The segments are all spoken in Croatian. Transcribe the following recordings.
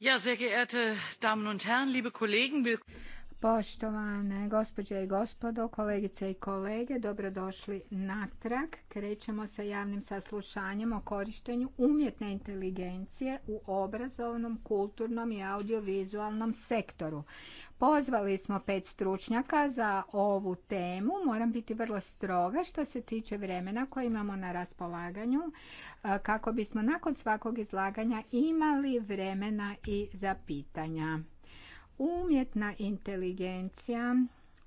Ja, sehr geehrte Damen und Herren, liebe Kollegen, Poštovane gospođe i gospodo, kolegice i kolege, dobrodošli natrag. Krećemo sa javnim saslušanjem o korištenju umjetne inteligencije u obrazovnom, kulturnom i audiovizualnom sektoru. Pozvali smo pet stručnjaka za ovu temu. Moram biti vrlo stroga što se tiče vremena koje imamo na raspolaganju e, kako bismo nakon svakog izlaganja imali vremena i za pitanja. Umjetna inteligencija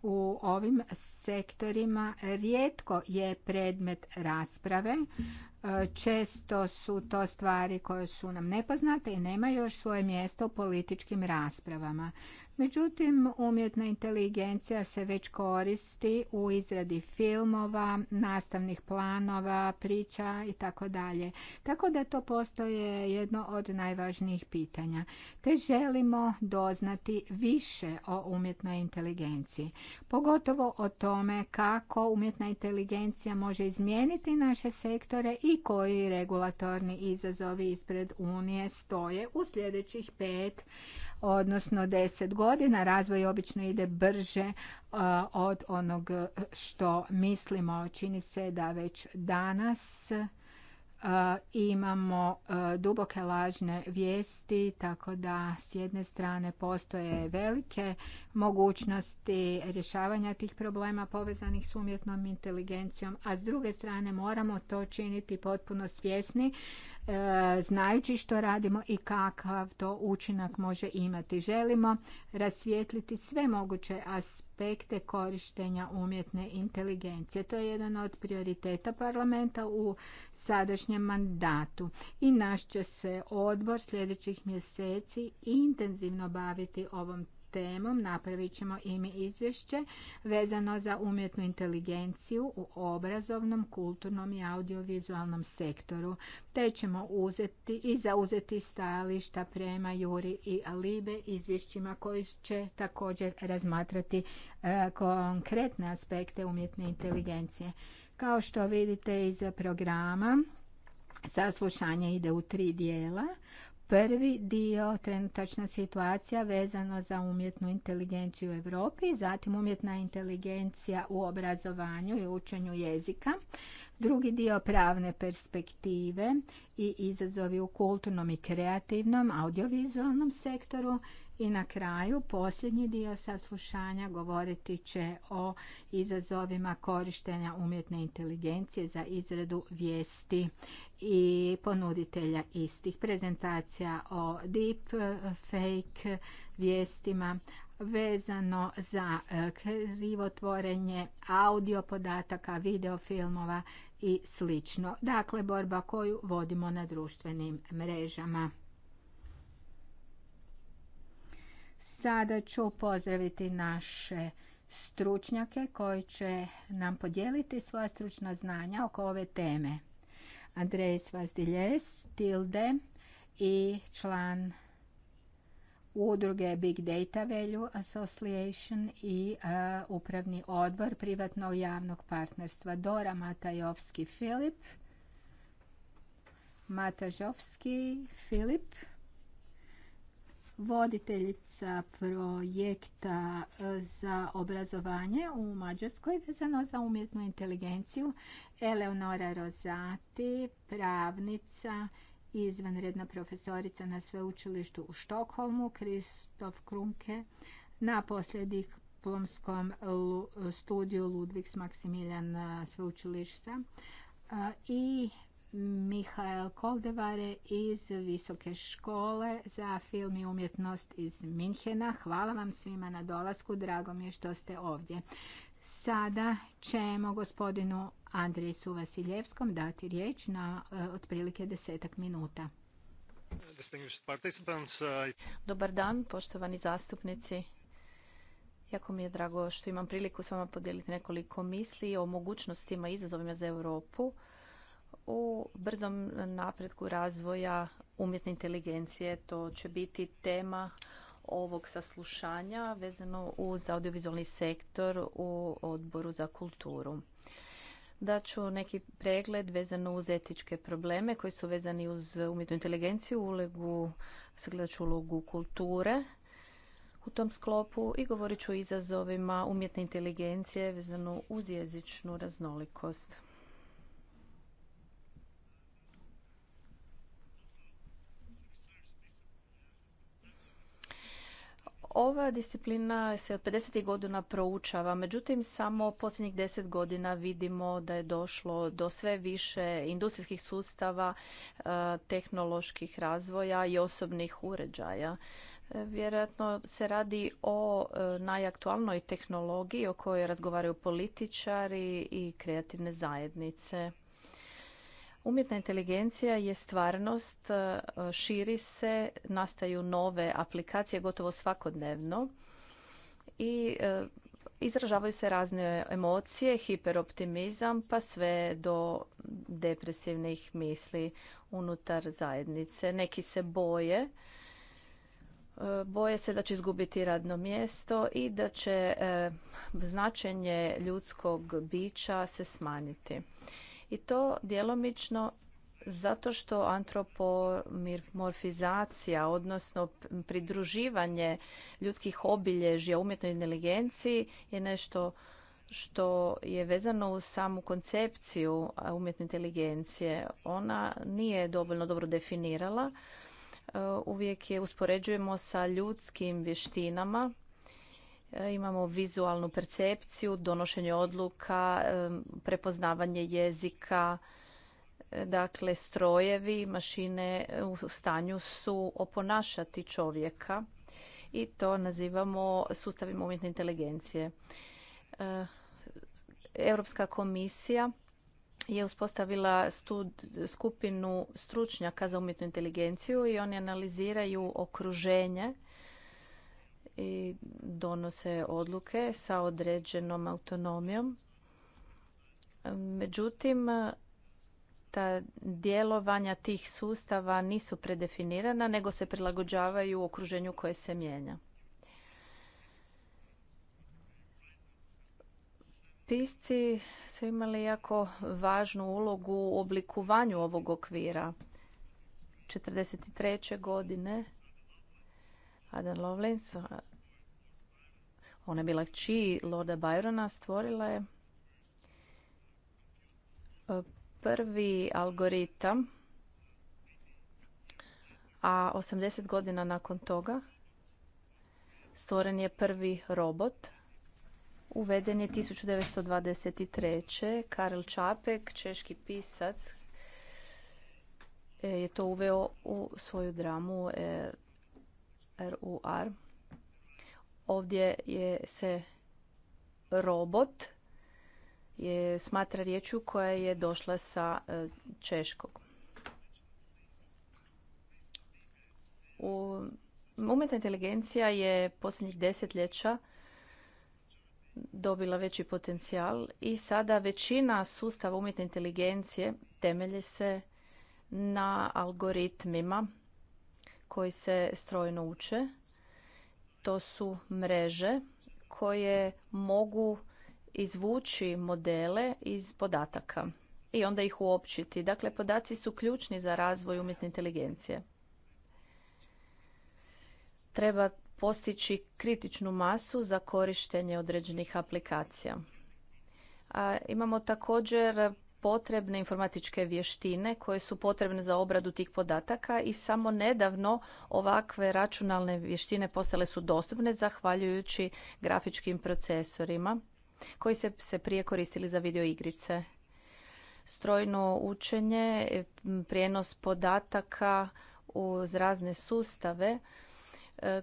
u ovim sektorima rijetko je predmet rasprave. E, često su to stvari koje su nam nepoznate i nemaju još svoje mjesto u političkim raspravama. Međutim, umjetna inteligencija se već koristi u izradi filmova, nastavnih planova, priča i tako dalje. Tako da to postoje jedno od najvažnijih pitanja. Te želimo doznati više o umjetnoj inteligenciji. Pogotovo o tom tome kako umjetna inteligencija može izmijeniti naše sektore i koji regulatorni izazovi ispred Unije stoje u sljedećih pet odnosno deset godina. Razvoj obično ide brže e, od onog što mislimo. Čini se da već danas e, imamo e, duboke lažne vijesti, tako da s jedne strane postoje velike mogućnosti rješavanja tih problema povezanih s umjetnom inteligencijom, a s druge strane moramo to činiti potpuno svjesni, e, znajući što radimo i kakav to učinak može imati. Želimo rasvijetliti sve moguće aspekte korištenja umjetne inteligencije. To je jedan od prioriteta parlamenta u sadašnjem mandatu. I naš će se odbor sljedećih mjeseci intenzivno baviti ovom temom. Napravit ćemo i izvješće vezano za umjetnu inteligenciju u obrazovnom, kulturnom i audiovizualnom sektoru. Te ćemo uzeti i zauzeti stajališta prema Juri i Alibe izvješćima koji će također razmatrati e, konkretne aspekte umjetne inteligencije. Kao što vidite iz programa, saslušanje ide u tri dijela. Prvi dio trenutačna situacija vezano za umjetnu inteligenciju u Europi, zatim umjetna inteligencija u obrazovanju i učenju jezika. Drugi dio pravne perspektive i izazovi u kulturnom i kreativnom audiovizualnom sektoru i na kraju, posljednji dio saslušanja govoriti će o izazovima korištenja umjetne inteligencije za izradu vijesti i ponuditelja istih. Prezentacija o deep fake vijestima vezano za e, krivotvorenje audio podataka, videofilmova i slično. Dakle, borba koju vodimo na društvenim mrežama. Sada ću pozdraviti naše stručnjake koji će nam podijeliti svoja stručna znanja oko ove teme. Andres Vazdiljes, Tilde i član udruge Big Data Value Association i e, upravni odbor privatnog javnog partnerstva Dora Matajovski-Filip. Matažovski Filip voditeljica projekta e, za obrazovanje u Mađarskoj vezano za umjetnu inteligenciju, Eleonora Rozati, pravnica, izvanredna profesorica na sveučilištu u Štokholmu, Kristof Krumke, na posljednjih diplomskom studiju Ludvigs Maksimiljan e, sveučilišta e, i Mihael Koldevare iz Visoke škole za film i umjetnost iz Minhena. Hvala vam svima na dolasku, drago mi je što ste ovdje. Sada ćemo gospodinu Andrisu Vasiljevskom dati riječ na e, otprilike desetak minuta. Uh, Dobar dan, poštovani zastupnici. Jako mi je drago što imam priliku s vama podijeliti nekoliko misli o mogućnostima i izazovima za Europu u brzom napretku razvoja umjetne inteligencije. To će biti tema ovog saslušanja vezano uz audiovizualni sektor u odboru za kulturu. Daću neki pregled vezano uz etičke probleme koji su vezani uz umjetnu inteligenciju, ulegu, sagledat ulogu kulture u tom sklopu i govorit ću o izazovima umjetne inteligencije vezano uz jezičnu raznolikost. Ova disciplina se od 50. godina proučava, međutim samo posljednjih 10 godina vidimo da je došlo do sve više industrijskih sustava, e, tehnoloških razvoja i osobnih uređaja. E, vjerojatno se radi o e, najaktualnoj tehnologiji o kojoj razgovaraju političari i kreativne zajednice. Umjetna inteligencija je stvarnost, e, širi se, nastaju nove aplikacije gotovo svakodnevno i e, izražavaju se razne emocije, hiperoptimizam pa sve do depresivnih misli unutar zajednice. Neki se boje, e, boje se da će izgubiti radno mjesto i da će značenje ljudskog bića se smanjiti i to djelomično zato što antropomorfizacija, odnosno pridruživanje ljudskih obilježja umjetnoj inteligenciji je nešto što je vezano uz samu koncepciju umjetne inteligencije. Ona nije dovoljno dobro definirala. E, uvijek je uspoređujemo sa ljudskim vještinama E, imamo vizualnu percepciju, donošenje odluka, e, prepoznavanje jezika, e, dakle strojevi, mašine u stanju su oponašati čovjeka i to nazivamo sustavima umjetne inteligencije. Europska komisija je uspostavila stud, skupinu stručnjaka za umjetnu inteligenciju i oni analiziraju okruženje i donose odluke sa određenom autonomijom. Međutim, ta djelovanja tih sustava nisu predefinirana, nego se prilagođavaju u okruženju koje se mijenja. Pisci su imali jako važnu ulogu u oblikovanju ovog okvira. 43. godine Aden Lovelace, ona je bila kći Lorda Byrona, stvorila je e, prvi algoritam, a 80 godina nakon toga stvoren je prvi robot. Uveden je 1923. Karel Čapek, češki pisac, e, je to uveo u svoju dramu e, R-U-R. Ovdje je se robot je smatra riječju koja je došla sa e, češkog. U Umjetna inteligencija je posljednjih desetljeća dobila veći potencijal i sada većina sustava umjetne inteligencije temelji se na algoritmima koji se strojno uče. To su mreže koje mogu izvući modele iz podataka i onda ih uopćiti. Dakle, podaci su ključni za razvoj umjetne inteligencije. Treba postići kritičnu masu za korištenje određenih aplikacija. imamo također potrebne informatičke vještine koje su potrebne za obradu tih podataka i samo nedavno ovakve računalne vještine postale su dostupne zahvaljujući grafičkim procesorima koji se, se prije koristili za igrice Strojno učenje, prijenos podataka uz razne sustave E,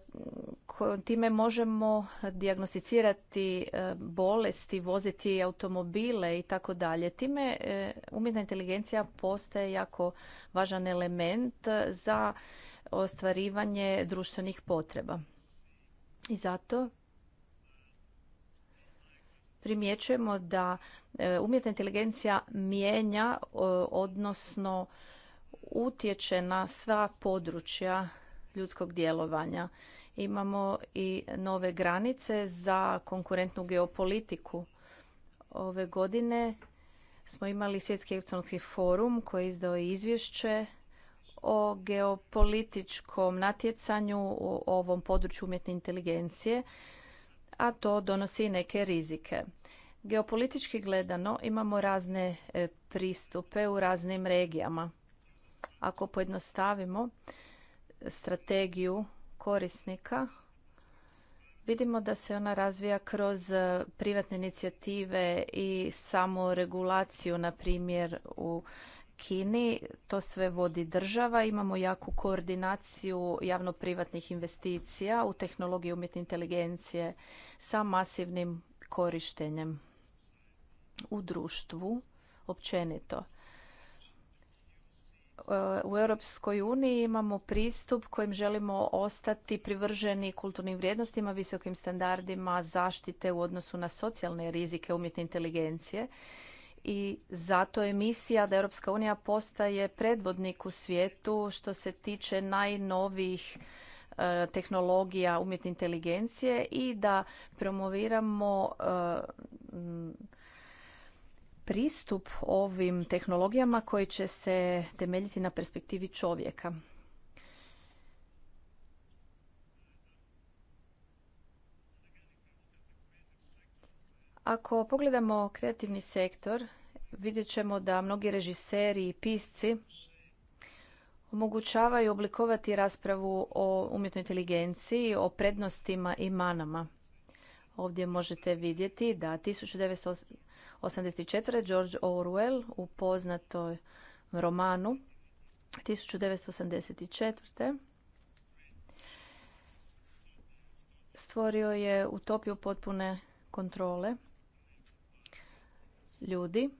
time možemo dijagnosticirati e, bolesti, voziti automobile i tako dalje. Time e, umjetna inteligencija postaje jako važan element za ostvarivanje društvenih potreba. I zato primjećujemo da umjetna inteligencija mijenja, odnosno utječe na sva područja ljudskog djelovanja. Imamo i nove granice za konkurentnu geopolitiku. Ove godine smo imali Svjetski ekonomski forum koji je izdao izvješće o geopolitičkom natjecanju u ovom području umjetne inteligencije, a to donosi neke rizike. Geopolitički gledano imamo razne e, pristupe u raznim regijama. Ako pojednostavimo, strategiju korisnika vidimo da se ona razvija kroz e, privatne inicijative i samoregulaciju na primjer u Kini to sve vodi država, imamo jaku koordinaciju javno-privatnih investicija u tehnologiju umjetne inteligencije sa masivnim korištenjem u društvu općenito u Europskoj uniji imamo pristup kojim želimo ostati privrženi kulturnim vrijednostima, visokim standardima zaštite u odnosu na socijalne rizike umjetne inteligencije i zato je misija da Europska unija postaje predvodnik u svijetu što se tiče najnovijih e, tehnologija umjetne inteligencije i da promoviramo e, pristup ovim tehnologijama koji će se temeljiti na perspektivi čovjeka. Ako pogledamo kreativni sektor, vidjet ćemo da mnogi režiseri i pisci omogućavaju oblikovati raspravu o umjetnoj inteligenciji, o prednostima i manama. Ovdje možete vidjeti da 1900 84. George Orwell u poznatoj romanu 1984. Stvorio je utopiju potpune kontrole ljudi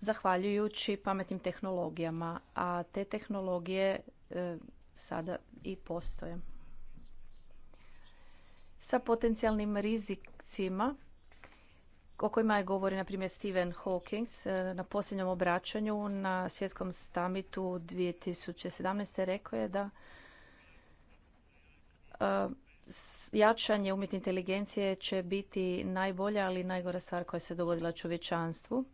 zahvaljujući pametnim tehnologijama, a te tehnologije e, sada i postoje. Sa potencijalnim rizicima o kojima je govori na primjer Stephen Hawking e, na posljednjem obraćanju na svjetskom stamitu 2017. rekao je da e, jačanje umjetne inteligencije će biti najbolja, ali najgora stvar koja se dogodila čovječanstvu.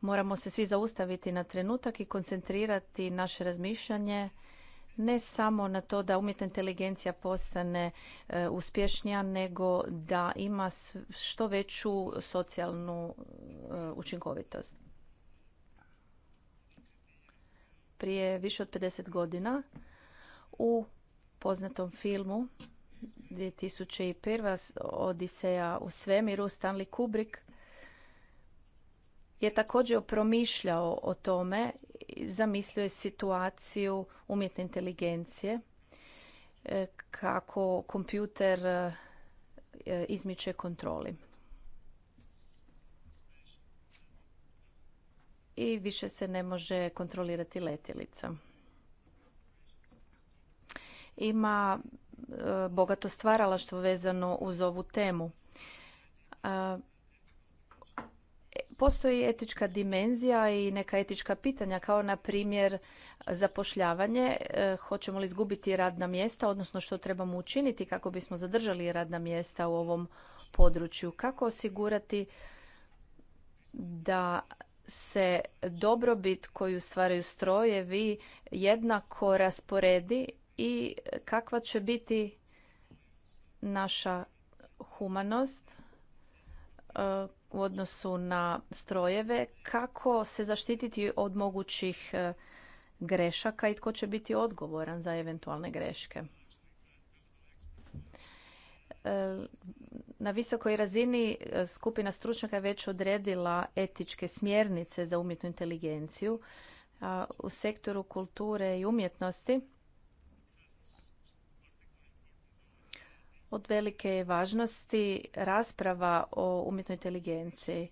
Moramo se svi zaustaviti na trenutak i koncentrirati naše razmišljanje ne samo na to da umjetna inteligencija postane e, uspješnija, nego da ima što veću socijalnu e, učinkovitost. Prije više od 50 godina u poznatom filmu 2001. Odiseja u svemiru Stanley Kubrick je također promišljao o tome zamislio situaciju umjetne inteligencije e, kako kompjuter e, izmiče kontroli. I više se ne može kontrolirati letjelica. Ima e, bogato stvaralaštvo vezano uz ovu temu. Postoji etička dimenzija i neka etička pitanja, kao na primjer zapošljavanje, e, hoćemo li izgubiti radna mjesta, odnosno što trebamo učiniti kako bismo zadržali radna mjesta u ovom području. Kako osigurati da se dobrobit koju stvaraju strojevi jednako rasporedi i kakva će biti naša humanost e, u odnosu na strojeve, kako se zaštititi od mogućih e, grešaka i tko će biti odgovoran za eventualne greške. E, na visokoj razini e, skupina stručnjaka je već odredila etičke smjernice za umjetnu inteligenciju. U sektoru kulture i umjetnosti Od velike važnosti rasprava o umjetnoj inteligenciji,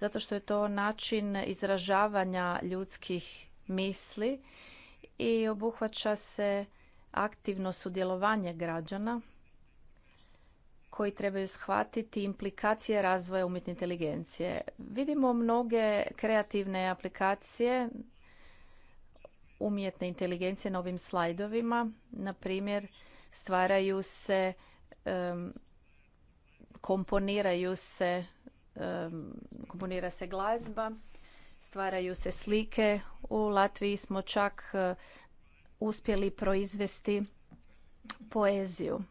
zato što je to način izražavanja ljudskih misli i obuhvaća se aktivno sudjelovanje građana koji trebaju shvatiti implikacije razvoja umjetne inteligencije. Vidimo mnoge kreativne aplikacije umjetne inteligencije na ovim slajdovima. Na primjer, stvaraju se komponiraju se komponira se glazba, stvaraju se slike. U Latviji smo čak e, uspjeli proizvesti poeziju.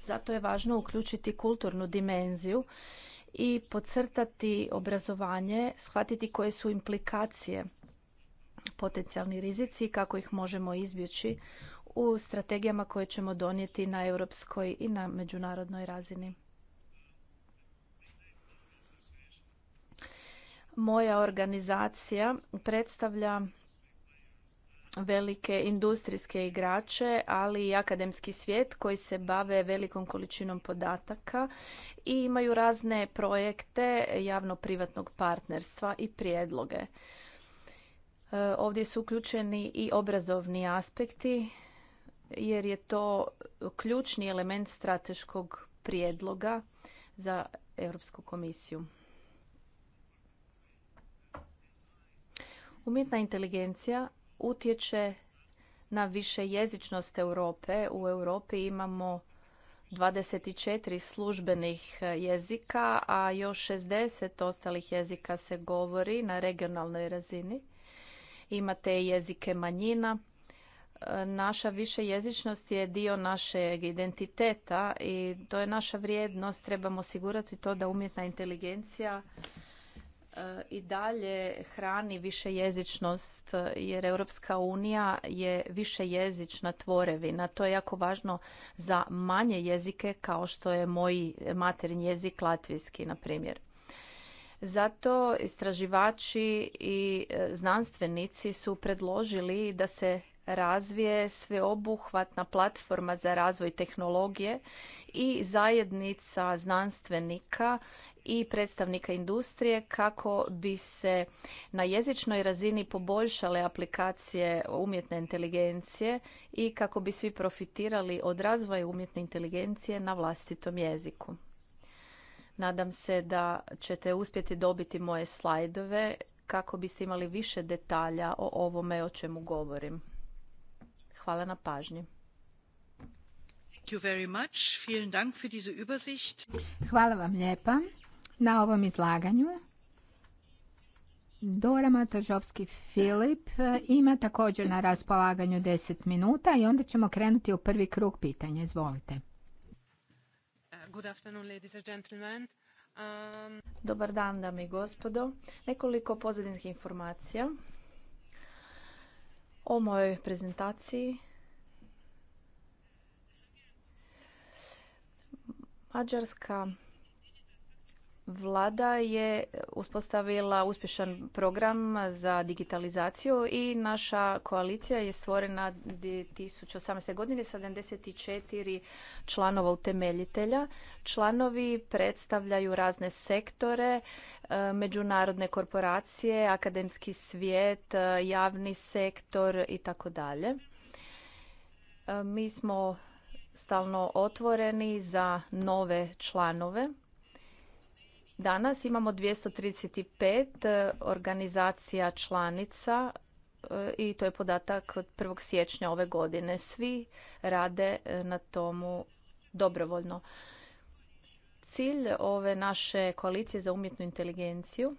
Zato je važno uključiti kulturnu dimenziju i podcrtati obrazovanje, shvatiti koje su implikacije potencijalni rizici i kako ih možemo izbjeći u strategijama koje ćemo donijeti na europskoj i na međunarodnoj razini. Moja organizacija predstavlja velike industrijske igrače, ali i akademski svijet koji se bave velikom količinom podataka i imaju razne projekte javno-privatnog partnerstva i prijedloge. Ovdje su uključeni i obrazovni aspekti jer je to ključni element strateškog prijedloga za Europsku komisiju. Umjetna inteligencija utječe na više jezičnost Europe. U Europi imamo 24 službenih jezika, a još 60 ostalih jezika se govori na regionalnoj razini imate jezike manjina. Naša višejezičnost je dio našeg identiteta i to je naša vrijednost. Trebamo osigurati to da umjetna inteligencija e, i dalje hrani više jezičnost jer Europska unija je višejezična tvorevina. To je jako važno za manje jezike kao što je moj materin jezik latvijski, na primjer. Zato istraživači i e, znanstvenici su predložili da se razvije sveobuhvatna platforma za razvoj tehnologije i zajednica znanstvenika i predstavnika industrije kako bi se na jezičnoj razini poboljšale aplikacije umjetne inteligencije i kako bi svi profitirali od razvoja umjetne inteligencije na vlastitom jeziku. Nadam se da ćete uspjeti dobiti moje slajdove kako biste imali više detalja o ovome o čemu govorim. Hvala na pažnji. Hvala vam lijepa na ovom izlaganju. Dora Matažovski Filip ima također na raspolaganju 10 minuta i onda ćemo krenuti u prvi krug pitanja. Izvolite. Um, Dobar dan, dame i gospodo. Nekoliko pozadinskih informacija o mojoj prezentaciji. Mađarska Vlada je uspostavila uspješan program za digitalizaciju i naša koalicija je stvorena 2018. godine 74 članova utemeljitelja. Članovi predstavljaju razne sektore, e, međunarodne korporacije, akademski svijet, e, javni sektor i tako dalje. E, mi smo stalno otvoreni za nove članove Danas imamo 235 e, organizacija članica e, i to je podatak od 1. siječnja ove godine. Svi rade e, na tomu dobrovoljno. Cilj ove naše koalicije za umjetnu inteligenciju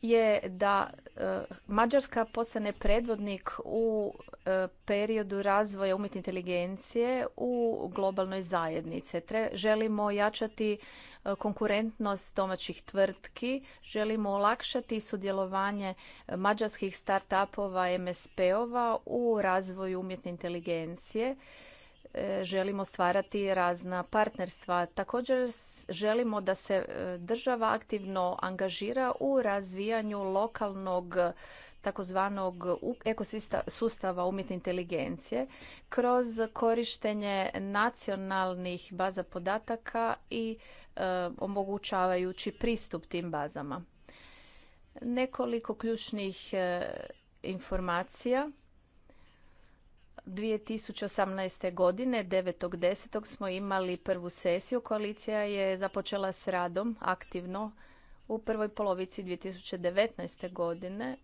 je da Mađarska postane predvodnik u E, periodu razvoja umjetne inteligencije u globalnoj zajednici. Želimo jačati e, konkurentnost domaćih tvrtki, želimo olakšati sudjelovanje mađarskih start-upova, MSP-ova u razvoju umjetne inteligencije e, želimo stvarati razna partnerstva. Također želimo da se država aktivno angažira u razvijanju lokalnog takozvanog sustava umjetne inteligencije kroz korištenje nacionalnih baza podataka i e, omogućavajući pristup tim bazama. Nekoliko ključnih e, informacija. 2018. godine, 9.10. smo imali prvu sesiju. Koalicija je započela s radom aktivno u prvoj polovici 2019. godine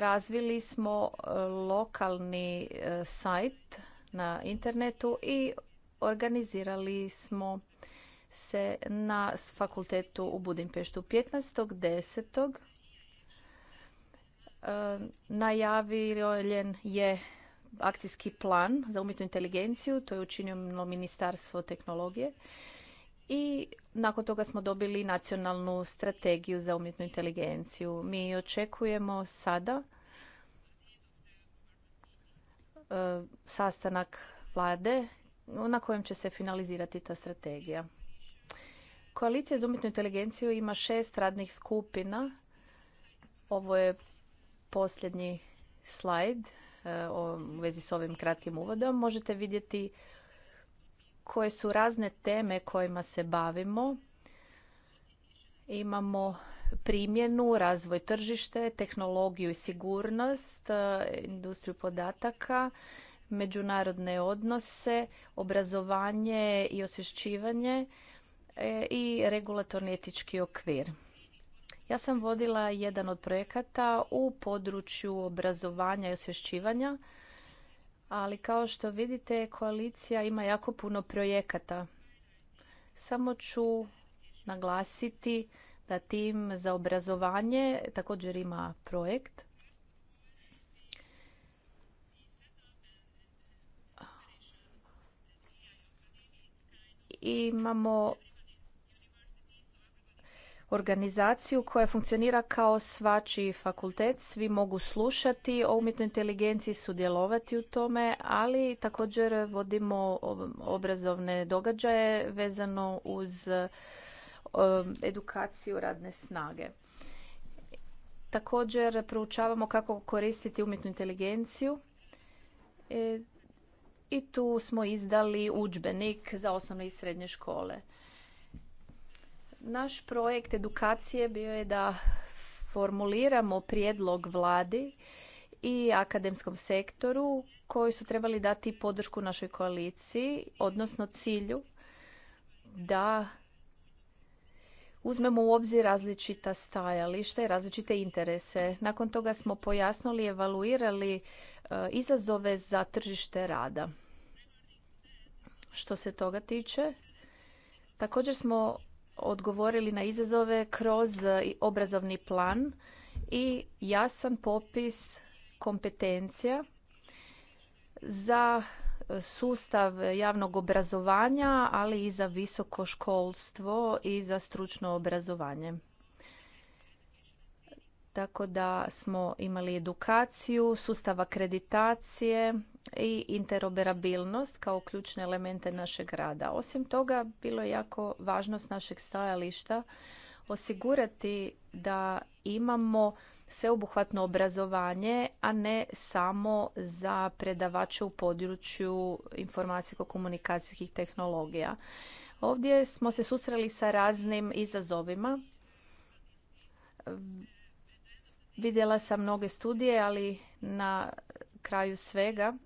Razvili smo e, lokalni e, sajt na internetu i organizirali smo se na fakultetu u Budimpeštu 15.10. E, najavljen je akcijski plan za umjetnu inteligenciju, to je učinio Ministarstvo tehnologije i nakon toga smo dobili nacionalnu strategiju za umjetnu inteligenciju. Mi očekujemo sada e, sastanak vlade na kojem će se finalizirati ta strategija. Koalicija za umjetnu inteligenciju ima šest radnih skupina. Ovo je posljednji slajd e, u vezi s ovim kratkim uvodom. Možete vidjeti koje su razne teme kojima se bavimo. Imamo primjenu, razvoj tržište, tehnologiju i sigurnost, e, industriju podataka, međunarodne odnose, obrazovanje i osvješćivanje e, i regulatorni etički okvir. Ja sam vodila jedan od projekata u području obrazovanja i osvješćivanja ali kao što vidite koalicija ima jako puno projekata. Samo ću naglasiti da tim za obrazovanje također ima projekt. Imamo organizaciju koja funkcionira kao svačiji fakultet. Svi mogu slušati o umjetnoj inteligenciji, sudjelovati u tome, ali također vodimo obrazovne događaje vezano uz um, edukaciju radne snage. Također proučavamo kako koristiti umjetnu inteligenciju e, i tu smo izdali udžbenik za osnovne i srednje škole. Naš projekt edukacije bio je da formuliramo prijedlog vladi i akademskom sektoru koji su trebali dati podršku našoj koaliciji, odnosno cilju da uzmemo u obzir različita stajališta i različite interese. Nakon toga smo pojasnili i evaluirali e, izazove za tržište rada. Što se toga tiče, također smo odgovorili na izazove kroz e, obrazovni plan i jasan popis kompetencija za e, sustav javnog obrazovanja, ali i za visoko školstvo i za stručno obrazovanje. Tako da smo imali edukaciju, sustav akreditacije, i interoperabilnost kao ključne elemente našeg rada. Osim toga, bilo je jako važno s našeg stajališta osigurati da imamo sveobuhvatno obrazovanje, a ne samo za predavače u području informacijsko-komunikacijskih tehnologija. Ovdje smo se susreli sa raznim izazovima. Vidjela sam mnoge studije, ali na kraju svega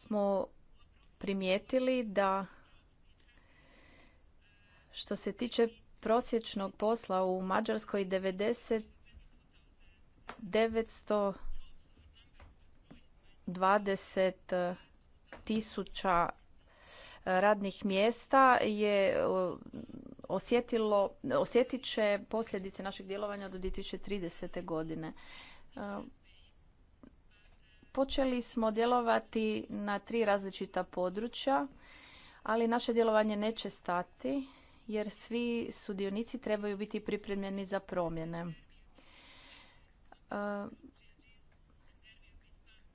smo primijetili da što se tiče prosječnog posla u Mađarskoj 920 tisuća radnih mjesta je osjetilo, osjetit će posljedice našeg djelovanja do 2030. godine. Počeli smo djelovati na tri različita područja, ali naše djelovanje neće stati jer svi sudionici trebaju biti pripremljeni za promjene. E,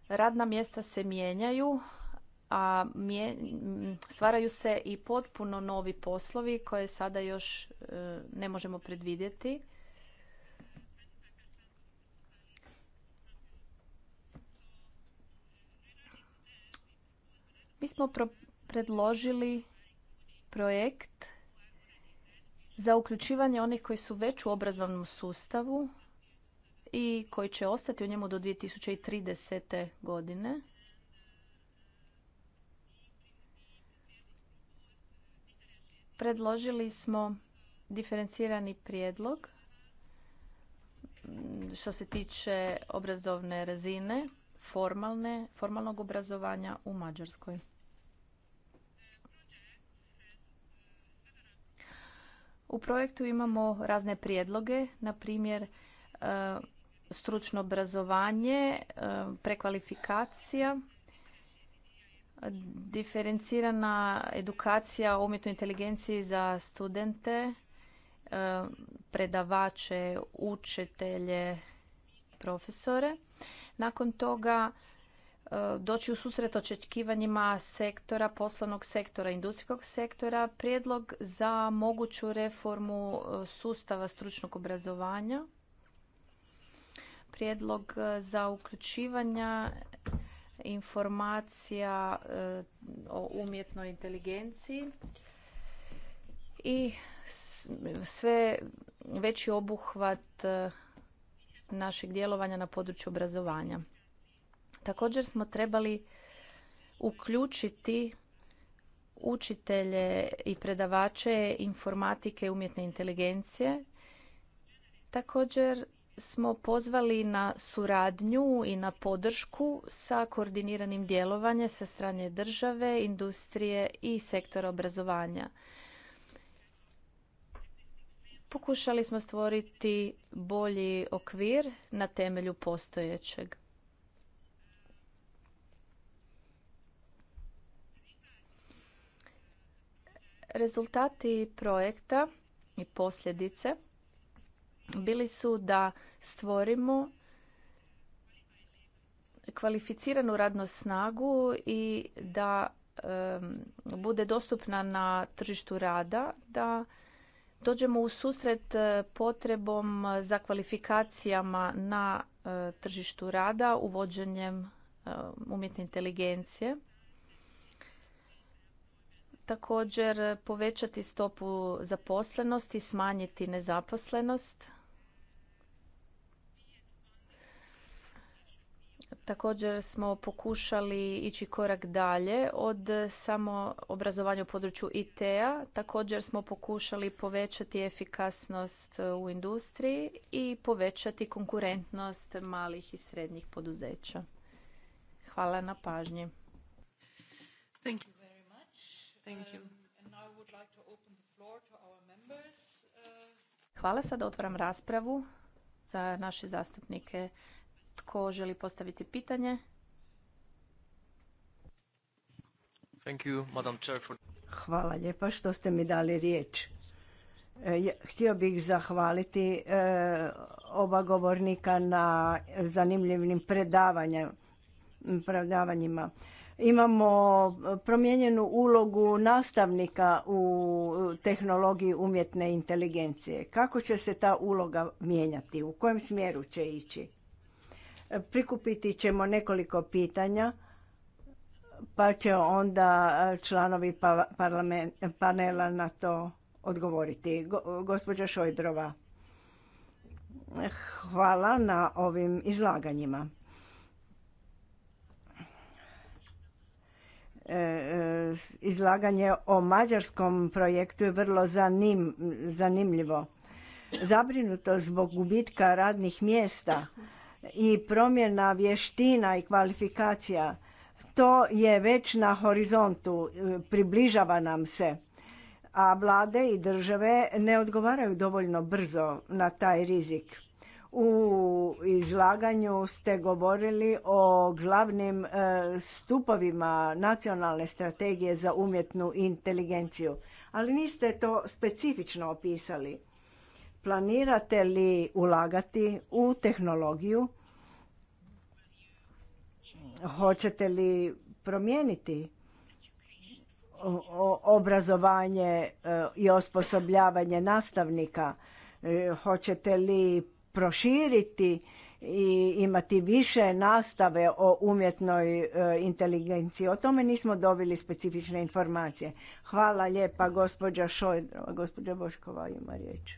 radna mjesta se mijenjaju, a stvaraju se i potpuno novi poslovi koje sada još e, ne možemo predvidjeti. Mi smo predložili projekt za uključivanje onih koji su već u obrazovnom sustavu i koji će ostati u njemu do 2030. godine. Predložili smo diferencirani prijedlog mm, što se tiče obrazovne razine formalnog obrazovanja u Mađarskoj. U projektu imamo razne prijedloge, na primjer e, stručno obrazovanje, e, prekvalifikacija, diferencirana edukacija o umjetnoj inteligenciji za studente, e, predavače, učitelje, profesore nakon toga e, doći u susret očekivanjima sektora, poslovnog sektora, industrijskog sektora, prijedlog za moguću reformu e, sustava stručnog obrazovanja, prijedlog e, za uključivanja informacija o umjetnoj inteligenciji i sve veći obuhvat našeg djelovanja na području obrazovanja. Također smo trebali uključiti učitelje i predavače informatike i umjetne inteligencije. Također smo pozvali na suradnju i na podršku sa koordiniranim djelovanjem sa strane države, industrije i sektora obrazovanja. Pokušali smo stvoriti bolji okvir na temelju postojećeg. Rezultati projekta i posljedice bili su da stvorimo kvalificiranu radnu snagu i da bude dostupna na tržištu rada, da dođemo u susret e, potrebom e, za kvalifikacijama na e, tržištu rada uvođenjem umjetne inteligencije. Također povećati stopu zaposlenosti, smanjiti nezaposlenost Također smo pokušali ići korak dalje od samo obrazovanja u području IT-a. Također smo pokušali povećati efikasnost u industriji i povećati konkurentnost malih i srednjih poduzeća. Hvala na pažnji. Thank Hvala, sada otvaram raspravu za naše zastupnike. Tko želi postaviti pitanje? Hvala lijepa što ste mi dali riječ. E, htio bih zahvaliti e, oba govornika na zanimljivim predavanjima. Imamo promijenjenu ulogu nastavnika u tehnologiji umjetne inteligencije. Kako će se ta uloga mijenjati? U kojem smjeru će ići? Prikupiti ćemo nekoliko pitanja pa će onda e, članovi pa, panela na to odgovoriti. Gospođa Šojdrova, hvala na ovim izlaganjima. E, e, izlaganje o mađarskom projektu je vrlo zanimljivo. Zabrinuto zbog gubitka radnih mjesta i promjena vještina i kvalifikacija to je već na horizontu, e, približava nam se. A vlade i države ne odgovaraju dovoljno brzo na taj rizik. U izlaganju ste govorili o glavnim e, stupovima nacionalne strategije za umjetnu inteligenciju, ali niste to specifično opisali. Planirate li ulagati u tehnologiju? Hoćete li promijeniti obrazovanje e, i osposobljavanje nastavnika? E, hoćete li proširiti i imati više nastave o umjetnoj e, inteligenciji. O tome nismo dobili specifične informacije. Hvala lijepa gospođa Šojdrova. Gospođa Boškova ima riječ.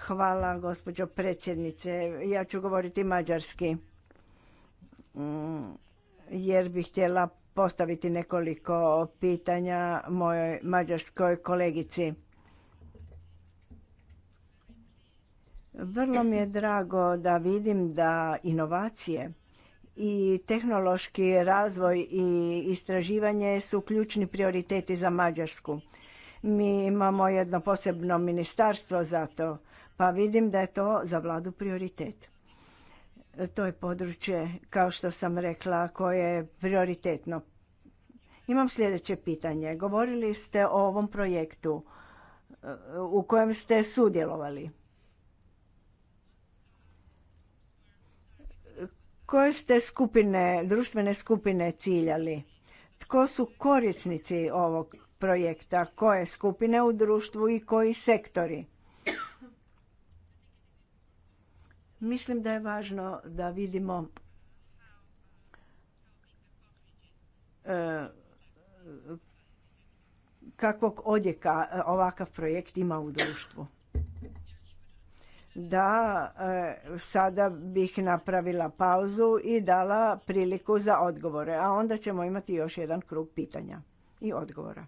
Hvala, gospođo predsjednice. Ja ću govoriti mađarski, mm, jer bih htjela postaviti nekoliko pitanja mojoj mađarskoj kolegici. Vrlo mi je drago da vidim da inovacije i tehnološki razvoj i istraživanje su ključni prioriteti za Mađarsku. Mi imamo jedno posebno ministarstvo za to pa vidim da je to za vladu prioritet. To je područje, kao što sam rekla, koje je prioritetno. Imam sljedeće pitanje. Govorili ste o ovom projektu e, u kojem ste sudjelovali. Koje ste skupine, društvene skupine ciljali? Tko su korisnici ovog projekta? Koje skupine u društvu i koji sektori? Mislim da je važno da vidimo e, kakvog odjeka e, ovakav projekt ima u društvu. Da, e, sada bih napravila pauzu i dala priliku za odgovore, a onda ćemo imati još jedan krug pitanja i odgovora.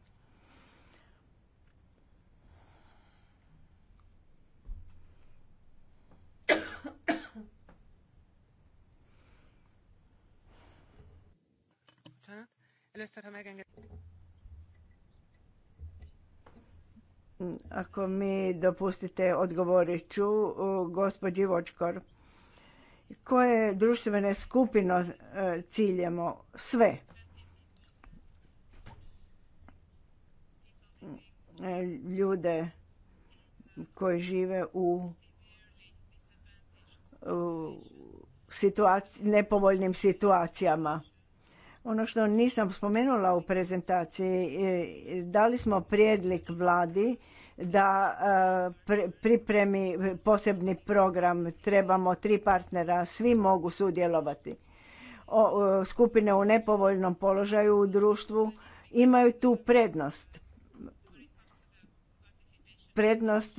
Ako mi dopustite, odgovorit ću gospođi Vočkor. Koje društvene skupino e, ciljemo? Sve. E, ljude koji žive u, nepovoljnim situacijama ono što nisam spomenula u prezentaciji, e, dali smo prijedlik vladi da e, pripremi posebni program, trebamo tri partnera, svi mogu sudjelovati. E, skupine u nepovoljnom položaju u društvu imaju tu prednost. Prednost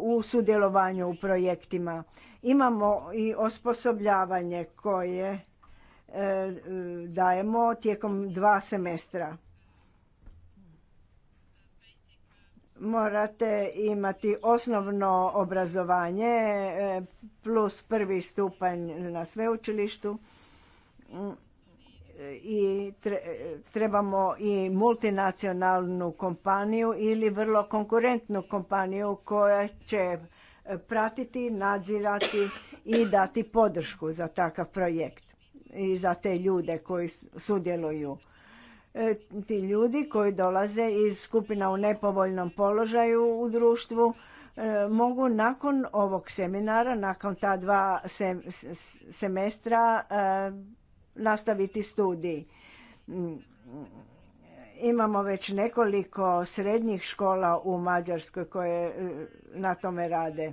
u sudjelovanju u projektima. Imamo i osposobljavanje koje E, dajemo tijekom dva semestra. Morate imati osnovno obrazovanje e, plus prvi stupanj na sveučilištu mm, i trebamo i multinacionalnu kompaniju ili vrlo konkurentnu kompaniju koja će pratiti, nadzirati i dati podršku za takav projekt i za te ljude koji sudjeluju. E, ti ljudi koji dolaze iz skupina u nepovoljnom položaju u društvu e, mogu nakon ovog seminara, nakon ta dva semestra e, nastaviti studij. Mm, imamo već nekoliko srednjih škola u Mađarskoj koje na tome rade.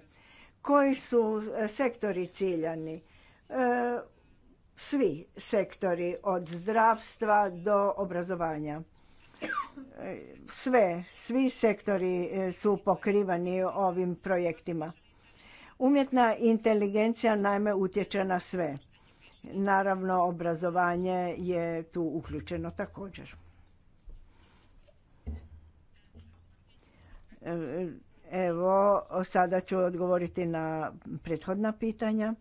Koji su sektori ciljani? svi sektori od zdravstva do obrazovanja. Sve, svi sektori e, su pokrivani ovim projektima. Umjetna inteligencija najme utječe na sve. Naravno, obrazovanje je tu uključeno također. E, evo, sada ću odgovoriti na prethodna pitanja.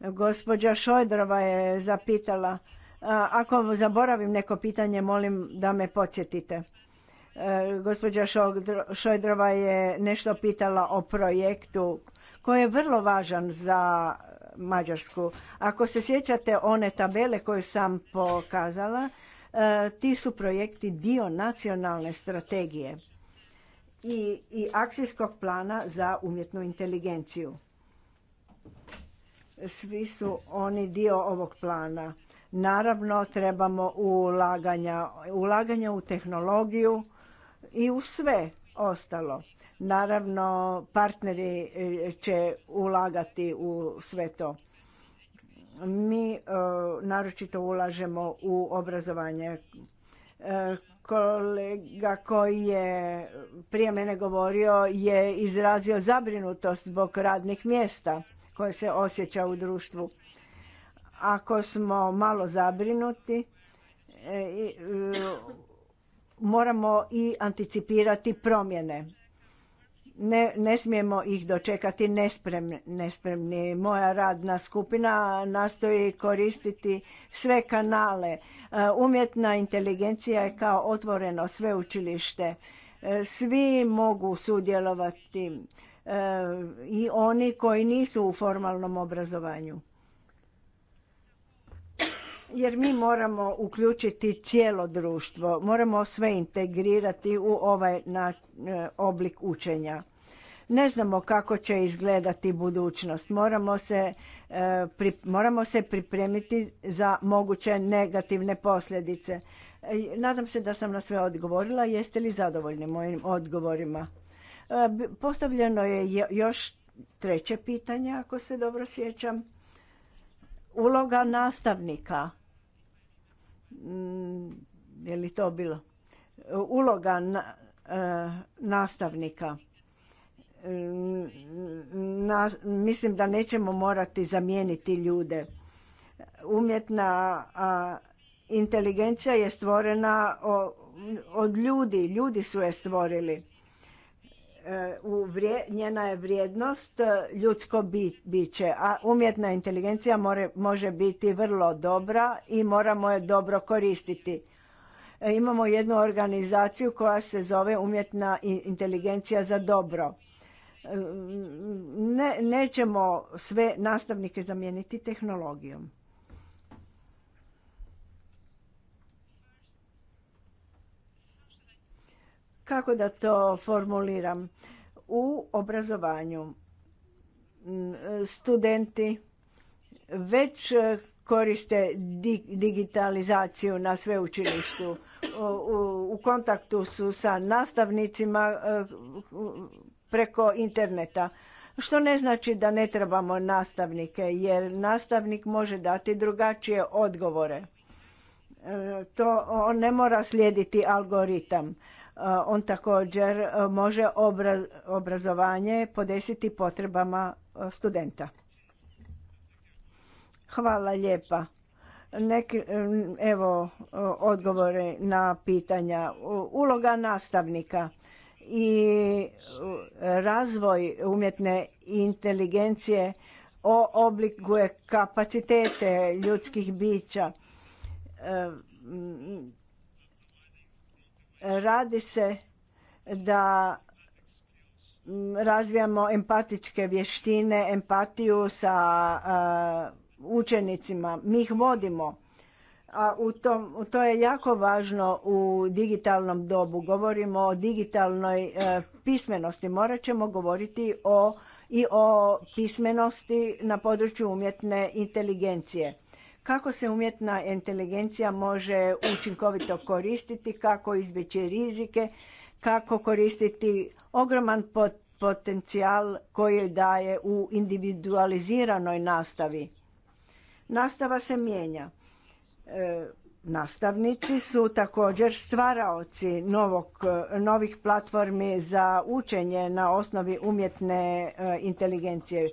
Gospođa Šojdrova je zapitala, ako zaboravim neko pitanje, molim da me podsjetite. E, gospođa Šojdrova je nešto pitala o projektu koji je vrlo važan za Mađarsku. Ako se sjećate one tabele koje sam pokazala, e, ti su projekti dio nacionalne strategije i, i akcijskog plana za umjetnu inteligenciju. Svi su oni dio ovog plana. Naravno, trebamo ulaganja, ulaganja u tehnologiju i u sve ostalo. Naravno, partneri e, će ulagati u sve to. Mi e, naročito ulažemo u obrazovanje. E, kolega koji je prije mene govorio je izrazio zabrinutost zbog radnih mjesta koje se osjeća u društvu. Ako smo malo zabrinuti, e, e, moramo i anticipirati promjene. Ne, ne smijemo ih dočekati nespremni. nespremni. Moja radna skupina nastoji koristiti sve kanale. E, umjetna inteligencija je kao otvoreno sveučilište. Svi mogu sudjelovati Eh, i oni koji nisu u formalnom obrazovanju. Jer mi moramo uključiti cijelo društvo, moramo sve integrirati u ovaj eh, oblik učenja. Ne znamo kako će izgledati budućnost. Moramo se, eh, moramo se pripremiti za moguće negativne posljedice. Nadam se da sam na sve odgovorila. Jeste li zadovoljni mojim odgovorima? E, postavljeno je još treće pitanje, ako se dobro sjećam. Uloga nastavnika. Mm, je li to bilo? Uloga e, nastavnika. Mm, mislim da nećemo morati zamijeniti ljude. Umjetna inteligencija je stvorena od ljudi. Ljudi su je stvorili njena je vrijednost e, ljudsko biće, a umjetna inteligencija može biti vrlo dobra i moramo je dobro koristiti. E, imamo jednu organizaciju koja se zove umjetna inteligencija za dobro. E, ne, nećemo sve nastavnike zamijeniti tehnologijom. Kako da to formuliram? U obrazovanju studenti već koriste digitalizaciju na sveučilištu. U kontaktu su sa nastavnicima e, preko interneta. Što ne znači da ne trebamo nastavnike, jer nastavnik može dati drugačije odgovore. E, to on ne mora slijediti algoritam. Eh, on također eh, može obrazovanje podesiti potrebama eh, studenta. Hvala lijepa. nek mm, evo odgovore na pitanja. Uloga nastavnika i razvoj umjetne inteligencije oblikuje kapacitete ljudskih bića mm, Radi se da razvijamo empatičke vještine, empatiju sa učenicima. Mi ih vodimo. A u tom, to je jako važno u digitalnom dobu. Govorimo o digitalnoj e, pismenosti. Morat ćemo govoriti o, i o pismenosti na području umjetne inteligencije kako se umjetna inteligencija može učinkovito koristiti, kako izbjeći rizike, kako koristiti ogroman potencijal koji daje u individualiziranoj nastavi. Nastava se mijenja. E, nastavnici su također stvaraoci novog, novih platformi za učenje na osnovi umjetne e, inteligencije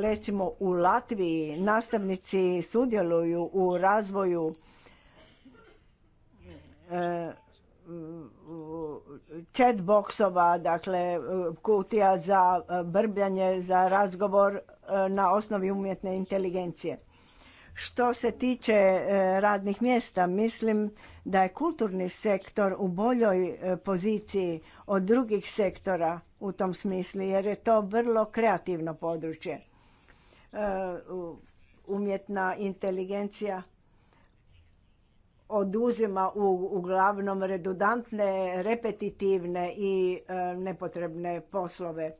recimo u Latviji nastavnici sudjeluju u razvoju e, chat boksova dakle kutija za brbljanje, za razgovor e, na osnovi umjetne inteligencije. Što se tiče e, radnih mjesta, mislim da je kulturni sektor u boljoj poziciji od drugih sektora u tom smislu, jer je to vrlo kreativno područje. E, umjetna inteligencija oduzima u, uglavnom redundantne, repetitivne i e, nepotrebne poslove. E,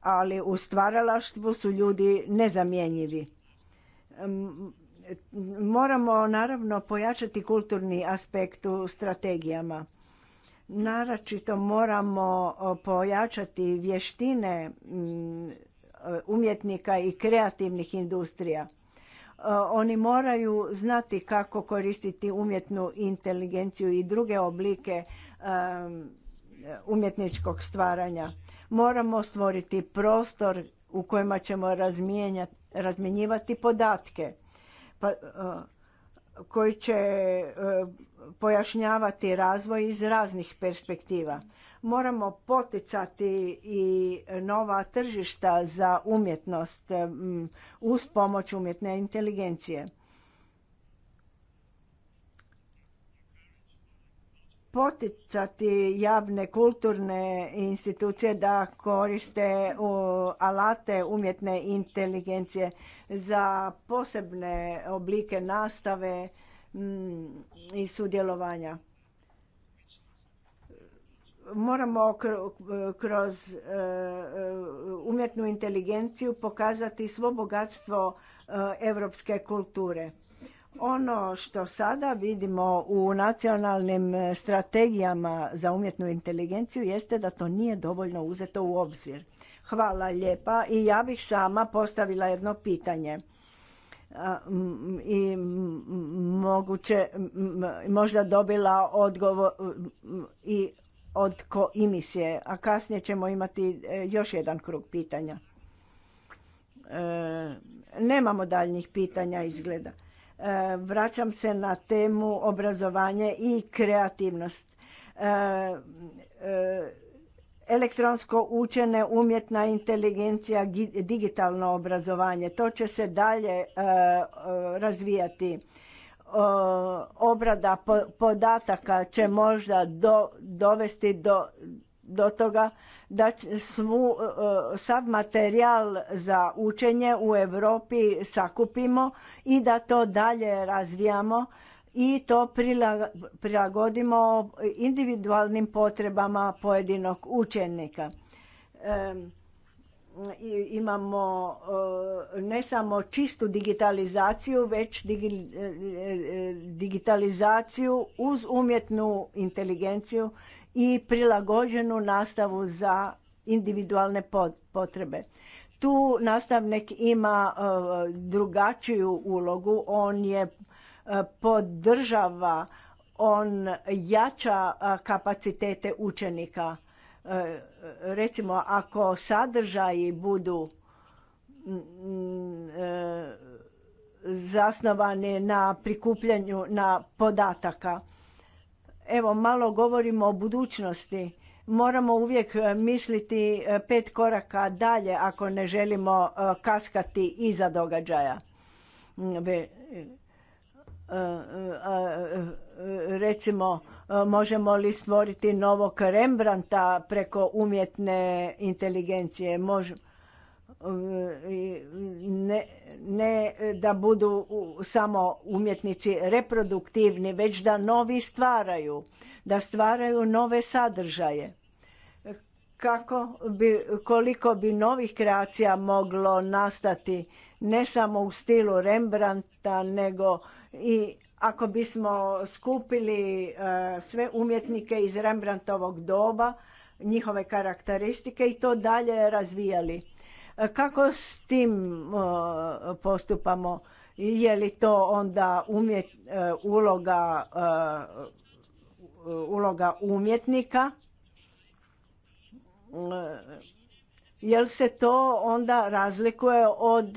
ali u stvaralaštvu su ljudi nezamjenjivi. Moramo naravno pojačati kulturni aspekt u strategijama. Naročito moramo pojačati vještine E, umjetnika i kreativnih industrija. E, oni moraju znati kako koristiti umjetnu inteligenciju i druge oblike e, umjetničkog stvaranja. Moramo stvoriti prostor u kojima ćemo razmjenjivati podatke pa, koji će pojašnjavati razvoj iz raznih perspektiva. Moramo poticati i nova tržišta za umjetnost uz pomoć umjetne inteligencije. poticati javne kulturne institucije da koriste alate umjetne inteligencije za posebne oblike nastave i sudjelovanja moramo kroz e, e, umjetnu inteligenciju pokazati svo bogatstvo europske kulture. Ono što sada vidimo u nacionalnim strategijama za umjetnu inteligenciju jeste da to nije dovoljno uzeto u obzir. Hvala lijepa i ja bih sama postavila jedno pitanje i moguće možda dobila odgovor i od imisije, a kasnije ćemo imati e, još jedan krug pitanja. E, nemamo daljnjih pitanja izgleda. E, vraćam se na temu obrazovanje i kreativnost. E, e elektronsko učene, umjetna inteligencija, digitalno obrazovanje. To će se dalje razvijati obrada podataka će možda dovesti do, do toga da svu, sav materijal za učenje u Europi sakupimo i da to dalje razvijamo i to prilagodimo individualnim potrebama pojedinog učenika imamo e, ne samo čistu digitalizaciju, već e, e, digitalizaciju uz umjetnu inteligenciju i prilagođenu nastavu za individualne potrebe. Tu nastavnik ima drugačiju ulogu, on je podržava, on jača kapacitete učenika E, e, recimo ako sadržaji budu mm, e, zasnovani na prikupljanju na podataka. Evo malo govorimo o budućnosti. Moramo uvijek misliti pet koraka dalje ako ne želimo kaskati iza događaja. Mm, recimo Možemo li stvoriti novog Rembrandta preko umjetne inteligencije? E, ne, ne da budu samo umjetnici reproduktivni, već da novi stvaraju, da stvaraju nove sadržaje. Kako bi, koliko bi novih kreacija moglo nastati ne samo u stilu Rembrandta, nego i ako bismo skupili e, sve umjetnike iz Rembrandtovog doba, njihove karakteristike i to dalje razvijali. E, kako s tim e, postupamo? Je li to onda umjet, uloga, uloga umjetnika? Jel se to onda razlikuje od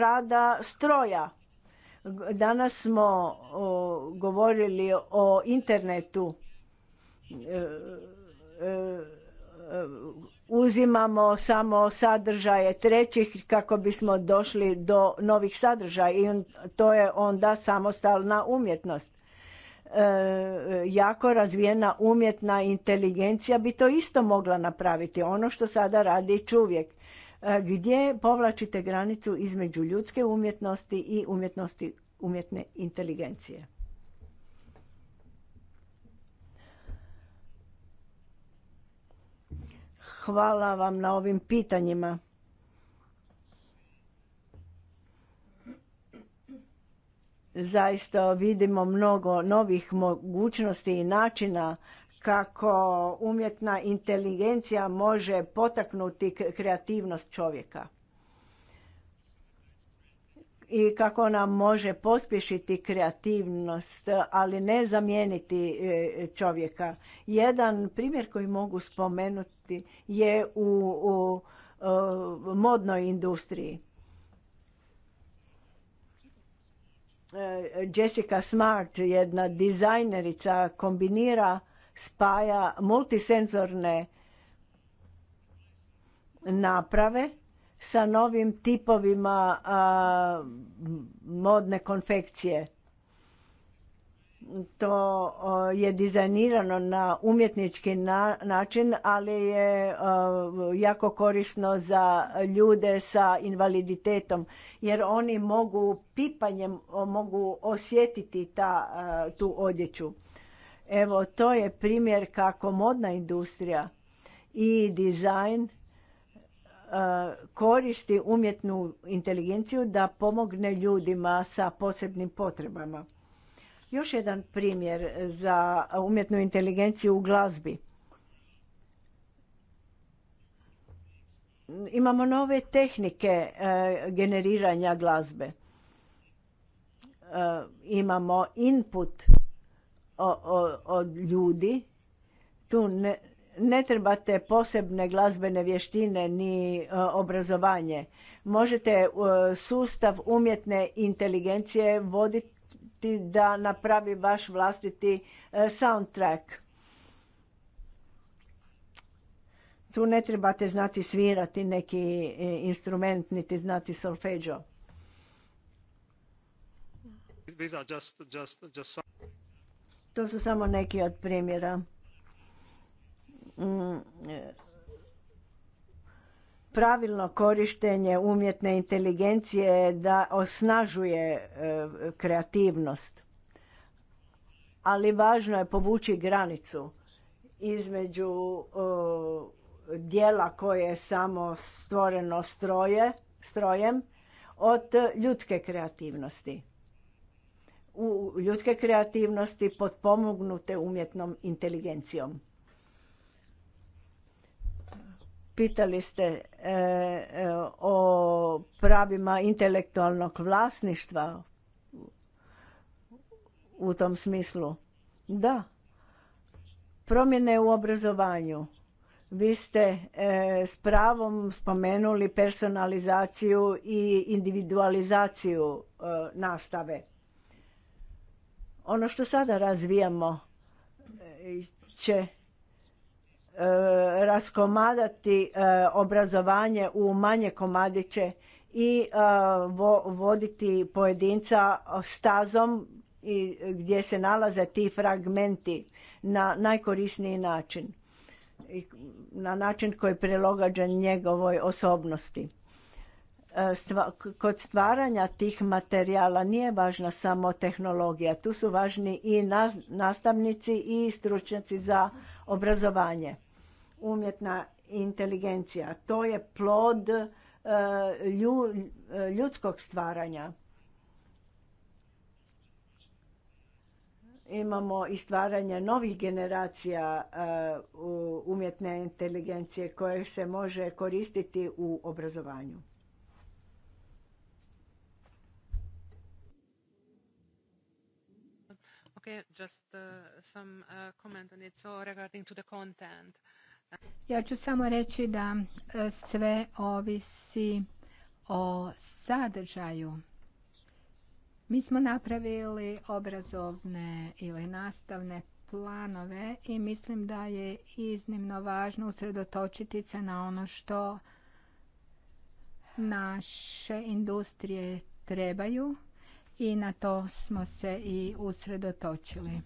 rada stroja? Danas smo govorili o internetu. E, e, uzimamo samo sadržaje trećih kako bismo došli do novih sadržaja i to je onda samostalna umjetnost. E, jako razvijena umjetna inteligencija bi to isto mogla napraviti, ono što sada radi čovjek. E, gdje povlačite granicu između ljudske umjetnosti i umjetnosti umjetne inteligencije. Hvala vam na ovim pitanjima. Zaista vidimo mnogo novih mogućnosti i načina kako umjetna inteligencija može potaknuti kreativnost čovjeka i kako nam može pospješiti kreativnost, ali ne zamijeniti e, čovjeka. Jedan primjer koji mogu spomenuti je u, u, u e, modnoj industriji. E, Jessica Smart, jedna dizajnerica, kombinira spaja multisenzorne naprave sa novim tipovima modne konfekcije. To je dizajnirano na umjetnički način, ali je jako korisno za ljude sa invaliditetom jer oni mogu pipanjem mogu osjetiti ta, tu odjeću. Evo, to je primjer kako modna industrija i dizajn e, koristi umjetnu inteligenciju da pomogne ljudima sa posebnim potrebama. Još jedan primjer za umjetnu inteligenciju u glazbi. Imamo nove tehnike e, generiranja glazbe. E, imamo input od ljudi. Tu ne, trebate posebne glazbene vještine ni e, obrazovanje. Možete e, sustav umjetne inteligencije voditi da napravi vaš vlastiti e, soundtrack. Tu ne trebate znati svirati neki instrument, niti znati solfeđo. To su samo neki od primjera. Mm, pravilno korištenje umjetne inteligencije da osnažuje e, kreativnost. Ali važno je povući granicu između dijela koje je samo stvoreno strojem od ljudske kreativnosti u ljudske kreativnosti potpomognute umjetnom inteligencijom. Pitali ste e, e, o pravima intelektualnog vlasništva u tom smislu. Da, promjene u obrazovanju. Vi ste e, s pravom spomenuli personalizaciju i individualizaciju e, nastave. Ono što sada razvijamo e, će e, raskomadati e, obrazovanje u manje komadiće i voditi pojedinca stazom i gdje se nalaze ti fragmenti na najkorisniji način. Na način koji prelogađan njegovoj osobnosti kod stvaranja tih materijala nije važna samo tehnologija, tu su važni i nastavnici i stručnjaci za obrazovanje. Umjetna inteligencija, to je plod e, e, ljudskog stvaranja. Imamo i stvaranje novih generacija e, umjetne inteligencije koje se može koristiti u obrazovanju. Ja ću samo reći da e, sve ovisi o sadržaju. Mi smo napravili obrazovne ili nastavne planove i mislim da je iznimno važno usredotočiti se na ono što naše industrije trebaju i na to smo se i usredotočili.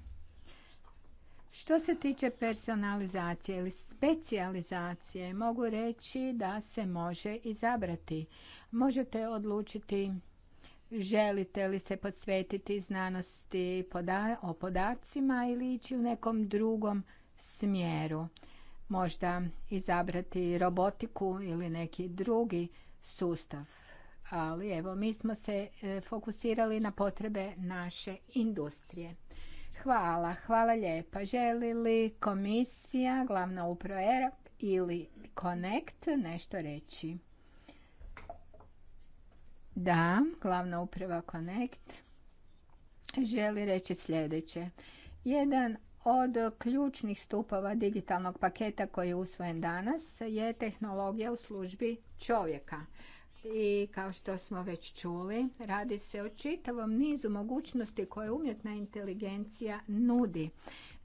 Što se tiče personalizacije ili specijalizacije, mogu reći da se može izabrati. Možete odlučiti želite li se posvetiti znanosti o podacima ili ići u nekom drugom smjeru. Možda izabrati robotiku ili neki drugi sustav ali evo mi smo se e, fokusirali na potrebe naše industrije. Hvala, hvala lijepa. Želi li komisija, glavna uprava Era ili Connect nešto reći? Da, glavna uprava Connect želi reći sljedeće. Jedan od ključnih stupova digitalnog paketa koji je usvojen danas je tehnologija u službi čovjeka i kao što smo već čuli, radi se o čitavom nizu mogućnosti koje umjetna inteligencija nudi.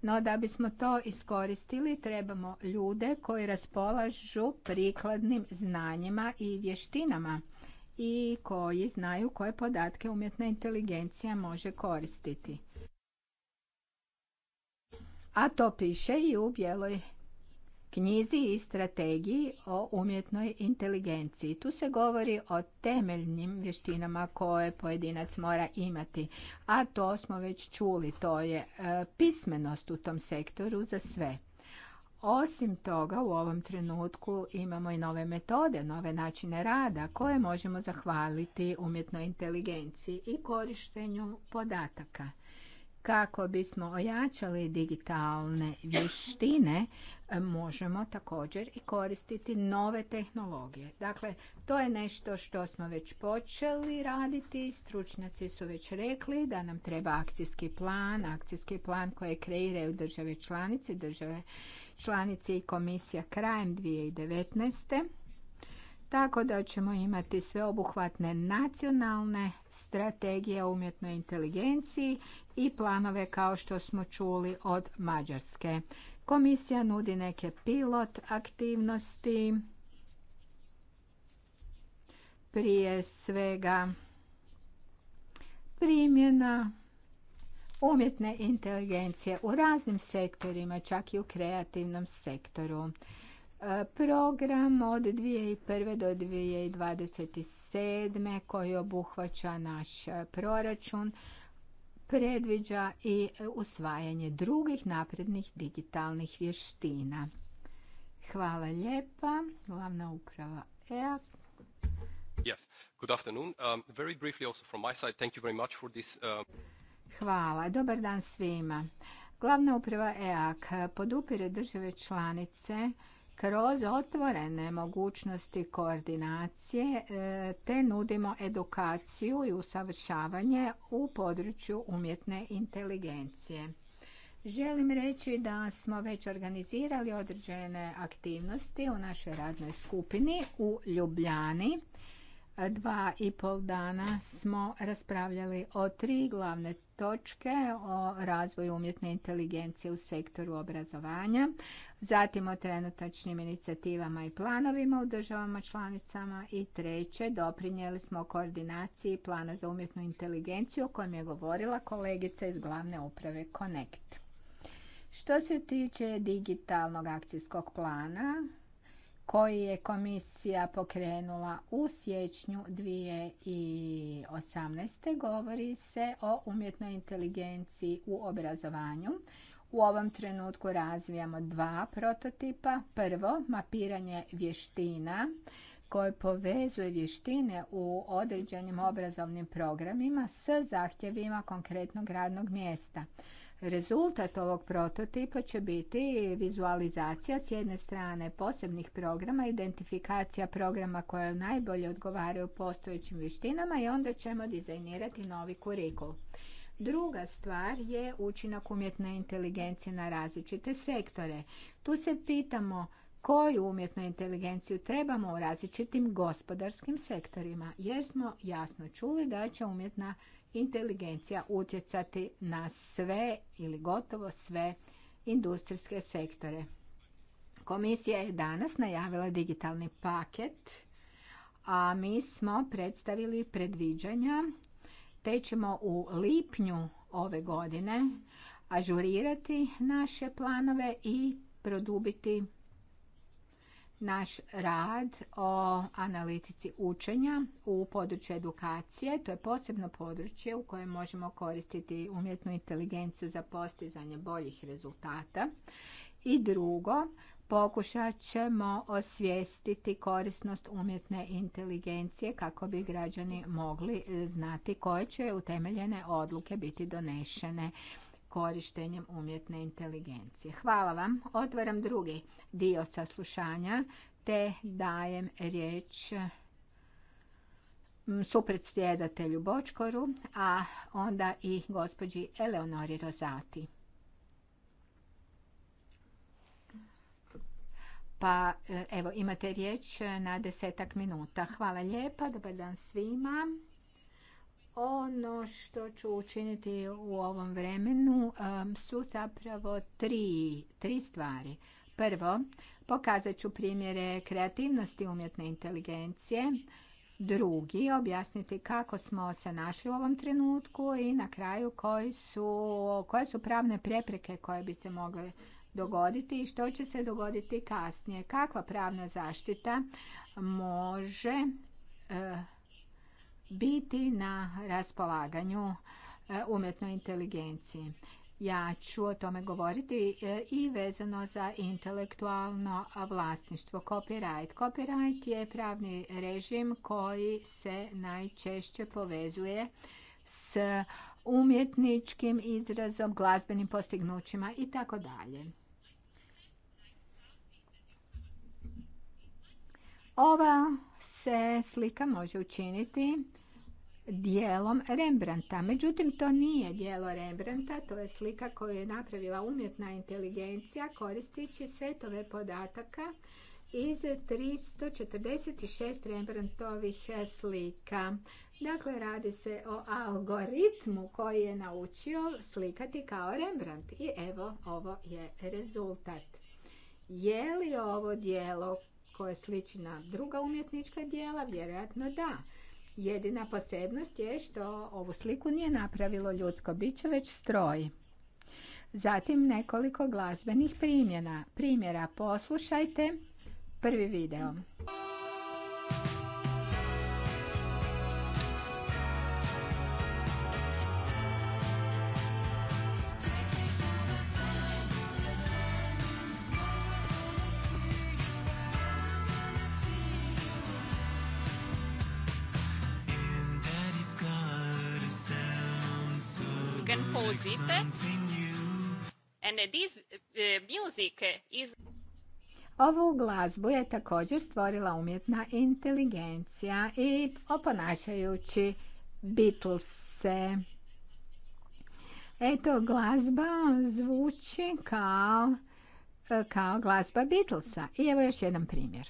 No da bismo to iskoristili trebamo ljude koji raspolažu prikladnim znanjima i vještinama i koji znaju koje podatke umjetna inteligencija može koristiti. A to piše i u bijeloj knjizi i strategiji o umjetnoj inteligenciji. Tu se govori o temeljnim vještinama koje pojedinac mora imati, a to smo već čuli, to je e, pismenost u tom sektoru za sve. Osim toga, u ovom trenutku imamo i nove metode, nove načine rada koje možemo zahvaliti umjetnoj inteligenciji i korištenju podataka. Kako bismo ojačali digitalne vještine, možemo također i koristiti nove tehnologije. Dakle, to je nešto što smo već počeli raditi, stručnjaci su već rekli da nam treba akcijski plan, akcijski plan koje kreiraju države članice, države članice i komisija krajem 2019 tako da ćemo imati sveobuhvatne nacionalne strategije o umjetnoj inteligenciji i planove kao što smo čuli od Mađarske. Komisija nudi neke pilot aktivnosti, prije svega primjena umjetne inteligencije u raznim sektorima, čak i u kreativnom sektoru. E, program od 2001. do 2027. koji obuhvaća naš e, proračun predviđa i e, usvajanje drugih naprednih digitalnih vještina. Hvala lijepa. Glavna uprava EAP. Yes. Good afternoon. Um, very briefly also from my side, thank you very much for this. Uh, Hvala. Dobar dan svima. Glavna uprava EAK podupire države članice kroz otvorene mogućnosti koordinacije e, te nudimo edukaciju i usavršavanje u području umjetne inteligencije. Želim reći da smo već organizirali određene aktivnosti u našoj radnoj skupini u Ljubljani dva i pol dana smo raspravljali o tri glavne točke o razvoju umjetne inteligencije u sektoru obrazovanja, zatim o trenutačnim inicijativama i planovima u državama članicama i treće, doprinijeli smo koordinaciji plana za umjetnu inteligenciju o kojem je govorila kolegica iz glavne uprave Connect. Što se tiče digitalnog akcijskog plana, koji je komisija pokrenula u siječnju 2018. govori se o umjetnoj inteligenciji u obrazovanju. U ovom trenutku razvijamo dva prototipa. Prvo, mapiranje vještina koje povezuje vještine u određenim obrazovnim programima s zahtjevima konkretnog radnog mjesta. Rezultat ovog prototipa će biti vizualizacija s jedne strane posebnih programa, identifikacija programa koje najbolje odgovaraju postojećim vještinama i onda ćemo dizajnirati novi kurikul. Druga stvar je učinak umjetne inteligencije na različite sektore. Tu se pitamo koju umjetnu inteligenciju trebamo u različitim gospodarskim sektorima, jer smo jasno čuli da će umjetna inteligencija inteligencija utjecati na sve ili gotovo sve industrijske sektore. Komisija je danas najavila digitalni paket, a mi smo predstavili predviđanja te ćemo u lipnju ove godine ažurirati naše planove i produbiti naš rad o analitici učenja u području edukacije. To je posebno područje u kojem možemo koristiti umjetnu inteligenciju za postizanje boljih rezultata. I drugo, pokušat ćemo osvijestiti korisnost umjetne inteligencije kako bi građani mogli znati koje će utemeljene odluke biti donešene korištenjem umjetne inteligencije. Hvala vam. Otvaram drugi dio saslušanja te dajem riječ mm, supredsjedatelju Bočkoru, a onda i gospođi Eleonori Rozati. Pa e, evo imate riječ na desetak minuta. Hvala lijepa, dobar dan svima. Ono što ću učiniti u ovom vremenu su zapravo tri, tri stvari. Prvo, pokazat ću primjere kreativnosti umjetne inteligencije. Drugi, objasniti kako smo se našli u ovom trenutku i na kraju koji su, koje su pravne prepreke koje bi se mogle dogoditi i što će se dogoditi kasnije. Kakva pravna zaštita može eh, biti na raspolaganju eh, umjetnoj inteligenciji. Ja ću o tome govoriti eh, i vezano za intelektualno vlasništvo, copyright. Copyright je pravni režim koji se najčešće povezuje s umjetničkim izrazom, glazbenim postignućima i tako dalje. Ova se slika može učiniti dijelom Rembrandta. Međutim, to nije dijelo Rembrandta, to je slika koju je napravila umjetna inteligencija koristeći setove podataka iz 346 Rembrandtovih e, slika. Dakle, radi se o algoritmu koji je naučio slikati kao Rembrandt. I evo, ovo je rezultat. Je li ovo dijelo koje sliči na druga umjetnička dijela? Vjerojatno da. Jedina posebnost je što ovu sliku nije napravilo ljudsko biće, već stroj. Zatim nekoliko glazbenih primjena. Primjera poslušajte prvi video. music Ovu glazbu je također stvorila umjetna inteligencija i oponašajući Beatles-e. Eto, glazba zvuči kao, kao glazba Beatlesa. I evo još jedan primjer.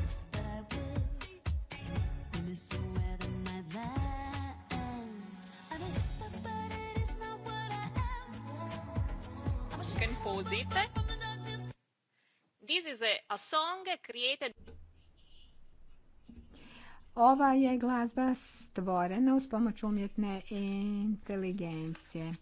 uzite. This is a, a song created... Ova je glazba stvorena uz pomoć umjetne inteligencije.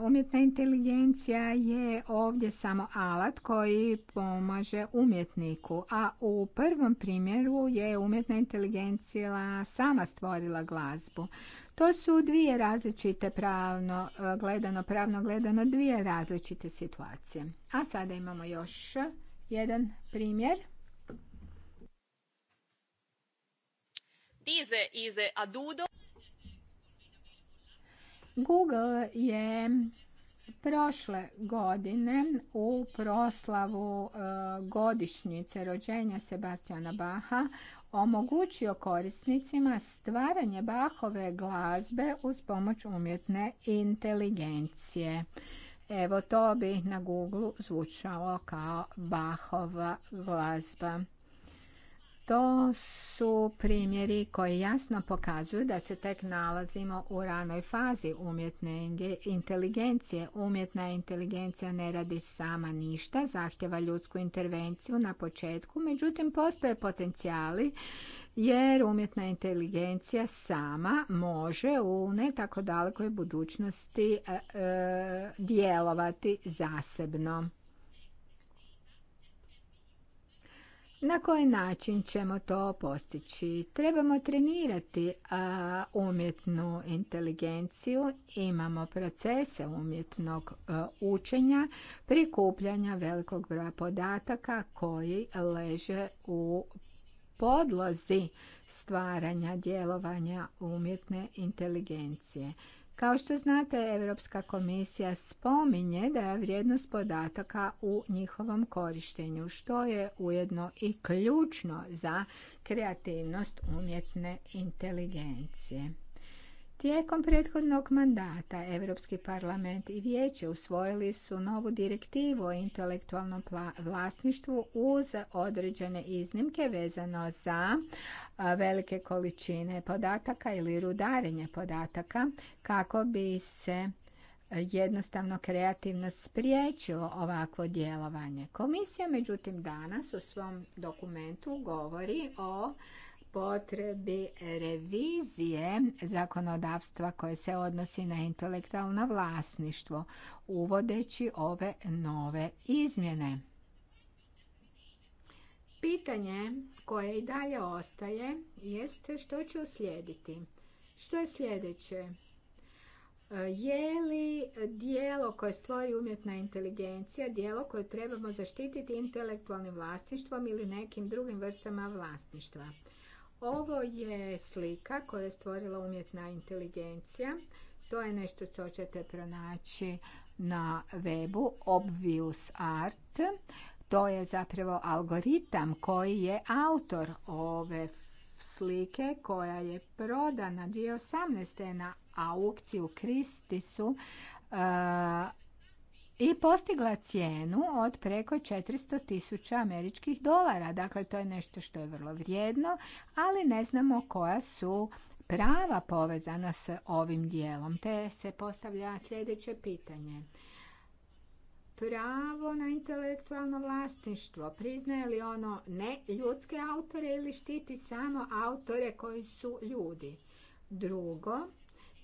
Umjetna inteligencija je ovdje samo alat koji pomaže umjetniku, a u prvom primjeru je umjetna inteligencija sama stvorila glazbu. To su dvije različite pravno e, gledano, pravno gledano dvije različite situacije. A sada imamo još jedan primjer. Dize Ize, Adudo. Google je prošle godine u proslavu e, godišnjice rođenja Sebastiana Baha omogućio korisnicima stvaranje Bahove glazbe uz pomoć umjetne inteligencije. Evo to bi na Google zvučalo kao Bahova glazba. To su primjeri koji jasno pokazuju da se tek nalazimo u ranoj fazi umjetne inteligencije. Umjetna inteligencija ne radi sama ništa, zahtjeva ljudsku intervenciju na početku, međutim postoje potencijali jer umjetna inteligencija sama može u ne tako dalekoj budućnosti e, e, djelovati zasebno. na koji način ćemo to postići? Trebamo trenirati umjetnu inteligenciju, imamo procese umjetnog e, učenja, prikupljanja velikog broja podataka koji leže u podlozi stvaranja djelovanja umjetne inteligencije. Kao što znate, Europska komisija spominje da je vrijednost podataka u njihovom korištenju, što je ujedno i ključno za kreativnost umjetne inteligencije. Tijekom prethodnog mandata Europski parlament i vijeće usvojili su novu direktivu o intelektualnom vlasništvu uz određene iznimke vezano za velike količine podataka ili rudarenje podataka kako bi se jednostavno kreativno spriječilo ovakvo djelovanje. Komisija međutim danas u svom dokumentu govori o potrebi revizije zakonodavstva koje se odnosi na intelektualno vlasništvo, uvodeći ove nove izmjene. Pitanje koje i dalje ostaje jeste što će uslijediti. Što je sljedeće? Je li dijelo koje stvori umjetna inteligencija dijelo koje trebamo zaštititi intelektualnim vlasništvom ili nekim drugim vrstama vlasništva? Ovo je slika koju je stvorila umjetna inteligencija. To je nešto što ćete pronaći na webu Obvious Art. To je zapravo algoritam koji je autor ove slike koja je prodana 2018. na aukciju Kristisu i postigla cijenu od preko 400 tisuća američkih dolara. Dakle, to je nešto što je vrlo vrijedno, ali ne znamo koja su prava povezana s ovim dijelom. Te se postavlja sljedeće pitanje. Pravo na intelektualno vlasništvo priznaje li ono ne ljudske autore ili štiti samo autore koji su ljudi? Drugo,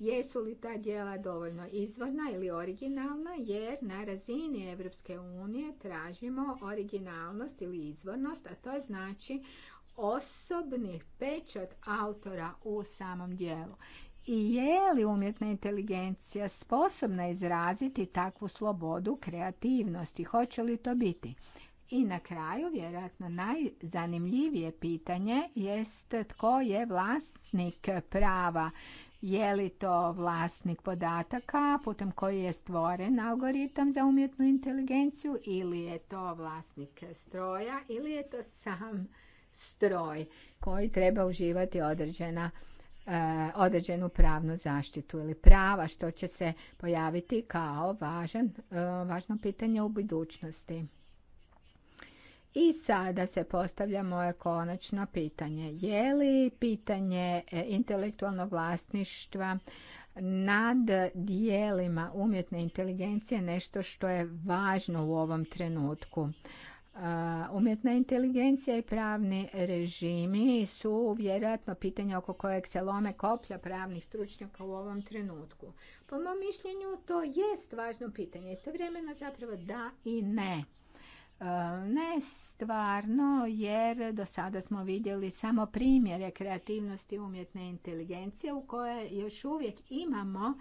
jesu li ta djela dovoljno izvorna ili originalna jer na razini Evropske unije tražimo originalnost ili izvornost, a to znači osobni pečat autora u samom dijelu. I je li umjetna inteligencija sposobna izraziti takvu slobodu kreativnosti? Hoće li to biti? I na kraju, vjerojatno najzanimljivije pitanje jest tko je vlasnik prava je li to vlasnik podataka putem koji je stvoren algoritam za umjetnu inteligenciju ili je to vlasnik stroja ili je to sam stroj koji treba uživati određena e, određenu pravnu zaštitu ili prava što će se pojaviti kao e, važno pitanje u budućnosti. I sada se postavlja moje konačno pitanje. Je li pitanje e, intelektualnog vlasništva nad dijelima umjetne inteligencije nešto što je važno u ovom trenutku? E, umjetna inteligencija i pravni režimi su vjerojatno pitanja oko kojeg se lome koplja pravnih stručnjaka u ovom trenutku. Po mom mišljenju to jest važno pitanje. Istovremeno zapravo da i ne. E, ne stvarno, jer do sada smo vidjeli samo primjere kreativnosti umjetne inteligencije u koje još uvijek imamo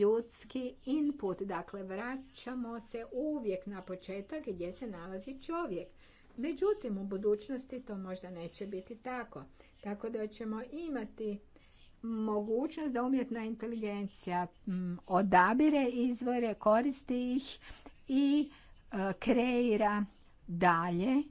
ljudski input. Dakle, vraćamo se uvijek na početak gdje se nalazi čovjek. Međutim, u budućnosti to možda neće biti tako. Tako da ćemo imati mogućnost da umjetna inteligencija odabire izvore, koristi ih i kreira dalje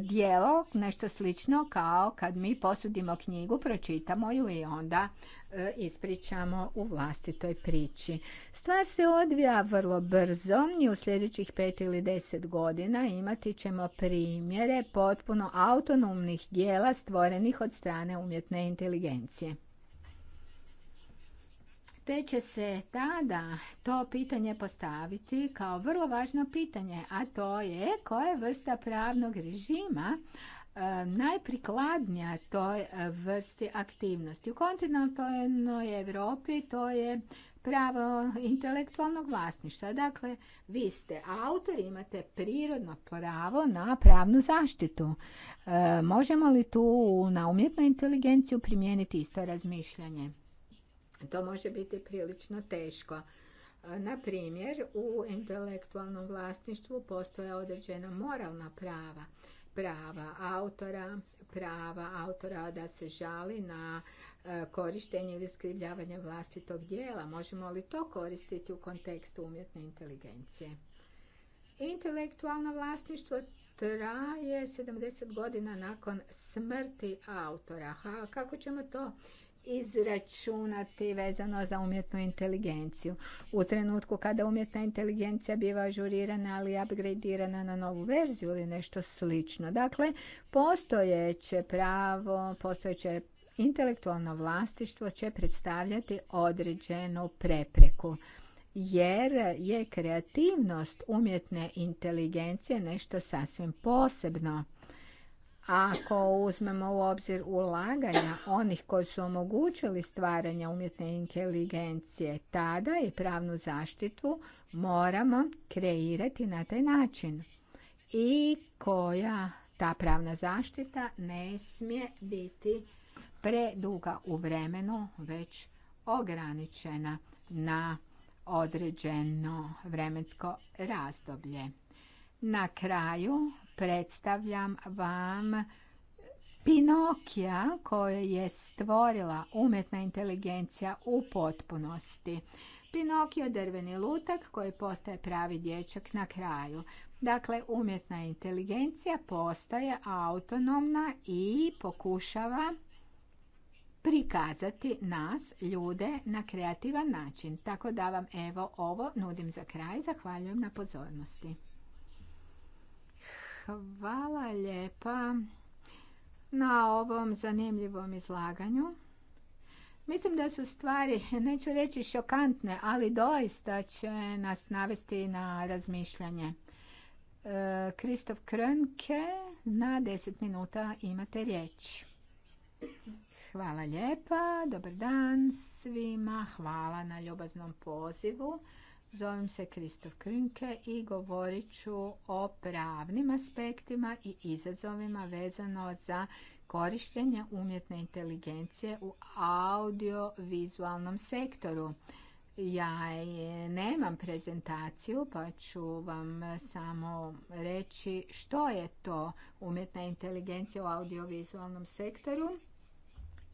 dijelo, nešto slično kao kad mi posudimo knjigu, pročitamo ju i onda e, ispričamo u vlastitoj priči. Stvar se odvija vrlo brzo i u sljedećih pet ili deset godina imati ćemo primjere potpuno autonomnih dijela stvorenih od strane umjetne inteligencije te će se tada to pitanje postaviti kao vrlo važno pitanje, a to je koja je vrsta pravnog režima e, najprikladnija toj e, vrsti aktivnosti. U kontinentalnoj Europi to je pravo intelektualnog vlasništva. Dakle, vi ste autor, imate prirodno pravo na pravnu zaštitu. E, možemo li tu na umjetnu inteligenciju primijeniti isto razmišljanje? To može biti prilično teško. E, na primjer, u intelektualnom vlasništvu postoje određena moralna prava, prava autora, prava autora da se žali na e, korištenje ili skrivljavanje vlastitog dijela. Možemo li to koristiti u kontekstu umjetne inteligencije? Intelektualno vlasništvo traje 70 godina nakon smrti autora. kako ćemo to izračunati vezano za umjetnu inteligenciju. U trenutku kada umjetna inteligencija biva ažurirana ali upgradirana na novu verziju ili nešto slično. Dakle, postojeće pravo, postojeće intelektualno vlastištvo će predstavljati određenu prepreku jer je kreativnost umjetne inteligencije nešto sasvim posebno. Ako uzmemo u obzir ulaganja onih koji su omogućili stvaranje umjetne inteligencije tada i pravnu zaštitu moramo kreirati na taj način i koja ta pravna zaštita ne smije biti preduga u vremenu, već ograničena na određeno vremensko razdoblje. Na kraju predstavljam vam Pinokija koju je stvorila umjetna inteligencija u potpunosti. Pinokio drveni lutak koji postaje pravi dječak na kraju. Dakle, umjetna inteligencija postaje autonomna i pokušava prikazati nas, ljude, na kreativan način. Tako da vam evo ovo nudim za kraj. Zahvaljujem na pozornosti. Hvala lijepa na ovom zanimljivom izlaganju. Mislim da su stvari, neću reći šokantne, ali doista će nas navesti na razmišljanje. E, Kristof Krnke, na 10 minuta imate riječ. Hvala lijepa, dobar dan svima, hvala na ljubaznom pozivu. Zovem se Kristof Krinke i govorit ću o pravnim aspektima i izazovima vezano za korištenje umjetne inteligencije u audiovizualnom sektoru. Ja nemam prezentaciju pa ću vam samo reći što je to umjetna inteligencija u audiovizualnom sektoru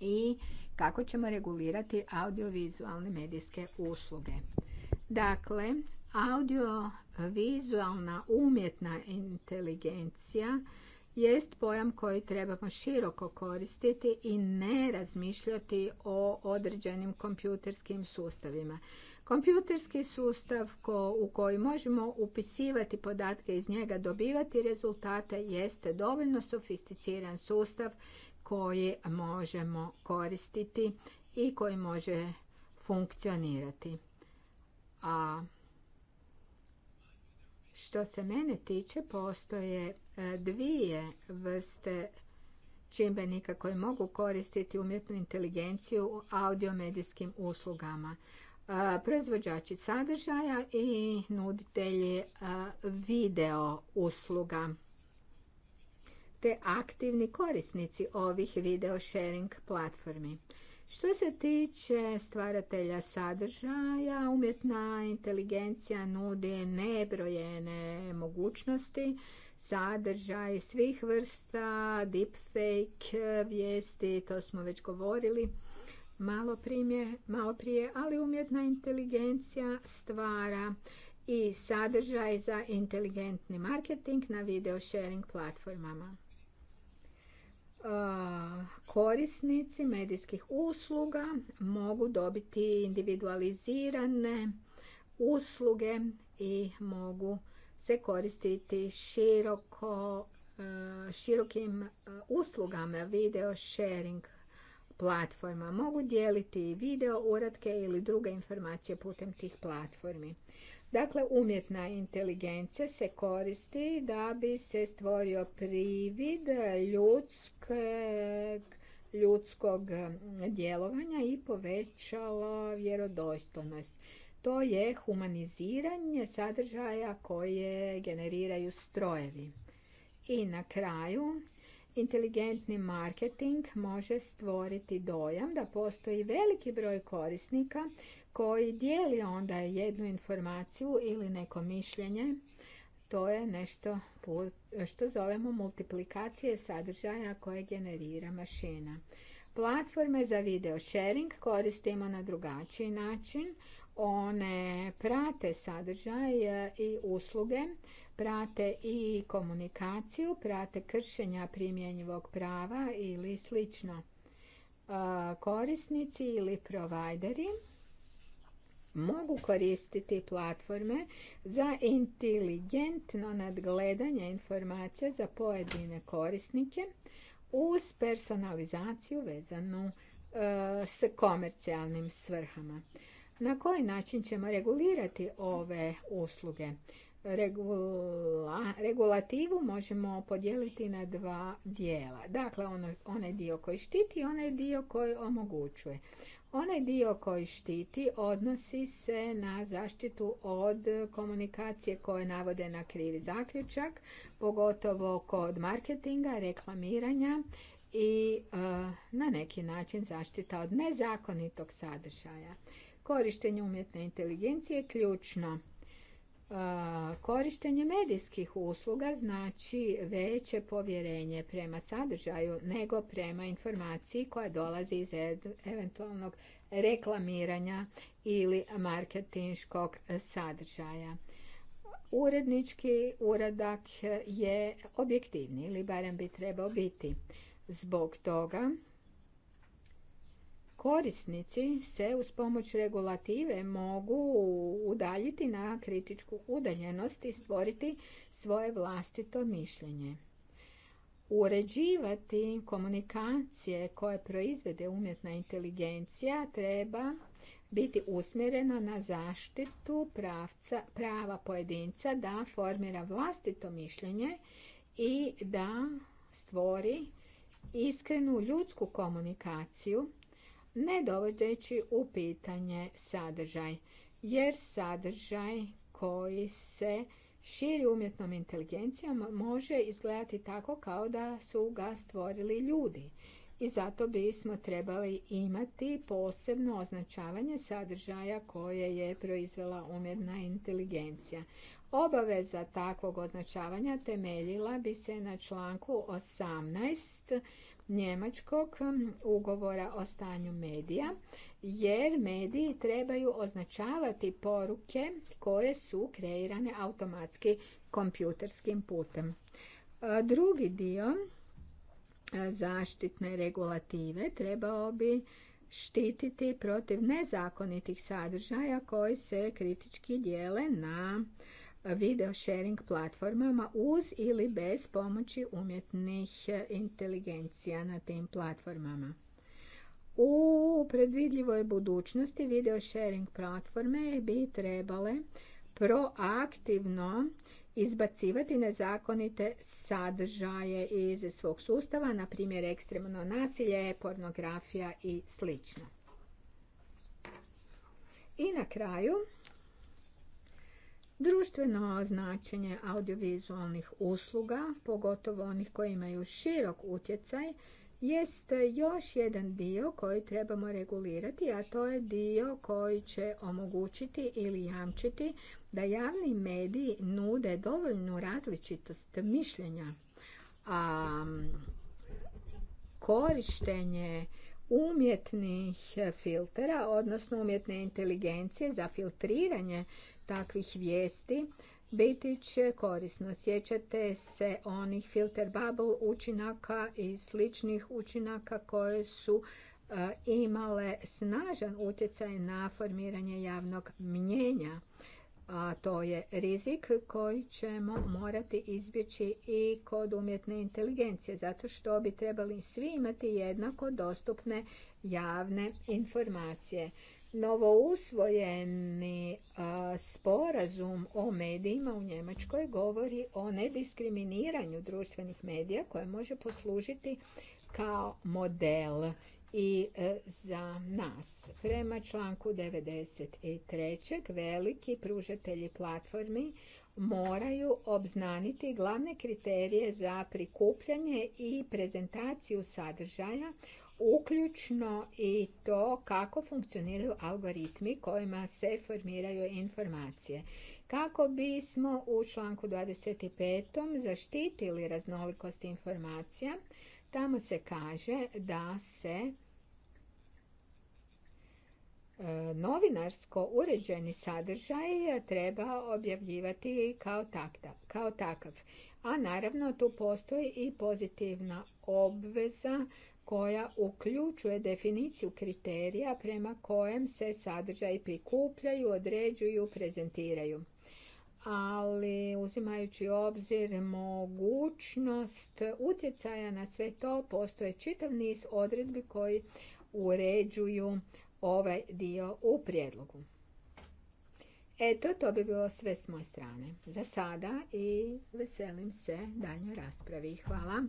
i kako ćemo regulirati audiovizualne medijske usluge. Dakle, audiovizualna umjetna inteligencija jest pojam koji trebamo široko koristiti i ne razmišljati o određenim kompjuterskim sustavima. Kompjuterski sustav ko, u koji možemo upisivati podatke iz njega, dobivati rezultate, jeste dovoljno sofisticiran sustav koji možemo koristiti i koji može funkcionirati. A što se mene tiče, postoje e, dvije vrste čimbenika koji mogu koristiti umjetnu inteligenciju u audiomedijskim uslugama. E, proizvođači sadržaja i nuditelji e, video usluga te aktivni korisnici ovih video sharing platformi. Što se tiče stvaratelja sadržaja, umjetna inteligencija nudi nebrojene mogućnosti, sadržaj svih vrsta, deepfake vijesti, to smo već govorili malo, primje, prije, ali umjetna inteligencija stvara i sadržaj za inteligentni marketing na video sharing platformama korisnici medijskih usluga mogu dobiti individualizirane usluge i mogu se koristiti široko, e, širokim e, uslugama video sharing platforma. Mogu dijeliti video uratke ili druge informacije putem tih platformi. Dakle, umjetna inteligencija se koristi da bi se stvorio privid ljudskog, ljudskog mm, djelovanja i povećala vjerodostojnost. To je humaniziranje sadržaja koje generiraju strojevi. I na kraju, inteligentni marketing može stvoriti dojam da postoji veliki broj korisnika koji dijeli onda jednu informaciju ili neko mišljenje, to je nešto što zovemo multiplikacije sadržaja koje generira mašina. Platforme za video sharing koristimo na drugačiji način. One prate sadržaj e, i usluge, prate i komunikaciju, prate kršenja primjenjivog prava ili slično. E, korisnici ili provajderi mogu koristiti platforme za inteligentno nadgledanje informacija za pojedine korisnike uz personalizaciju vezanu e, s komercijalnim svrhama. Na koji način ćemo regulirati ove usluge? regulativu možemo podijeliti na dva dijela. Dakle, ono, onaj dio koji štiti i onaj dio koji omogućuje. Onaj dio koji štiti odnosi se na zaštitu od komunikacije koje navode na krivi zaključak, pogotovo kod marketinga, reklamiranja i e, na neki način zaštita od nezakonitog sadržaja. Korištenje umjetne inteligencije je ključno Korištenje medijskih usluga znači veće povjerenje prema sadržaju nego prema informaciji koja dolazi iz eventualnog reklamiranja ili marketinškog sadržaja. Urednički uradak je objektivni ili barem bi trebao biti. Zbog toga korisnici se uz pomoć regulative mogu udaljiti na kritičku udaljenost i stvoriti svoje vlastito mišljenje. Uređivati komunikacije koje proizvede umjetna inteligencija treba biti usmjereno na zaštitu pravca, prava pojedinca da formira vlastito mišljenje i da stvori iskrenu ljudsku komunikaciju ne dovodeći u pitanje sadržaj, jer sadržaj koji se širi umjetnom inteligencijom može izgledati tako kao da su ga stvorili ljudi. I zato bismo trebali imati posebno označavanje sadržaja koje je proizvela umjetna inteligencija. Obaveza takvog označavanja temeljila bi se na članku 18 njemačkog um, ugovora o stanju medija, jer mediji trebaju označavati poruke koje su kreirane automatski kompjuterskim putem. E, drugi dio e, zaštitne regulative trebao bi štititi protiv nezakonitih sadržaja koji se kritički dijele na video sharing platformama uz ili bez pomoći umjetnih inteligencija na tim platformama. U predvidljivoj budućnosti video sharing platforme bi trebale proaktivno izbacivati nezakonite sadržaje iz svog sustava, na primjer ekstremno nasilje, pornografija i sl. I na kraju Društveno značenje audiovizualnih usluga, pogotovo onih koji imaju širok utjecaj, jest još jedan dio koji trebamo regulirati, a to je dio koji će omogućiti ili jamčiti da javni mediji nude dovoljnu različitost mišljenja, a korištenje umjetnih filtera, odnosno umjetne inteligencije za filtriranje takvih vijesti biti će korisno. Sjećate se onih filter bubble učinaka i sličnih učinaka koje su e, imale snažan utjecaj na formiranje javnog mnjenja a to je rizik koji ćemo morati izbjeći i kod umjetne inteligencije, zato što bi trebali svi imati jednako dostupne javne informacije novo sporazum o medijima u Njemačkoj govori o nediskriminiranju društvenih medija koje može poslužiti kao model i e, za nas. Prema članku 93. veliki pružatelji platformi moraju obznaniti glavne kriterije za prikupljanje i prezentaciju sadržaja uključno i to kako funkcioniraju algoritmi kojima se formiraju informacije. Kako bismo u članku 25. zaštitili raznolikost informacija, tamo se kaže da se e, novinarsko uređeni sadržaj treba objavljivati kao, takta, kao takav. A naravno tu postoji i pozitivna obveza koja uključuje definiciju kriterija prema kojem se sadržaji prikupljaju, određuju, prezentiraju. Ali uzimajući obzir mogućnost utjecaja na sve to, postoje čitav niz odredbi koji uređuju ovaj dio u prijedlogu. Eto, to bi bilo sve s moje strane. Za sada i veselim se daljnjoj raspravi. Hvala.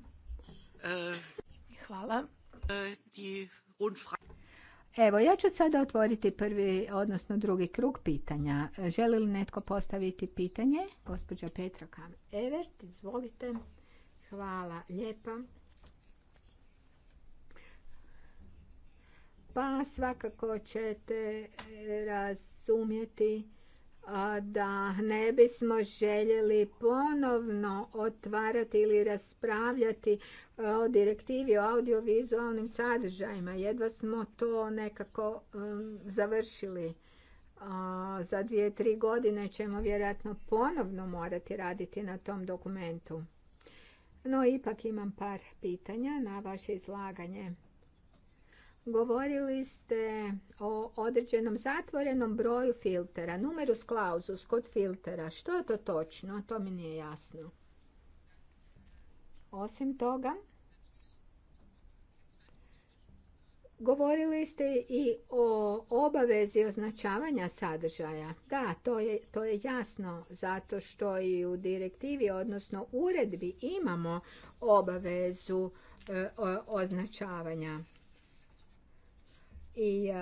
E, Hvala. Evo, ja ću sada otvoriti prvi, odnosno drugi krug pitanja. Želi li netko postaviti pitanje? Gospođa Petra Kam Evert, izvolite. Hvala lijepa. Pa svakako ćete eh, razumjeti da ne bismo željeli ponovno otvarati ili raspravljati e, o direktivi o audiovizualnim sadržajima. Jedva smo to nekako e, završili. E, za dvije, tri godine ćemo vjerojatno ponovno morati raditi na tom dokumentu. No, ipak imam par pitanja na vaše izlaganje. Govorili ste o određenom zatvorenom broju filtera, numerus clausus kod filtera. Što je to točno? To mi nije jasno. Osim toga, govorili ste i o obavezi označavanja sadržaja. Da, to je, to je jasno, zato što i u direktivi, odnosno uredbi, imamo obavezu e, označavanja i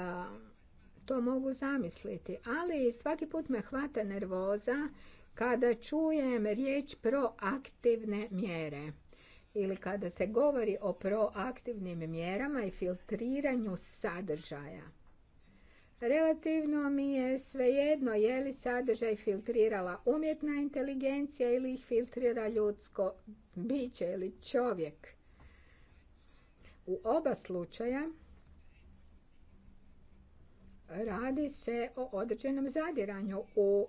to mogu zamisliti. Ali svaki put me hvata nervoza kada čujem riječ proaktivne mjere ili kada se govori o proaktivnim mjerama i filtriranju sadržaja. Relativno mi je svejedno je li sadržaj filtrirala umjetna inteligencija ili ih filtrira ljudsko biće ili čovjek. U oba slučaja radi se o određenom zadiranju u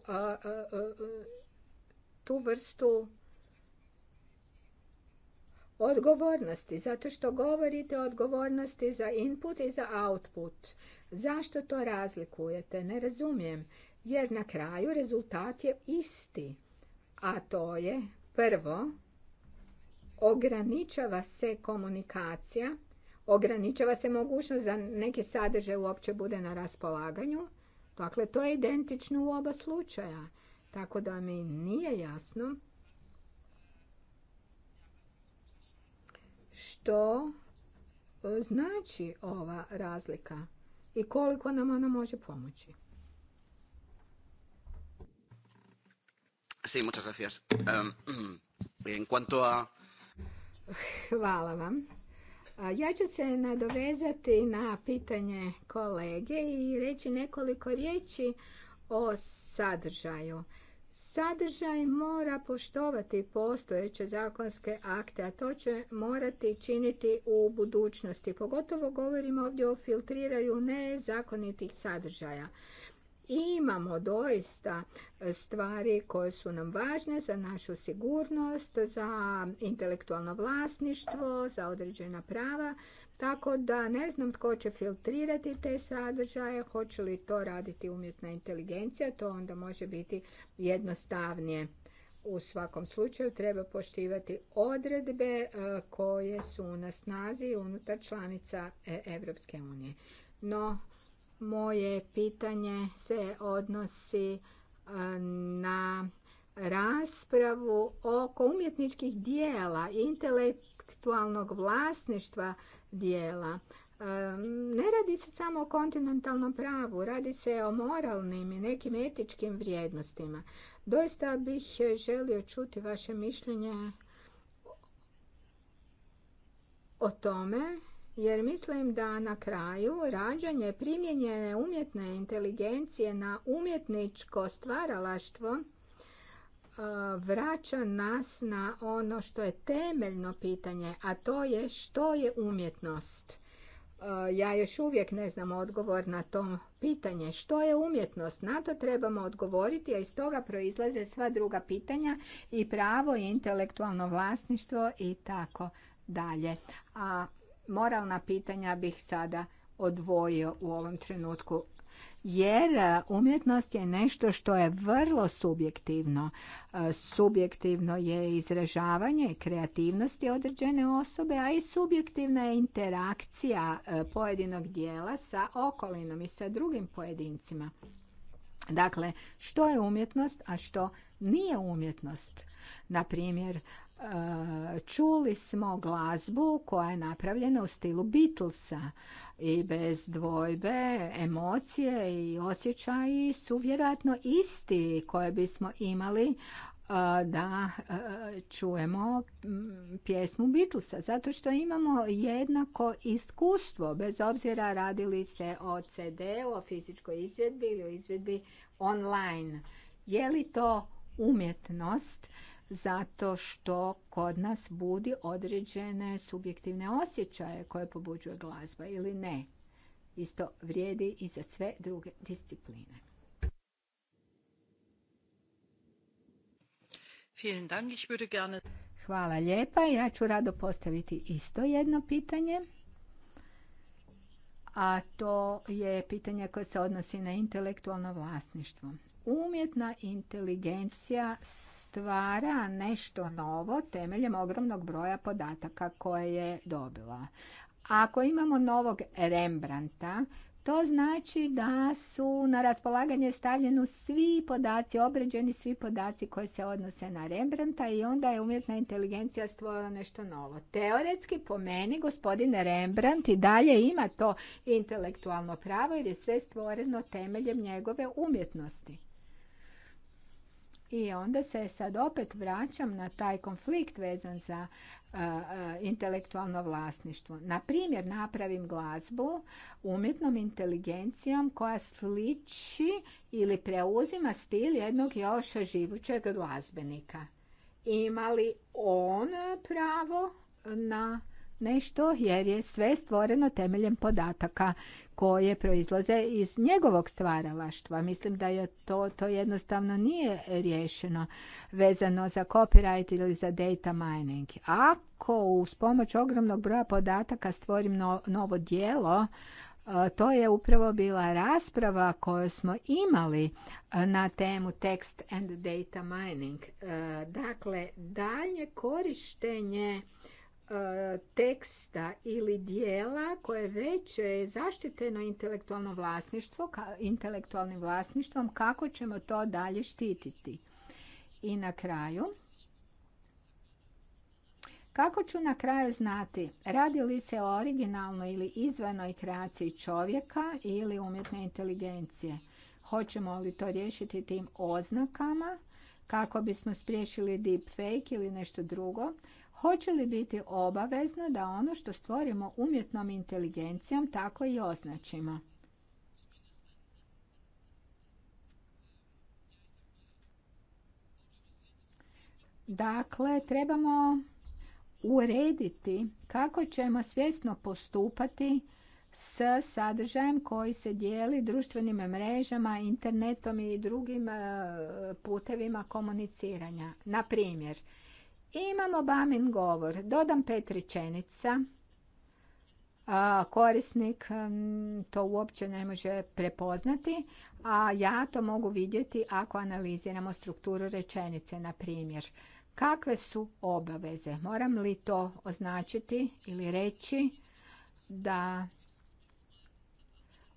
tu vrstu odgovornosti, zato što govorite o odgovornosti za input i za output. Zašto to razlikujete? Ne razumijem. Jer na kraju rezultat je isti. A to je prvo, ograničava se komunikacija ograničava se mogućnost da neki sadržaj uopće bude na raspolaganju. Dakle, to je identično u oba slučaja. Tako da mi nije jasno što e, znači ova razlika i koliko nam ona može pomoći. Sí, muchas gracias. en cuanto a... Hvala vam. Ja ću se nadovezati na pitanje kolege i reći nekoliko riječi o sadržaju. Sadržaj mora poštovati postojeće zakonske akte, a to će morati činiti u budućnosti. Pogotovo govorimo ovdje o filtriraju nezakonitih sadržaja imamo doista e, stvari koje su nam važne za našu sigurnost, za intelektualno vlasništvo, za određena prava, tako da ne znam tko će filtrirati te sadržaje, hoće li to raditi umjetna inteligencija, to onda može biti jednostavnije. U svakom slučaju treba poštivati odredbe e, koje su na snazi unutar članica e, Evropske unije. No, moje pitanje se odnosi e, na raspravu oko umjetničkih dijela i intelektualnog vlasništva dijela. E, ne radi se samo o kontinentalnom pravu, radi se o moralnim i nekim etičkim vrijednostima. Doista bih želio čuti vaše mišljenje o tome jer mislim da na kraju rađanje primjenjene umjetne inteligencije na umjetničko stvaralaštvo e, vraća nas na ono što je temeljno pitanje, a to je što je umjetnost. E, ja još uvijek ne znam odgovor na to pitanje. Što je umjetnost? Na to trebamo odgovoriti, a iz toga proizlaze sva druga pitanja i pravo i intelektualno vlasništvo i tako dalje. A moralna pitanja bih sada odvojio u ovom trenutku jer e, umjetnost je nešto što je vrlo subjektivno. E, subjektivno je izražavanje i kreativnosti određene osobe, a i subjektivna je interakcija e, pojedinog dijela sa okolinom i sa drugim pojedincima. Dakle, što je umjetnost, a što nije umjetnost. Na primjer, čuli smo glazbu koja je napravljena u stilu Beatlesa i bez dvojbe emocije i osjećaji su vjerojatno isti koje bismo imali e, da e, čujemo pjesmu Beatlesa, zato što imamo jednako iskustvo, bez obzira radili se o CD-u, o fizičkoj izvedbi ili o izvedbi online. Je li to umjetnost? zato što kod nas budi određene subjektivne osjećaje koje pobuđuje glazba ili ne. Isto vrijedi i za sve druge discipline. Hvala lijepa. Ja ću rado postaviti isto jedno pitanje. A to je pitanje koje se odnosi na intelektualno vlasništvo umjetna inteligencija stvara nešto novo temeljem ogromnog broja podataka koje je dobila. Ako imamo novog Rembrandta, to znači da su na raspolaganje stavljeni svi podaci, obređeni svi podaci koji se odnose na Rembrandta i onda je umjetna inteligencija stvorila nešto novo. Teoretski po meni gospodin Rembrandt i dalje ima to intelektualno pravo jer je sve stvoreno temeljem njegove umjetnosti. I onda se sad opet vraćam na taj konflikt vezan za intelektualno vlasništvo. Na primjer, napravim glazbu umjetnom inteligencijom koja sliči ili preuzima stil jednog još živućeg glazbenika. Ima li on pravo na nešto jer je sve stvoreno temeljem podataka koje proizlaze iz njegovog stvaralaštva. Mislim da je to, to jednostavno nije riješeno vezano za copyright ili za data mining. Ako uz pomoć ogromnog broja podataka stvorim novo dijelo, e, to je upravo bila rasprava koju smo imali e, na temu text and data mining. E, dakle, dalje korištenje E, teksta ili dijela koje već je zaštiteno intelektualno vlasništvo, intelektualnim vlasništvom, kako ćemo to dalje štititi. I na kraju, kako ću na kraju znati radi li se o originalnoj ili izvanoj kreaciji čovjeka ili umjetne inteligencije? Hoćemo li to riješiti tim oznakama kako bismo spriječili deepfake ili nešto drugo? Hoće li biti obavezno da ono što stvorimo umjetnom inteligencijom tako i označimo? Dakle, trebamo urediti kako ćemo svjesno postupati s sadržajem koji se dijeli društvenim mrežama, internetom i drugim e, putevima komuniciranja. Na primjer, Imamo Bamin govor. Dodam pet rečenica. A korisnik to uopće ne može prepoznati, a ja to mogu vidjeti ako analiziramo strukturu rečenice, na primjer. Kakve su obaveze? Moram li to označiti ili reći da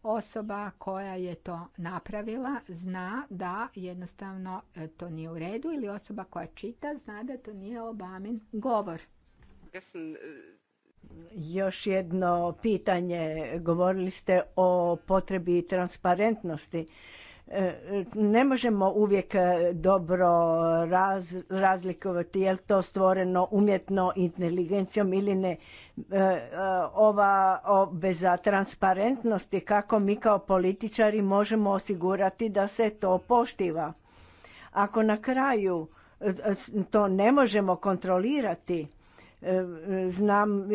Osoba koja je to napravila zna da jednostavno e, to nije u redu ili osoba koja čita zna da to nije Obamin govor. Još jedno pitanje. Govorili ste o potrebi transparentnosti ne možemo uvijek e, dobro raz, razlikovati je li to stvoreno umjetno inteligencijom ili ne. E, e, ova obveza transparentnosti kako mi kao političari možemo osigurati da se to poštiva. Ako na kraju to ne možemo kontrolirati, znam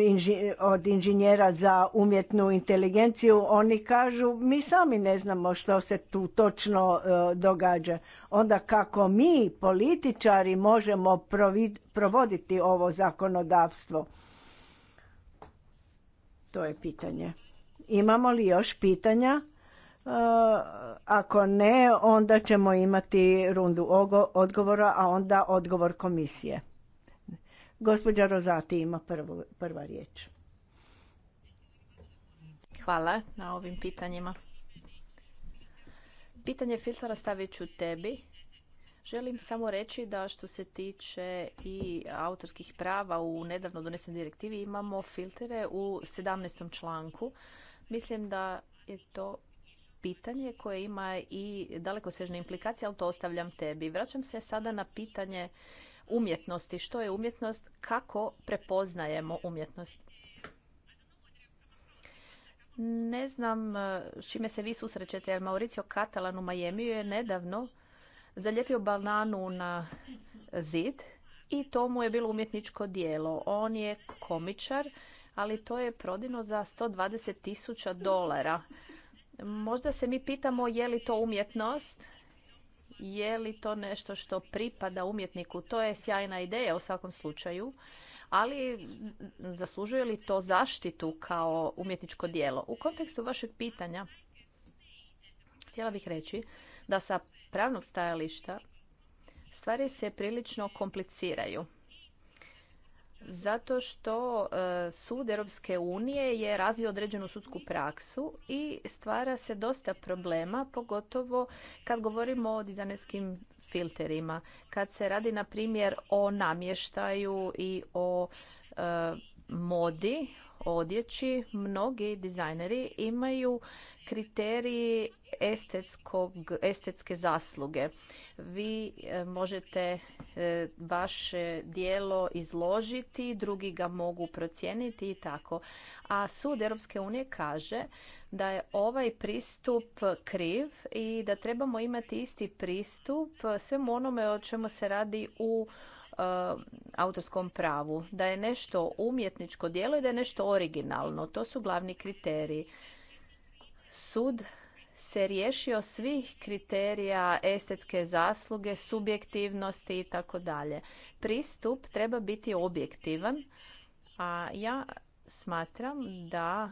od inženjera za umjetnu inteligenciju, oni kažu mi sami ne znamo što se tu točno e, događa. Onda kako mi političari možemo provoditi ovo zakonodavstvo? To je pitanje. Imamo li još pitanja? E, ako ne, onda ćemo imati rundu odgovora, a onda odgovor komisije. Gospođa Rozati ima prva riječ. Hvala na ovim pitanjima. Pitanje filtara stavit ću tebi. Želim samo reći da što se tiče i autorskih prava u nedavno donesenoj direktivi imamo filtere u 17. članku. Mislim da je to pitanje koje ima i dalekosežne implikacije, ali to ostavljam tebi. Vraćam se sada na pitanje umjetnosti. Što je umjetnost? Kako prepoznajemo umjetnost? Ne znam e, s čime se vi susrećete, jer Mauricio Catalan u Majemiju je nedavno zalijepio bananu na zid i to mu je bilo umjetničko dijelo. On je komičar, ali to je prodino za 120 tisuća dolara. Možda se mi pitamo je li to umjetnost, je li to nešto što pripada umjetniku. To je sjajna ideja u svakom slučaju, ali zaslužuje li to zaštitu kao umjetničko dijelo? U kontekstu vašeg pitanja htjela bih reći da sa pravnog stajališta stvari se prilično kompliciraju zato što e, sud Europske unije je razvio određenu sudsku praksu i stvara se dosta problema, pogotovo kad govorimo o dizajnerskim filterima. Kad se radi, na primjer, o namještaju i o e, modi, odjeći mnogi dizajneri imaju kriteriji estetske zasluge. Vi e, možete e, vaše dijelo izložiti, drugi ga mogu procijeniti i tako. A sud Europske unije kaže da je ovaj pristup kriv i da trebamo imati isti pristup svemu onome o čemu se radi u E, autorskom pravu. Da je nešto umjetničko djelo i da je nešto originalno. To su glavni kriteriji. Sud se riješio svih kriterija estetske zasluge, subjektivnosti i tako dalje. Pristup treba biti objektivan, a ja smatram da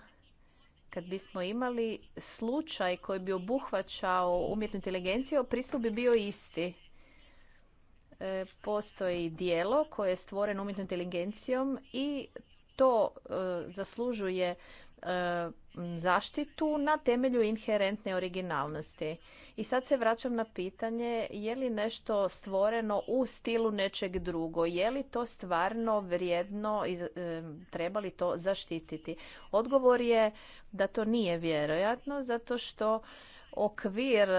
kad bismo imali slučaj koji bi obuhvaćao umjetnu inteligenciju, pristup bi bio isti. E, postoji dijelo koje je stvoreno umjetnom inteligencijom i to e, zaslužuje e, zaštitu na temelju inherentne originalnosti. I sad se vraćam na pitanje je li nešto stvoreno u stilu nečeg drugo, je li to stvarno vrijedno i treba li to zaštititi. Odgovor je da to nije vjerojatno zato što okvir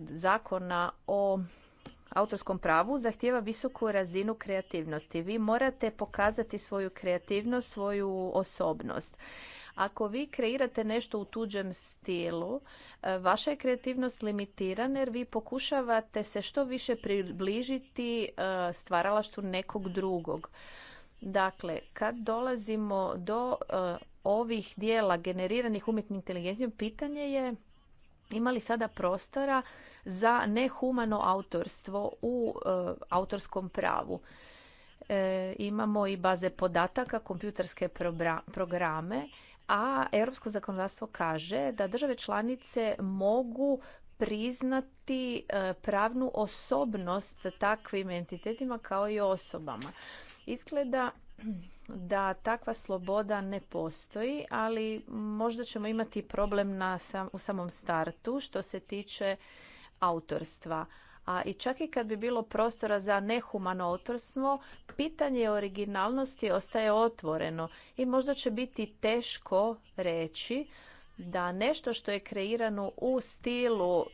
zakona o autorskom pravu zahtijeva visoku razinu kreativnosti. Vi morate pokazati svoju kreativnost, svoju osobnost. Ako vi kreirate nešto u tuđem stilu, e, vaša je kreativnost limitirana jer vi pokušavate se što više približiti e, stvaralaštu nekog drugog. Dakle, kad dolazimo do e, ovih dijela generiranih umjetnim inteligencijom, pitanje je ima li sada prostora za nehumano autorstvo u e, autorskom pravu? E, imamo i baze podataka, kompjuterske programe, a europsko zakonodavstvo kaže da države članice mogu priznati e, pravnu osobnost takvim entitetima kao i osobama. Izgleda da takva sloboda ne postoji, ali možda ćemo imati problem na u samom startu što se tiče autorstva. A i čak i kad bi bilo prostora za nehumano autorstvo, pitanje originalnosti ostaje otvoreno i možda će biti teško reći da nešto što je kreirano u stilu e,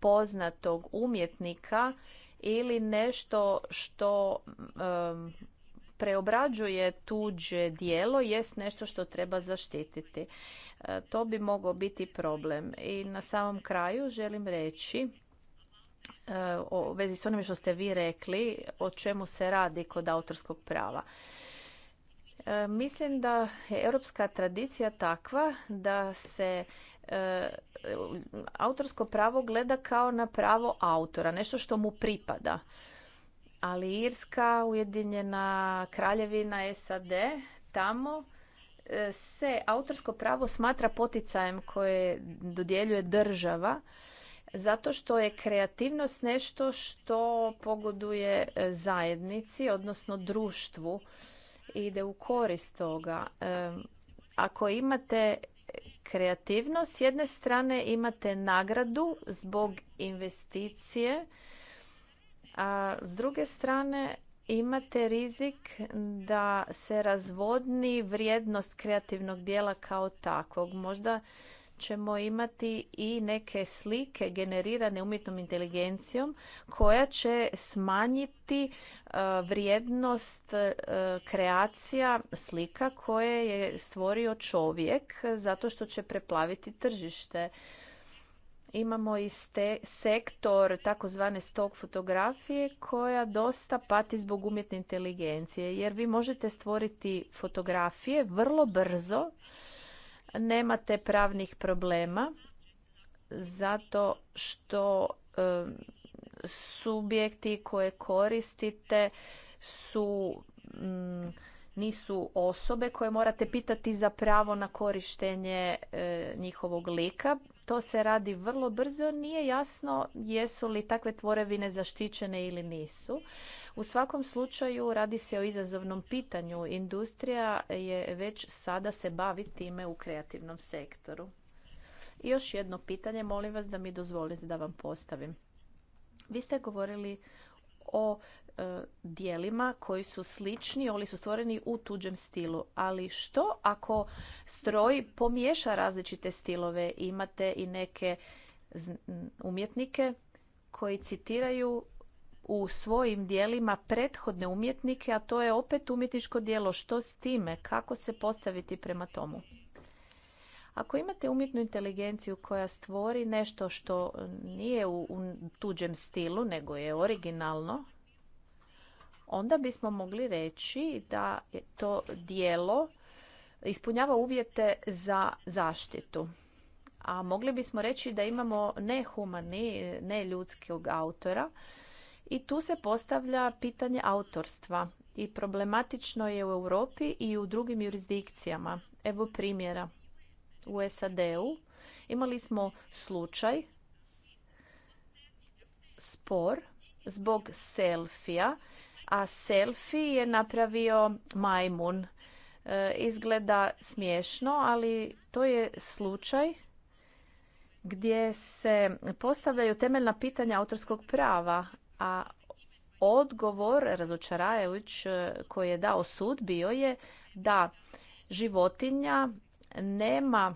poznatog umjetnika ili nešto što preobrađuje tuđe dijelo jest nešto što treba zaštititi. E, to bi mogao biti problem. I na samom kraju želim reći e, o vezi s onim što ste vi rekli, o čemu se radi kod autorskog prava. E, mislim da je europska tradicija takva da se autorsko pravo gleda kao na pravo autora, nešto što mu pripada ali Irska, Ujedinjena kraljevina, SAD, tamo e, se autorsko pravo smatra poticajem koje dodjeljuje država zato što je kreativnost nešto što pogoduje e, zajednici, odnosno društvu i ide u korist toga. E, ako imate kreativnost, s jedne strane imate nagradu zbog investicije a s druge strane imate rizik da se razvodni vrijednost kreativnog dijela kao takvog. Možda ćemo imati i neke slike generirane umjetnom inteligencijom koja će smanjiti e, vrijednost e, kreacija slika koje je stvorio čovjek zato što će preplaviti tržište. Imamo i sektor takozvane stok fotografije koja dosta pati zbog umjetne inteligencije jer vi možete stvoriti fotografije vrlo brzo, nemate pravnih problema zato što subjekti koje koristite su mm, nisu osobe koje morate pitati za pravo na korištenje e, njihovog lika to se radi vrlo brzo, nije jasno jesu li takve tvorevine zaštićene ili nisu. U svakom slučaju radi se o izazovnom pitanju. Industrija je već sada se bavi time u kreativnom sektoru. I još jedno pitanje, molim vas da mi dozvolite da vam postavim. Vi ste govorili o E, dijelima koji su slični, oni su stvoreni u tuđem stilu. Ali što ako stroj pomiješa različite stilove? Imate i neke umjetnike koji citiraju u svojim dijelima prethodne umjetnike, a to je opet umjetničko dijelo. Što s time? Kako se postaviti prema tomu? Ako imate umjetnu inteligenciju koja stvori nešto što nije u tuđem stilu, nego je originalno, onda bismo mogli reći da je to dijelo ispunjava uvjete za zaštitu. A mogli bismo reći da imamo nehumani, neljudskog autora i tu se postavlja pitanje autorstva. I problematično je u Europi i u drugim jurisdikcijama. Evo primjera. U SAD-u imali smo slučaj spor zbog selfija a selfie je napravio majmun. E, izgleda smiješno, ali to je slučaj gdje se postavljaju temeljna pitanja autorskog prava, a odgovor razočaravajući e, koji je dao sud bio je da životinja nema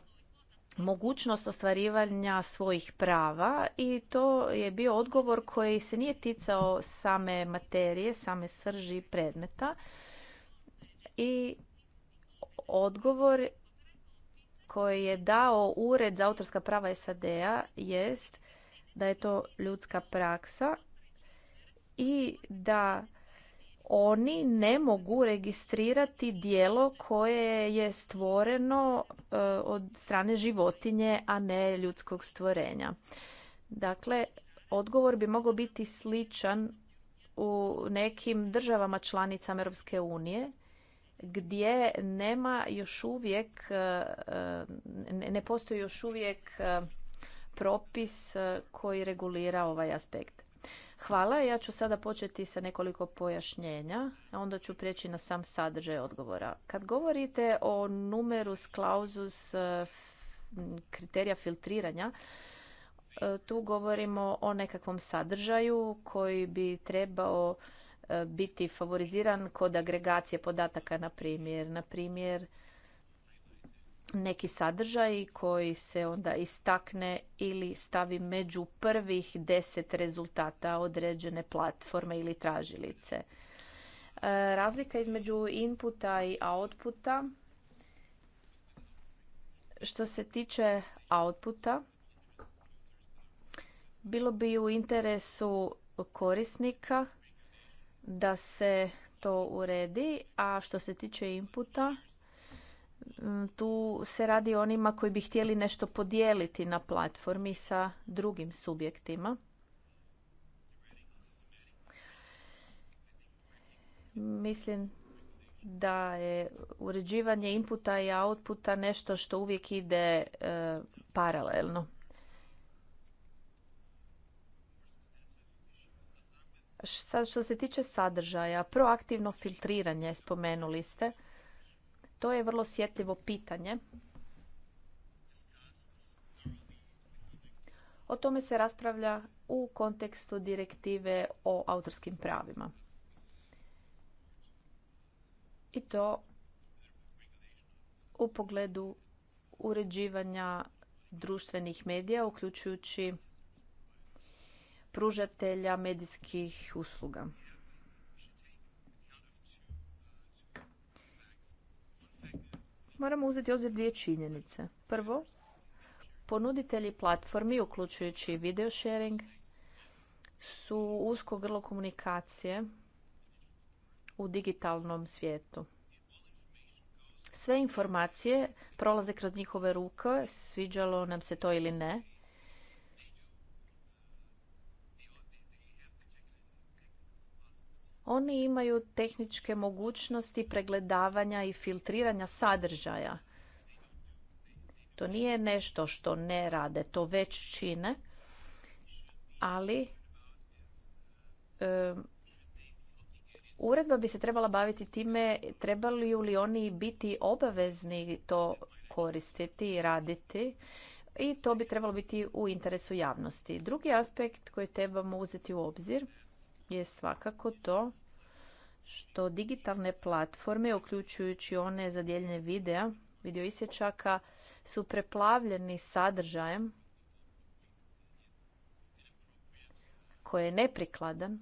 mogućnost ostvarivanja svojih prava i to je bio odgovor koji se nije ticao same materije, same srži predmeta. I odgovor koji je dao Ured za autorska prava SAD-a jest da je to ljudska praksa i da oni ne mogu registrirati dijelo koje je stvoreno e, od strane životinje, a ne ljudskog stvorenja. Dakle, odgovor bi mogao biti sličan u nekim državama članicama Europske unije gdje nema još uvijek, e, e, ne postoji još uvijek propis koji regulira ovaj aspekt. Hvala, ja ću sada početi sa nekoliko pojašnjenja, a onda ću prijeći na sam sadržaj odgovora. Kad govorite o numerus clausus eh, kriterija filtriranja, eh, tu govorimo o nekakvom sadržaju koji bi trebao eh, biti favoriziran kod agregacije podataka, na primjer. Na primjer, neki sadržaj koji se onda istakne ili stavi među prvih deset rezultata određene platforme ili tražilice. E, razlika između inputa i outputa što se tiče outputa bilo bi u interesu korisnika da se to uredi, a što se tiče inputa Mm, tu se radi o onima koji bi htjeli nešto podijeliti na platformi sa drugim subjektima. Mislim da je uređivanje inputa i outputa nešto što uvijek ide e, paralelno. što se tiče sadržaja, proaktivno filtriranje spomenuli ste. To je vrlo sjetljivo pitanje. O tome se raspravlja u kontekstu direktive o autorskim pravima. I to u pogledu uređivanja društvenih medija, uključujući pružatelja medijskih usluga. moramo uzeti ozir dvije činjenice. Prvo, ponuditelji platformi, uključujući video sharing, su usko grlo komunikacije u digitalnom svijetu. Sve informacije prolaze kroz njihove ruke, sviđalo nam se to ili ne, Oni imaju tehničke mogućnosti pregledavanja i filtriranja sadržaja. To nije nešto što ne rade, to već čine, ali uredba bi se trebala baviti time trebali li oni biti obavezni to koristiti i raditi i to bi trebalo biti u interesu javnosti. Drugi aspekt koji trebamo uzeti u obzir je svakako to što digitalne platforme, uključujući one za dijeljenje videa, video isječaka, su preplavljeni sadržajem koji je neprikladan.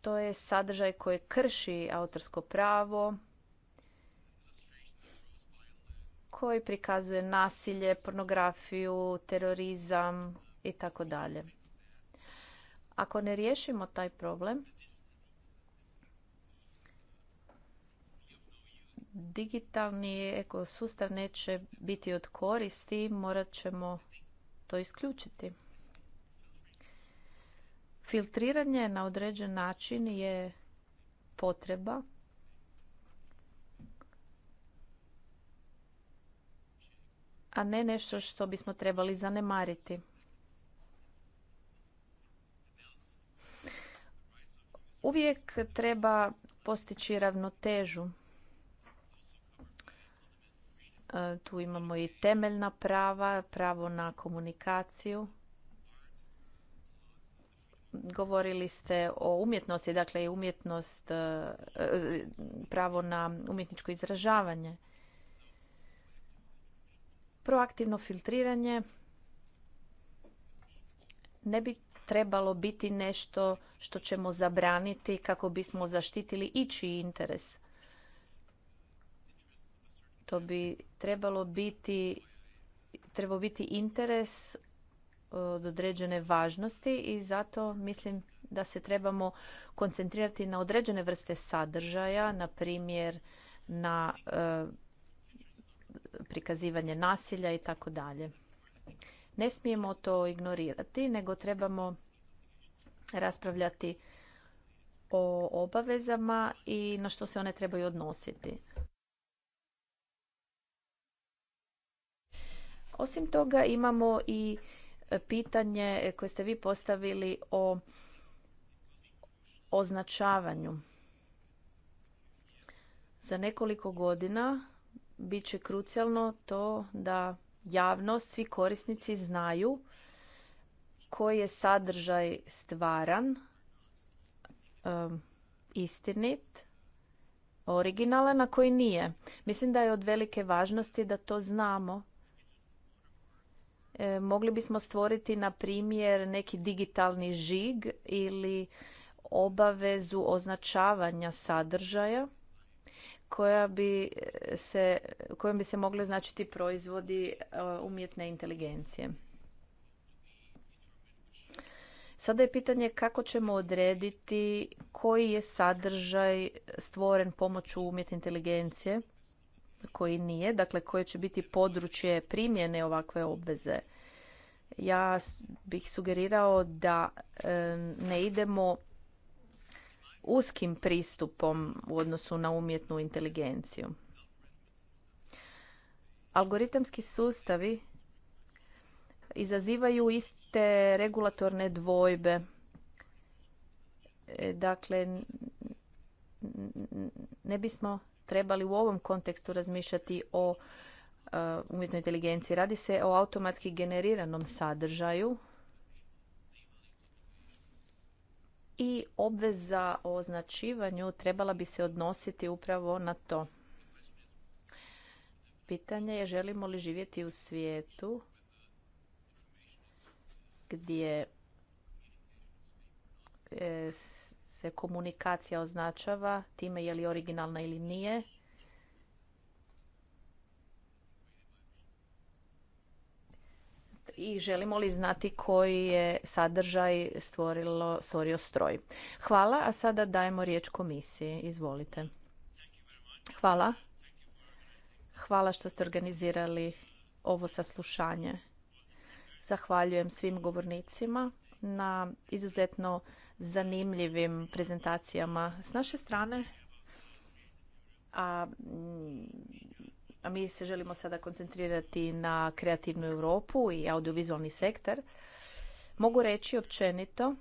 To je sadržaj koji krši autorsko pravo, koji prikazuje nasilje, pornografiju, terorizam i tako dalje. Ako ne riješimo taj problem, digitalni ekosustav neće biti od koristi, morat ćemo to isključiti. Filtriranje na određen način je potreba a ne nešto što bismo trebali zanemariti. Uvijek treba postići ravnotežu. E, tu imamo i temeljna prava, pravo na komunikaciju. Govorili ste o umjetnosti, dakle i umjetnost, e, e, pravo na umjetničko izražavanje. Proaktivno filtriranje ne bi trebalo biti nešto što ćemo zabraniti kako bismo zaštitili ići interes. To bi trebalo biti trebao biti interes od određene važnosti i zato mislim da se trebamo koncentrirati na određene vrste sadržaja, na primjer na e, prikazivanje nasilja i tako dalje. Ne smijemo to ignorirati, nego trebamo raspravljati o obavezama i na što se one trebaju odnositi. Osim toga imamo i pitanje koje ste vi postavili o označavanju. Za nekoliko godina bit će krucijalno to da javnost, svi korisnici znaju koji je sadržaj stvaran, istinit, originalan, a koji nije. Mislim da je od velike važnosti da to znamo. E, mogli bismo stvoriti, na primjer, neki digitalni žig ili obavezu označavanja sadržaja koja bi eh, se, kojom bi se mogli značiti proizvodi eh, umjetne inteligencije. Sada je pitanje kako ćemo odrediti koji je sadržaj stvoren pomoću umjetne inteligencije, koji nije, dakle koje će biti područje primjene ovakve obveze. Ja bih sugerirao da eh, ne idemo uskim pristupom u odnosu na umjetnu inteligenciju. Algoritamski sustavi izazivaju iste regulatorne dvojbe. E, dakle, ne bismo trebali u ovom kontekstu razmišljati o e, umjetnoj inteligenciji. Radi se o automatski generiranom sadržaju i obveza o označivanju trebala bi se odnositi upravo na to. Pitanje je želimo li živjeti u svijetu gdje e, se komunikacija označava time je li originalna ili nije i želimo li znati koji je sadržaj stvorilo, stvorio stroj. Hvala, a sada dajemo riječ komisiji. Izvolite. Hvala. Hvala što ste organizirali ovo saslušanje. Zahvaljujem svim govornicima na izuzetno zanimljivim prezentacijama s naše strane. A a mi se želimo sada koncentrirati na kreativnu Europu i audiovizualni sektor. Mogu reći općenito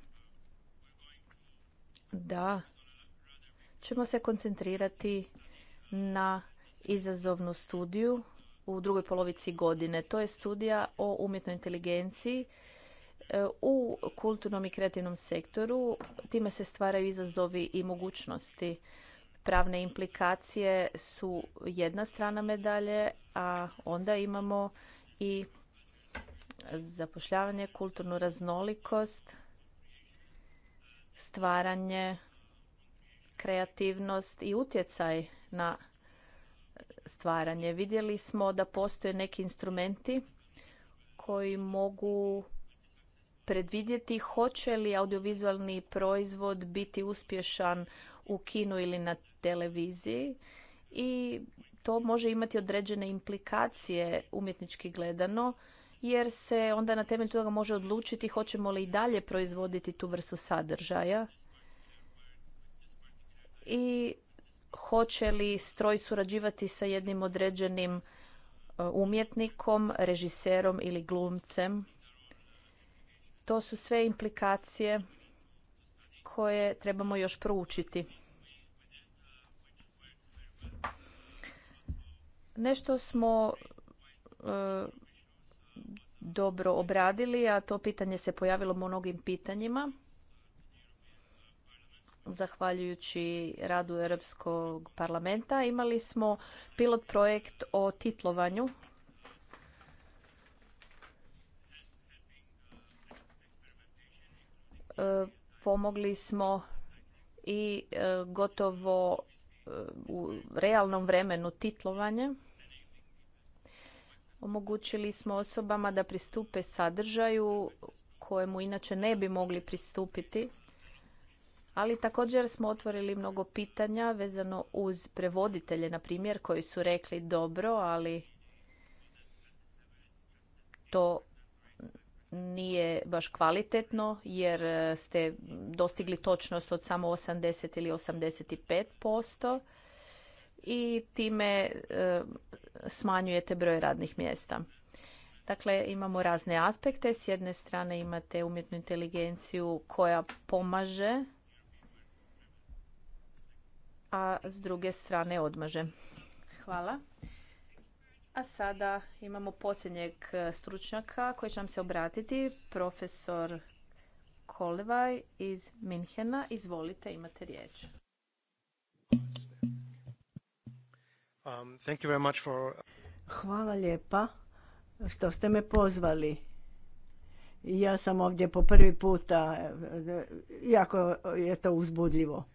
da ćemo se koncentrirati na izazovnu studiju u drugoj polovici godine. To je studija o umjetnoj inteligenciji e, u kulturnom i kreativnom sektoru. Time se stvaraju izazovi i mogućnosti pravne implikacije su jedna strana medalje, a onda imamo i zapošljavanje, kulturnu raznolikost, stvaranje, kreativnost i utjecaj na stvaranje. Vidjeli smo da postoje neki instrumenti koji mogu predvidjeti hoće li audiovizualni proizvod biti uspješan u kinu ili na televiziji i to može imati određene implikacije umjetnički gledano jer se onda na temelju toga može odlučiti hoćemo li i dalje proizvoditi tu vrstu sadržaja i hoće li stroj surađivati sa jednim određenim e, umjetnikom, režiserom ili glumcem. To su sve implikacije koje trebamo još proučiti. Nešto smo e, dobro obradili, a to pitanje se pojavilo mnogim pitanjima zahvaljujući radu Europskog parlamenta. Imali smo pilot projekt o titlovanju. E, pomogli smo i e, gotovo e, u realnom vremenu titlovanje. Omogućili smo osobama da pristupe sadržaju kojemu inače ne bi mogli pristupiti. Ali također smo otvorili mnogo pitanja vezano uz prevoditelje, na primjer, koji su rekli dobro, ali to nije baš kvalitetno jer e, ste dostigli točnost od samo 80 ili 85% i time e, smanjujete broj radnih mjesta. Dakle, imamo razne aspekte. S jedne strane imate umjetnu inteligenciju koja pomaže, a s druge strane odmaže. Hvala. A sada imamo posljednjeg e, stručnjaka koji će nam se obratiti, profesor Kolevaj iz Minhena. Izvolite, imate riječ. Um, Hvala lijepa što ste me pozvali. Ja sam ovdje po prvi puta, e, e, jako je to uzbudljivo.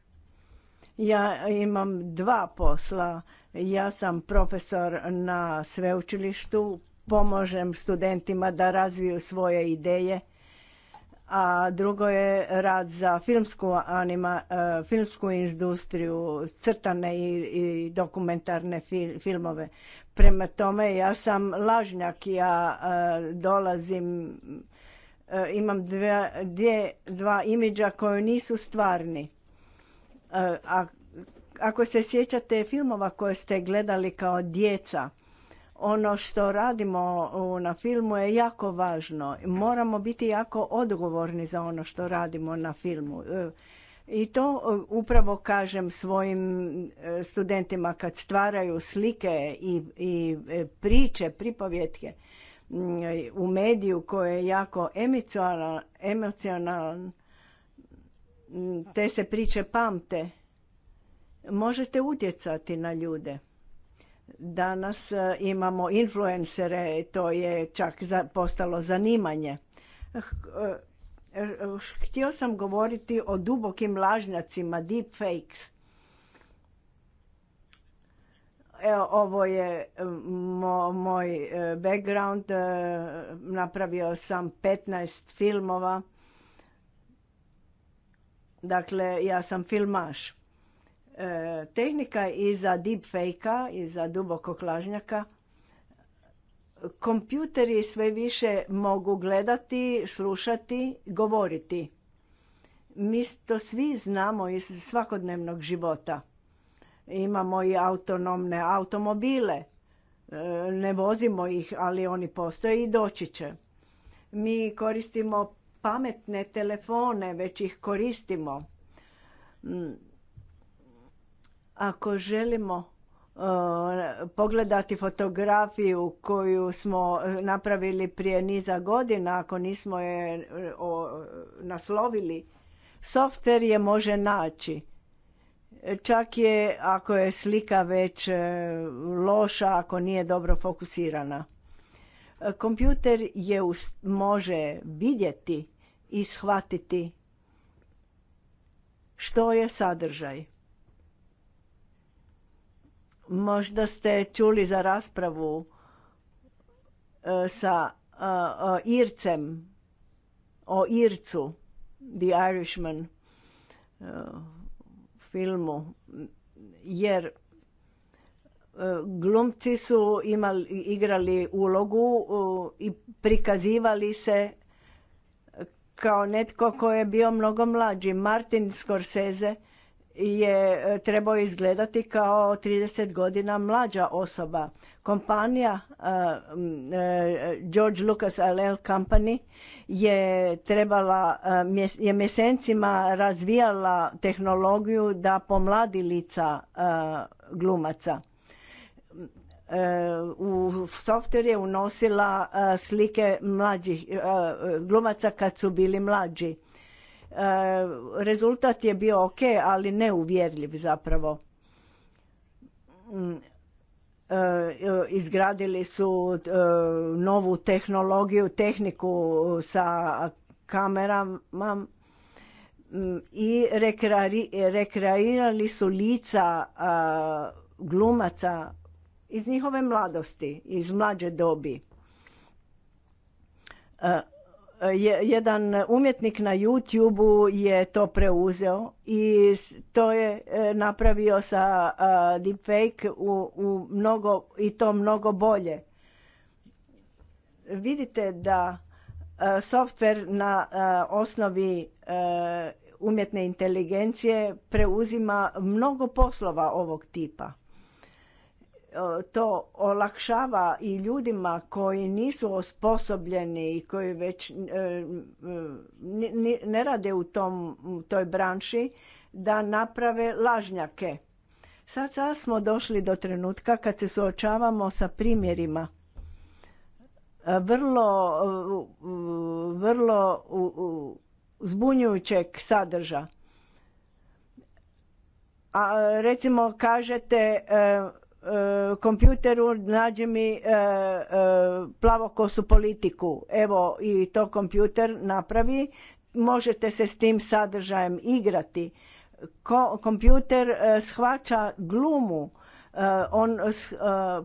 Ja imam dva posla. Ja sam profesor na sveučilištu, pomožem studentima da razviju svoje ideje. A drugo je rad za filmsku anima, e, filmsku industriju, crtane i, dokumentarne filmove. Prema tome ja sam lažnjak, ja e, dolazim e, imam dva imidža koji nisu stvarni. E, ako se sjećate filmova koje ste gledali kao djeca, ono što radimo na filmu je jako važno. Moramo biti jako odgovorni za ono što radimo na filmu. E, I to e, upravo kažem svojim studentima kad stvaraju slike i, i priče, pripovjetke u mediju koje je jako emocionalno te se priče pamte. Možete utjecati na ljude. Danas e, imamo influencere, to je čak postalo zanimanje. E, htio sam govoriti o dubokim lažnjacima, deepfakes. Evo, ovo je moj e, background, napravio sam 15 filmova Dakle, ja sam filmaš. E, tehnika iza deepfake-a, iza dubokog lažnjaka, kompjuteri sve više mogu gledati, slušati, govoriti. Mi to svi znamo iz svakodnevnog života. Imamo i autonomne automobile. E, ne vozimo ih, ali oni postoje i doći će. Mi koristimo pametne telefone, već ih koristimo. Mm. Ako želimo uh, pogledati fotografiju koju smo uh, napravili prije niza godina, ako nismo je uh, naslovili, softver je može naći. Čak je ako je slika već loša, ako nije dobro fokusirana. Kompjuter je može vidjeti i shvatiti što je sadržaj. Možda ste čuli za raspravu e, sa e, e, Ircem, o Ircu, The Irishman, filmu, jer glumci su igrali ulogu i prikazivali se kao netko ko je bio mnogo mlađi. Martin Scorsese je e, trebao izgledati kao 30 godina mlađa osoba. Kompanija e, e, George Lucas LL Company je trebala, je mjesecima razvijala tehnologiju da pomladi lica glumaca. E, u softver je unosila e, slike mlađih e, glumaca kad su bili mlađi. Rezultat je bio ok, ali neuvjerljiv zapravo. Mm, izgradili su novu tehnologiju, tehniku sa kamerama mm, i rekreirali su lica glumaca iz njihove mladosti, iz mlađe dobi. E, jedan umjetnik na youtube je to preuzeo i to je e, napravio sa e, deepfake u, u mnogo, i to mnogo bolje. Vidite da softver na osnovi umjetne inteligencije preuzima mnogo poslova ovog tipa. E, to olakšava i ljudima koji nisu osposobljeni i koji već e, e, ne rade u tom, toj branši da naprave lažnjake. Sad, smo došli do trenutka kad se suočavamo sa primjerima vrlo, vrlo zbunjujućeg sadrža. A recimo kažete E, kompjuteru nađe mi e, e, plavokosu politiku. Evo i to kompjuter napravi. Možete se s tim sadržajem igrati. Ko, kompjuter shvaća glumu. On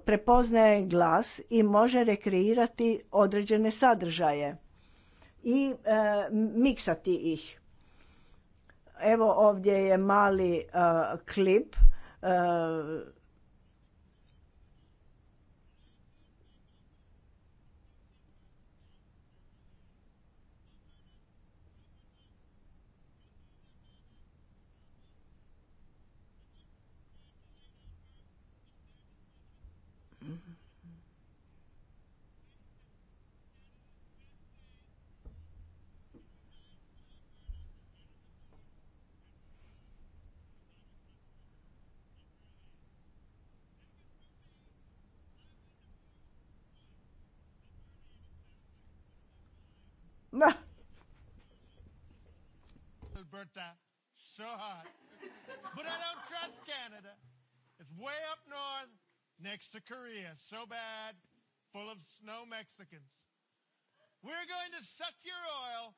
prepoznaje glas i može rekreirati određene sadržaje i miksati ih. Evo ovdje je mali klip. so hot. but I don't trust Canada. It's way up north next to Korea. So bad, full of snow Mexicans. We're going to suck your oil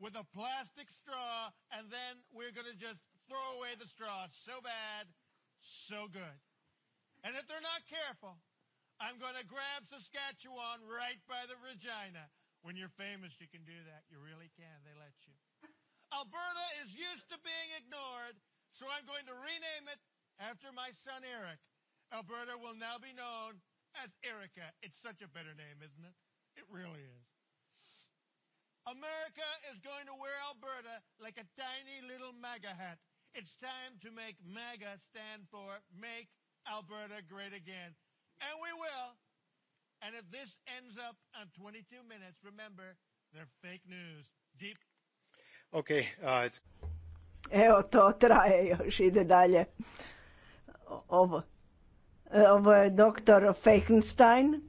with a plastic straw, and then we're going to just throw away the straw. So bad, so good. And if they're not careful, I'm going to grab Saskatchewan right by the vagina. When you're famous, you can do that. You really can. They let you. Alberta is used to being ignored, so I'm going to rename it after my son Eric. Alberta will now be known as Erica. It's such a better name, isn't it? It really is. America is going to wear Alberta like a tiny little MAGA hat. It's time to make MAGA stand for Make Alberta Great Again. And we will. And if this ends up on 22 minutes, remember, they're fake news. Deep ok Evo, to traje još, ide dalje. Ovo, e, ovo je doktor Feichenstein.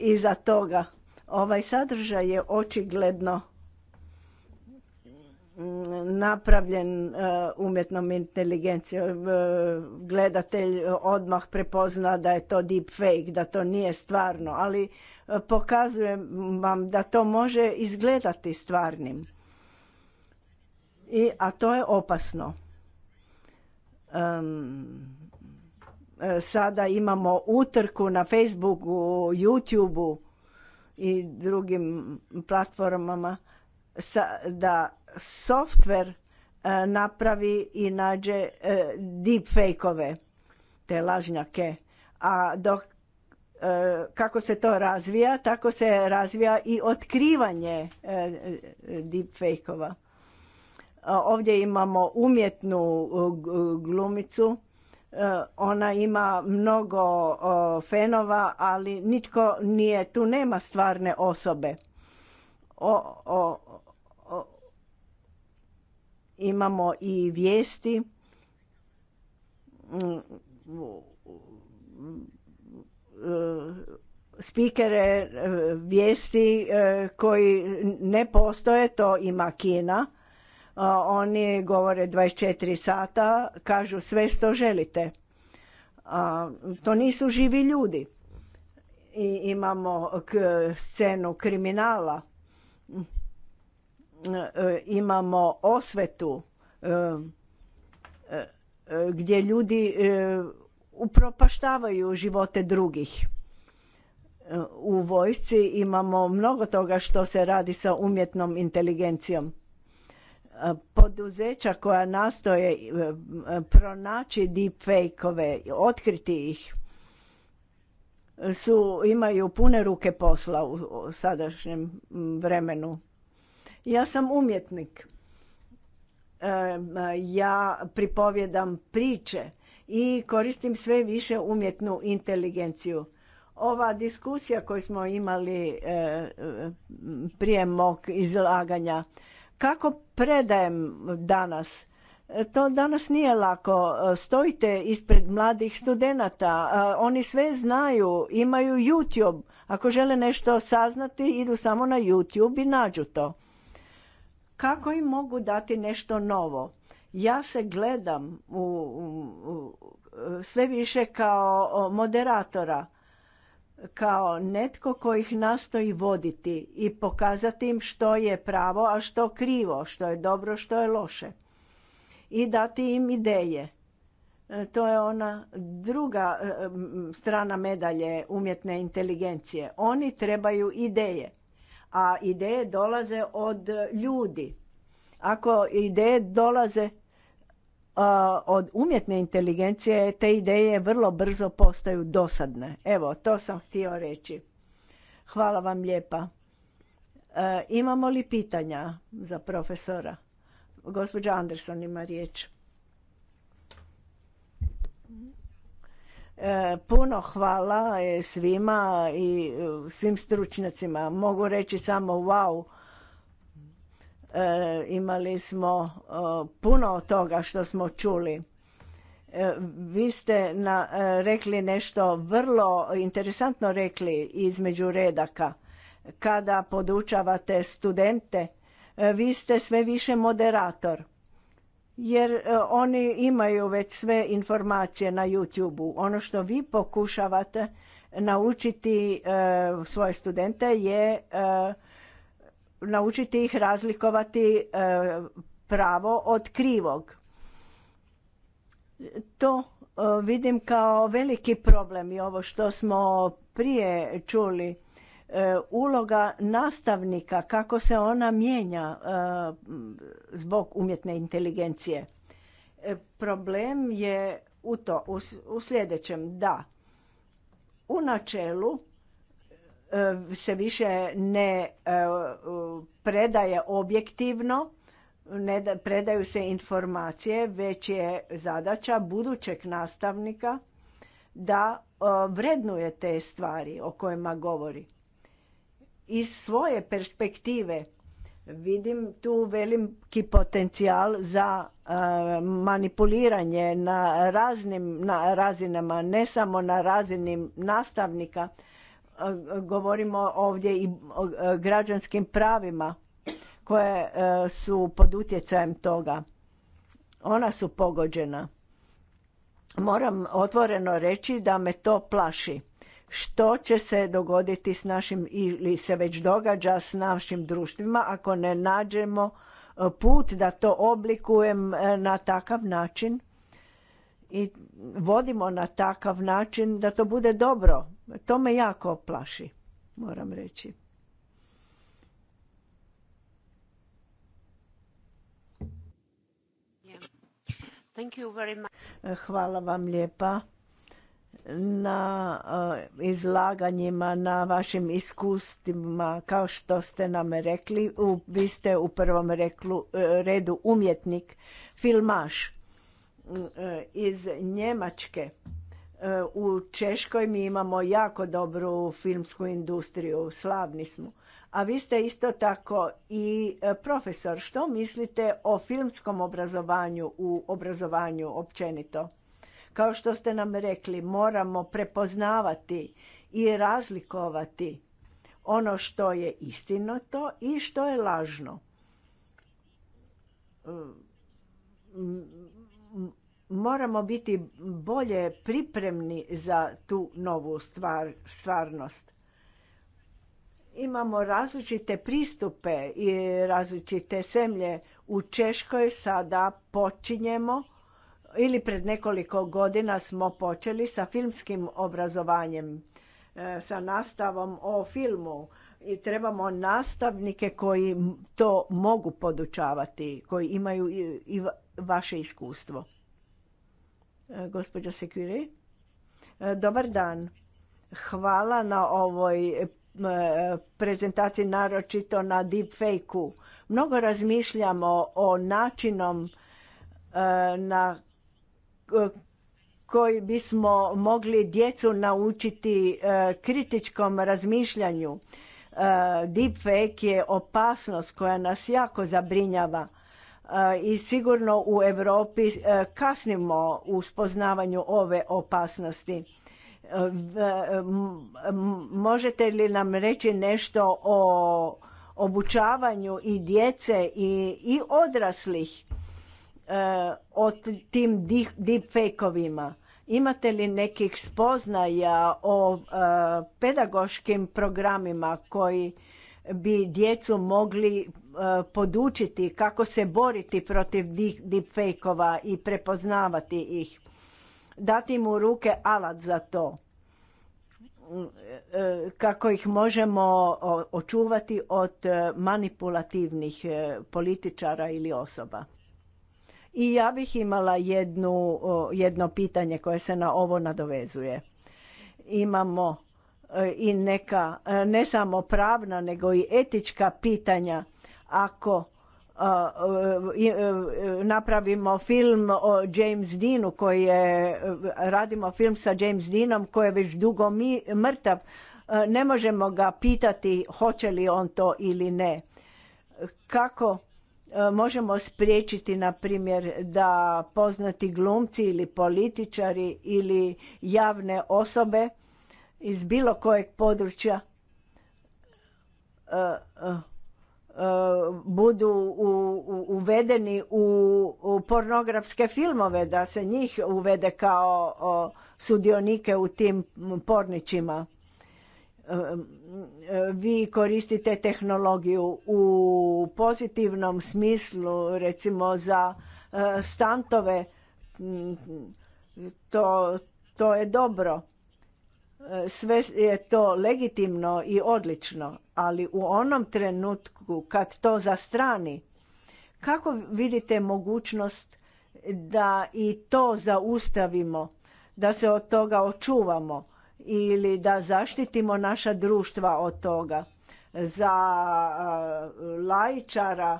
iza toga. Ovaj sadržaj je očigledno mm, napravljen e, umjetnom inteligencijom. E, gledatelj odmah prepozna da je to deep fake, da to nije stvarno, ali pokazujem vam da to može izgledati stvarnim. I, a to je opasno. E, sada imamo utrku na Facebooku, YouTubeu i drugim platformama da softver e, napravi i nađe e, deepfake-ove, te lažnjake. A dok, e, kako se to razvija, tako se razvija i otkrivanje deepfake-ova. Ovdje imamo umjetnu glumicu, e, ona ima mnogo fenova, ali nitko nije, tu nema stvarne osobe. imamo i vijesti mm, e, spikere e, vijesti koji ne postoje, to ima Kina oni govore 24 sata, kažu sve što želite. To nisu živi ljudi. I imamo scenu kriminala, e, imamo osvetu e, e, gdje ljudi upropaštavaju živote drugih. U vojsci imamo mnogo toga što se radi sa umjetnom inteligencijom poduzeća koja nastoje e, pronaći deepfake-ove, otkriti ih, su, imaju pune ruke posla u sadašnjem vremenu. Ja sam umjetnik. E, ja pripovjedam priče i koristim sve više umjetnu inteligenciju. Ova diskusija koju smo imali e, prije mog izlaganja kako predajem danas? E, to danas nije lako. E, stojite ispred mladih studenata, e, oni sve znaju, imaju YouTube. Ako žele nešto saznati, idu samo na YouTube i nađu to. Kako im mogu dati nešto novo? Ja se gledam u, u sve više kao moderatora kao netko kojih ih nastoji voditi i pokazati im što je pravo, a što krivo, što je dobro, što je loše. I dati im ideje. E, to je ona druga e, strana medalje umjetne inteligencije. Oni trebaju ideje, a ideje dolaze od ljudi. Ako ideje dolaze od umjetne inteligencije te ideje vrlo brzo postaju dosadne. Evo, to sam htio reći. Hvala vam lijepa. E, imamo li pitanja za profesora? Gospođa Anderson ima riječ. E, puno hvala svima i e, svim stručnjacima. Mogu reći samo wow E, imali smo e, puno toga što smo čuli. E, vi ste na, rekli nešto vrlo interesantno rekli između redaka. Kada podučavate studente, vi ste sve više moderator. Jer oni imaju već sve informacije na youtube Ono što vi pokušavate naučiti svoje studente je naučiti ih razlikovati e, pravo od krivog. To e, vidim kao veliki problem i ovo što smo prije čuli. E, uloga nastavnika, kako se ona mijenja zbog umjetne inteligencije. Problem je u, to, u sljedećem da u načelu E, se više ne e, predaje objektivno, ne predaju se informacije, već je zadaća budućeg nastavnika da e, vrednuje te stvari o kojima govori. Iz svoje perspektive vidim tu veliki potencijal za manipuliranje na raznim razinama, ne samo na razini nastavnika, govorimo ovdje i o građanskim pravima koje e, su pod utjecajem toga. Ona su pogođena. Moram otvoreno reći da me to plaši. Što će se dogoditi s našim, ili se već događa s našim društvima ako ne nađemo e, put da to oblikujem e, na takav način i vodimo na takav način da to bude dobro to me jako plaši, moram reći. Hvala vam lijepa na e, izlaganjima, na vašim iskustvima. Kao što ste nam rekli, vi ste u prvom e, redu umjetnik, filmaš e, iz Njemačke. U Češkoj mi imamo jako dobru filmsku industriju, slavni smo. A vi ste isto tako i e, profesor. Što mislite o filmskom obrazovanju u obrazovanju općenito? Kao što ste nam rekli, moramo prepoznavati i razlikovati ono što je to i što je lažno e, moramo biti bolje pripremni za tu novu stvar, stvarnost. Imamo različite pristupe i različite zemlje. U Češkoj sada počinjemo ili pred nekoliko godina smo počeli sa filmskim obrazovanjem, e, sa nastavom o filmu i trebamo nastavnike koji to mogu podučavati, koji imaju i vaše iskustvo. E, gospođo e, Dobar dan. Hvala na ovoj e, prezentaciji, naročito na deepfake-u. Mnogo razmišljamo o načinom na koji bismo mogli djecu naučiti kritičkom razmišljanju. Deepfake je opasnost koja nas jako zabrinjava E, i sigurno u Europi e, kasnimo u spoznavanju ove opasnosti. E, možete li nam reći nešto o obučavanju i djece i, i odraslih o tim deepfake-ovima? Imate li nekih spoznaja o pedagoškim programima koji bi djecu mogli e, podučiti kako se boriti protiv deepfake-ova i prepoznavati ih. Dati mu ruke alat za to. Mm, e, kako ih možemo očuvati od e, manipulativnih političara ili osoba. I ja bih imala jednu, jedno pitanje koje se na ovo nadovezuje. Imamo E, i neka e, ne samo pravna nego i etička pitanja ako e, napravimo film o James Deanu koji je radimo film sa James Deanom koji je već dugo mrtav ne možemo ga pitati hoće li on to ili ne kako možemo spriječiti na primjer da poznati glumci ili političari ili javne osobe iz bilo kojeg područja e, e, e, budu uvedeni u pornografske filmove, da se njih uvede kao sudionike u tim porničima. Vi koristite tehnologiju u pozitivnom smislu, recimo za stantove, to, to je dobro sve je to legitimno i odlično, ali u onom trenutku kad to zastrani, kako vidite mogućnost da i to zaustavimo, da se od toga očuvamo ili da zaštitimo naša društva od toga? Za lajčara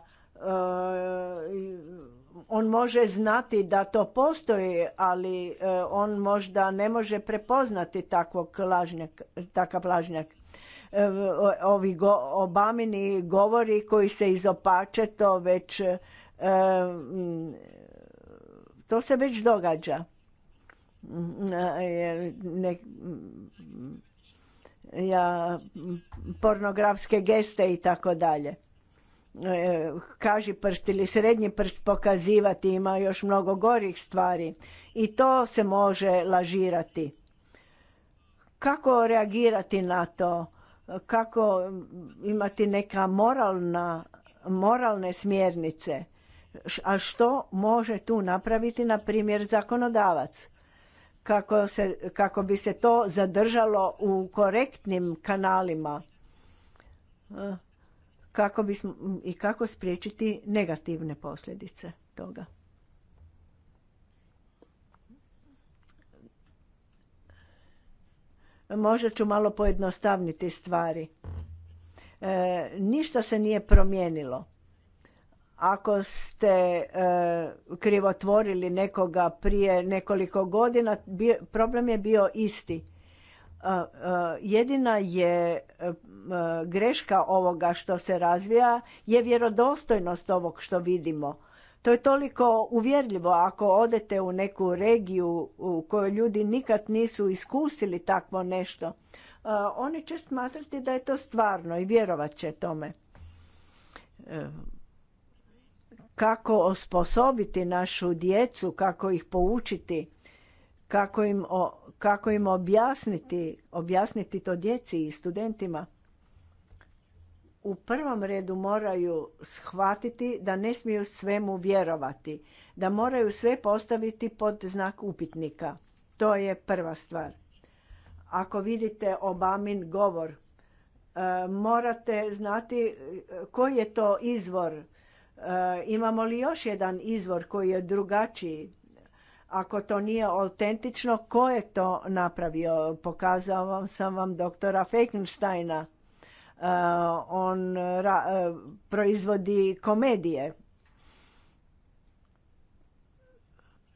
on može znati da to postoji, ali e, on možda ne može prepoznati takvog lažnjak, takav lažnjak. E, ovi Obamini govori koji se izopače to već e, to se već događa. Mm, ja, pornografske geste i tako dalje. E, kaži prst ili srednji prst pokazivati, ima još mnogo gorih stvari i to se može lažirati. Kako reagirati na to? Kako imati neka moralna, moralne smjernice? A što može tu napraviti, na primjer, zakonodavac? Kako, se, kako bi se to zadržalo u korektnim kanalima? E, kako bismo i kako spriječiti negativne posljedice toga. Možda ću malo pojednostavniti stvari. E, ništa se nije promijenilo. Ako ste e, krivotvorili nekoga prije nekoliko godina, problem je bio isti jedina je greška ovoga što se razvija je vjerodostojnost ovog što vidimo. To je toliko uvjerljivo ako odete u neku regiju u kojoj ljudi nikad nisu iskusili takvo nešto. Oni će smatrati da je to stvarno i vjerovat će tome. E, kako osposobiti našu djecu, kako ih poučiti, kako im kako im objasniti, objasniti to djeci i studentima. U prvom redu moraju shvatiti da ne smiju svemu vjerovati, da moraju sve postaviti pod znak upitnika. To je prva stvar. Ako vidite Obamin govor, e, morate znati e, koji je to izvor. E, imamo li još jedan izvor koji je drugačiji? Ako to nije autentično, ko je to napravio? Pokazao sam vam doktora Fekensteina. E, on e, proizvodi komedije.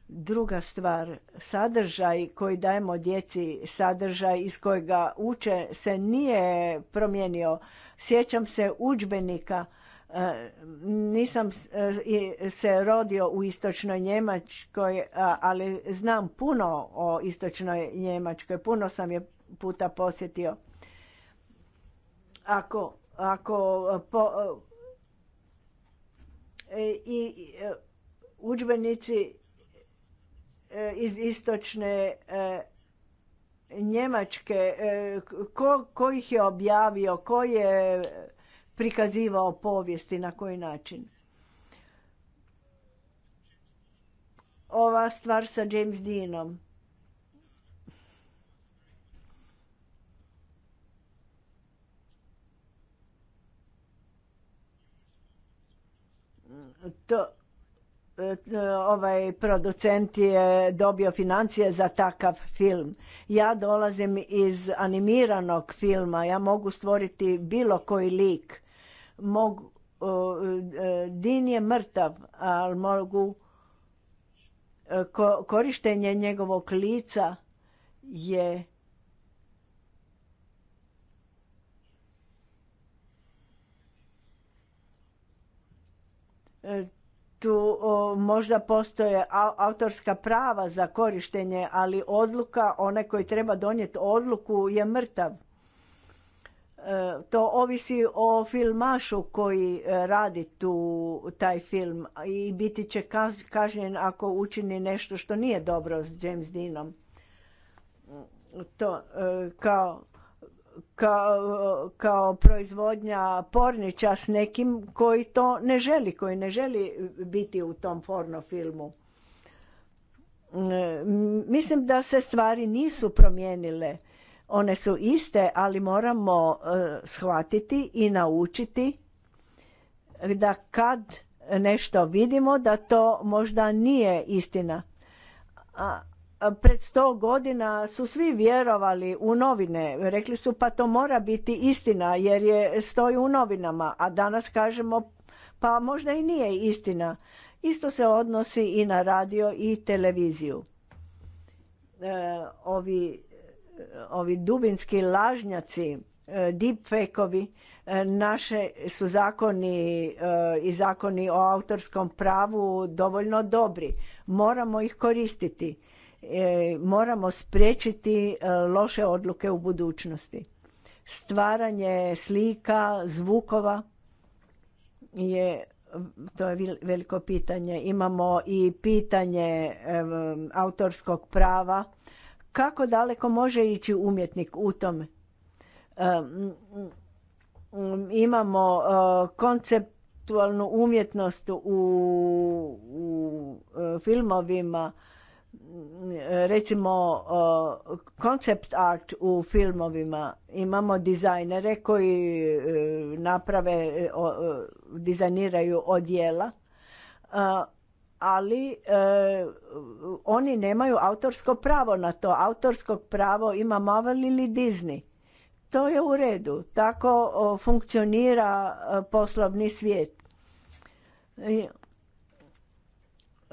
Druga stvar, sadržaj koji dajemo djeci, sadržaj iz kojega uče se nije promijenio. Sjećam se udžbenika Eh, nisam eh, se rodio u istočnoj Njemačkoj, ali znam puno o istočnoj Njemačkoj. Puno sam je puta posjetio. Ako, ako eh, po, i udžbenici iz istočne Njemačke, ko, ih je objavio, ko je prikazivao povijesti na koji način. Ova stvar sa James Deanom. E, e, ovaj producent je dobio financije za takav film. Ja dolazim iz animiranog filma, ja mogu stvoriti bilo koji lik mogu, e, Din je mrtav, ali mogu e, korištenje njegovog lica je e, tu možda postoje autorska prava za korištenje, ali odluka, onaj koji treba donijeti odluku je mrtav. E, to ovisi o filmašu koji e, radi tu taj film i biti će kažnjen ako učini nešto što nije dobro s James Deanom. To e, kao, kao, kao proizvodnja pornića s nekim koji to ne želi, koji ne želi biti u tom porno filmu. Mislim da se stvari nisu promijenile one su iste, ali moramo e, shvatiti i naučiti da kad nešto vidimo da to možda nije istina. A pred sto godina su svi vjerovali u novine. Rekli su pa to mora biti istina jer je stoji u novinama. A danas kažemo pa možda i nije istina. Isto se odnosi i na radio i televiziju. E, ovi ovi dubinski lažnjaci, e, deepfake-ovi, e, naše su zakoni e, i zakoni o autorskom pravu dovoljno dobri. Moramo ih koristiti. Moramo spriječiti loše odluke u budućnosti. Stvaranje slika, zvukova je to je veliko pitanje. Imamo i pitanje autorskog prava kako daleko može ići umjetnik u tome? Mm, mm, imamo e, konceptualnu umjetnost u, u e, filmovima, e, recimo koncept art u filmovima. Imamo dizajnere koji naprave, dizajniraju odjela ali e, oni nemaju autorsko pravo na to. Autorsko pravo ima Marvel ili Disney. To je u redu. Tako funkcionira e, poslovni svijet.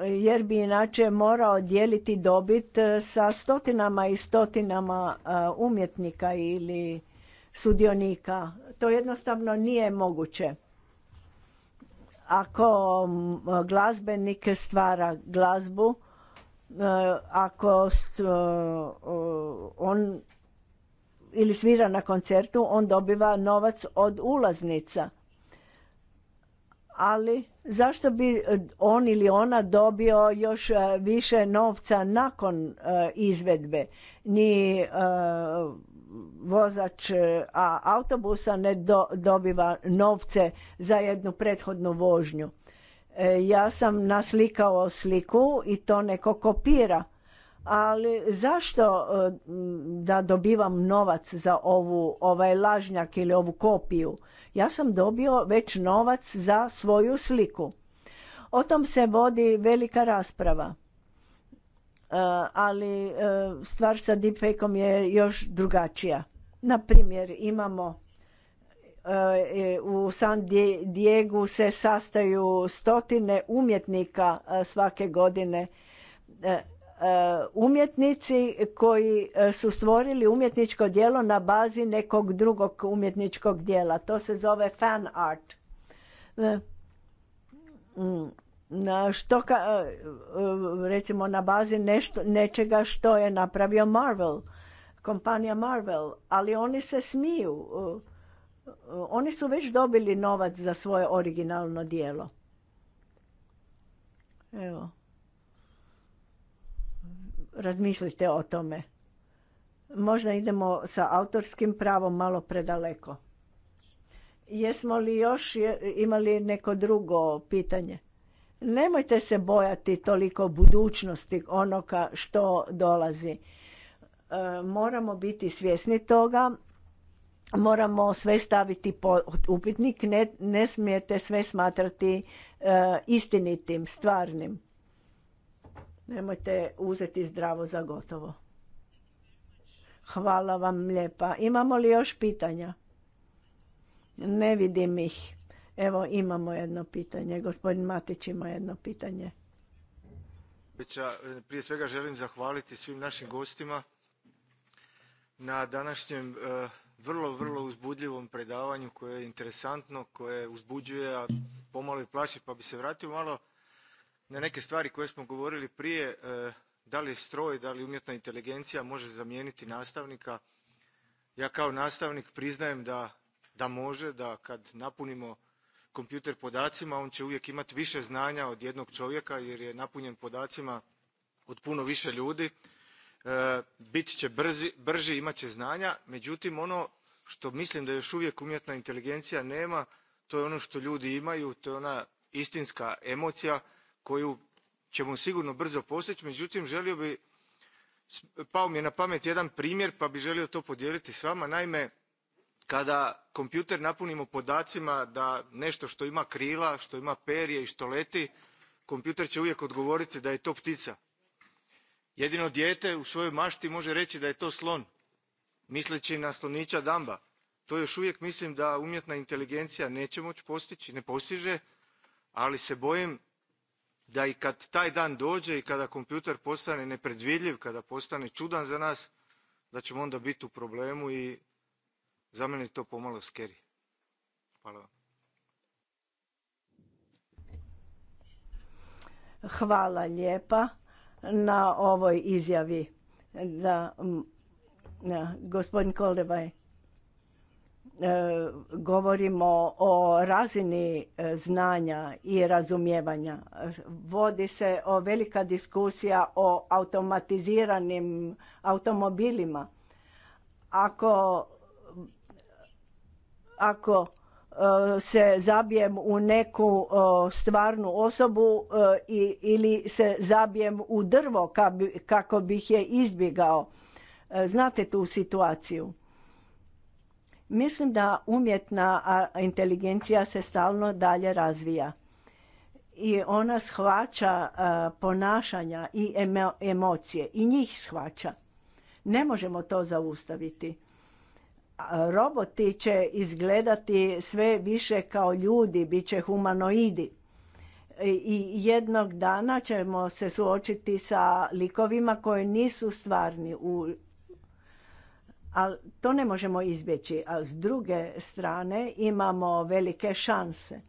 jer bi inače morao dijeliti dobit e, sa stotinama i stotinama umjetnika ili sudionika. To jednostavno nije moguće. Ako glazbenik stvara glazbu, e, ako e, on ili svira na koncertu, on dobiva novac od ulaznica. Ali zašto bi on ili ona dobio još e, više novca nakon izvedbe? Ni vozač e, a autobusa ne dobiva novce za jednu prethodnu vožnju. E, ja sam naslikao sliku i to neko kopira. Ali zašto e, da dobivam novac za ovu ovaj lažnjak ili ovu kopiju? Ja sam dobio već novac za svoju sliku. O tom se vodi velika rasprava. E, ali e, stvar sa deepfakeom je još drugačija. Na primjer, imamo e, u San Diegu se sastaju stotine umjetnika svake godine. Umjetnici koji su stvorili umjetničko djelo na bazi nekog drugog umjetničkog djela. To se zove fan art. Mm, na što ka, e, e, recimo na bazi nešto, nečega što je napravio Marvel, kompanija Marvel, ali oni se smiju. E, oni su već dobili novac za svoje originalno dijelo. Evo. Razmislite o tome. Možda idemo sa autorskim pravom malo predaleko. Jesmo li još imali neko drugo pitanje? Nemojte se bojati toliko budućnosti onoga što dolazi. E, moramo biti svjesni toga, moramo sve staviti pod upitnik, ne, ne smijete sve smatrati e, istinitim, stvarnim. Nemojte uzeti zdravo za gotovo. Hvala vam lijepa. Imamo li još pitanja? Ne vidim ih. Evo imamo jedno pitanje. Gospodin Matić ima jedno pitanje. E, prije svega želim zahvaliti svim našim gostima na današnjem e, vrlo, vrlo uzbudljivom predavanju koje je interesantno, koje uzbuđuje, a pomalo i plaši, pa bi se vratio malo na neke stvari koje smo govorili prije, e, da li stroj, da li umjetna inteligencija može zamijeniti nastavnika. Ja kao nastavnik priznajem da, da može, da kad napunimo kompjuter podacima, on će uvijek imati više znanja od jednog čovjeka jer je napunjen podacima od puno više ljudi. E, bit će brži, imat će znanja, međutim ono što mislim da još uvijek umjetna inteligencija nema, to je ono što ljudi imaju, to je ona istinska emocija koju ćemo sigurno brzo postići, međutim želio bi, pao mi je na pamet jedan primjer pa bi želio to podijeliti s vama. Naime, kada kompjuter napunimo podacima da nešto što ima krila što ima perje i što leti kompjuter će uvijek odgovoriti da je to ptica jedino dijete u svojoj mašti može reći da je to slon misleći na slonića damba to još uvijek mislim da umjetna inteligencija neće moći postići ne postiže ali se bojim da i kad taj dan dođe i kada kompjuter postane nepredvidljiv kada postane čudan za nas da ćemo onda biti u problemu i za mene je to pomalo scary. Hvala vam. Hvala lijepa na ovoj izjavi da gospodin Koldevaj e, govorimo o razini e, znanja i razumijevanja. Vodi se o velika diskusija o automatiziranim automobilima. Ako ako e, se zabijem u neku e, stvarnu osobu e, ili se zabijem u drvo kako bih je izbjegao. Znate tu situaciju. Mislim da umjetna inteligencija se stalno dalje razvija i ona shvaća ponašanja i emocije i njih shvaća. Ne možemo to zaustaviti roboti će izgledati sve više kao ljudi, bit će humanoidi. I jednog dana ćemo se suočiti sa likovima koji nisu stvarni. U... Ali to ne možemo izbjeći. A s druge strane imamo velike šanse.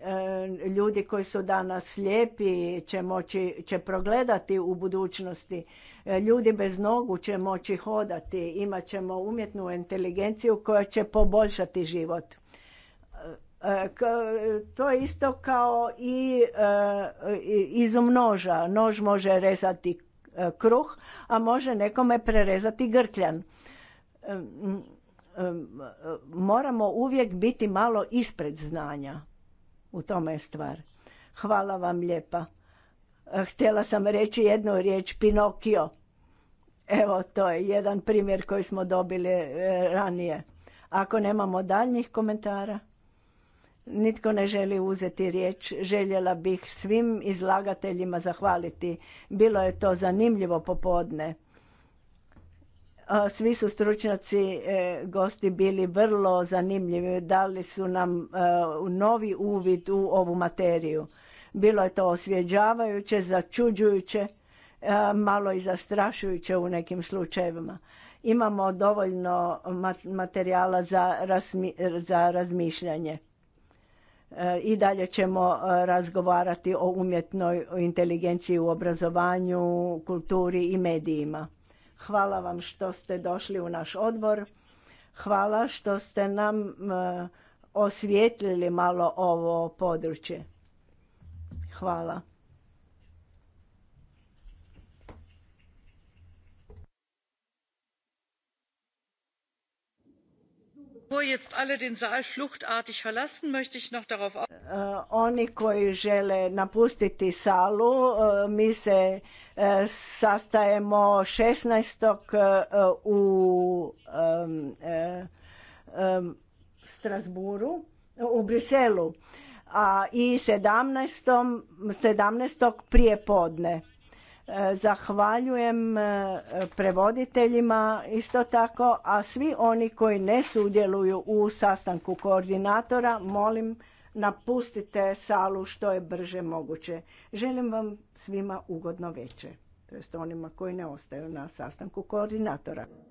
E, ljudi koji su danas slijepi će moći, će progledati u budućnosti E, ljudi bez nogu će moći hodati, imat ćemo umjetnu inteligenciju koja će poboljšati život. E, e, to je isto kao i izum noža. Nož može rezati kruh, a može nekome prerezati grkljan. Moramo uvijek biti malo ispred znanja. U tome je stvar. Hvala vam lijepa. Htjela sam reći jednu riječ, Pinokio. Evo, to je jedan primjer koji smo dobili e, ranije. Ako nemamo daljnjih komentara, nitko ne želi uzeti riječ. Željela bih svim izlagateljima zahvaliti. Bilo je to zanimljivo popodne. E, svi su stručnjaci, e, gosti bili vrlo zanimljivi. Dali su nam novi uvid u ovu materiju. Bilo je to osvjeđavajuće, začuđujuće, e, malo i zastrašujuće u nekim slučajevima. Imamo dovoljno materijala za, za razmišljanje. E, I dalje ćemo e, razgovarati o umjetnoj inteligenciji u obrazovanju, kulturi i medijima. Hvala vam što ste došli u naš odbor. Hvala što ste nam osvijetlili malo ovo područje. Hvala. Oni koji žele napustiti salu, e, mi se e, sastajemo 16. E, u Strasburu, u Briselu a i 17. 17. prije podne. E, zahvaljujem e, prevoditeljima isto tako, a svi oni koji ne sudjeluju u sastanku koordinatora, molim napustite salu što je brže moguće. Želim vam svima ugodno večer, to jest onima koji ne ostaju na sastanku koordinatora.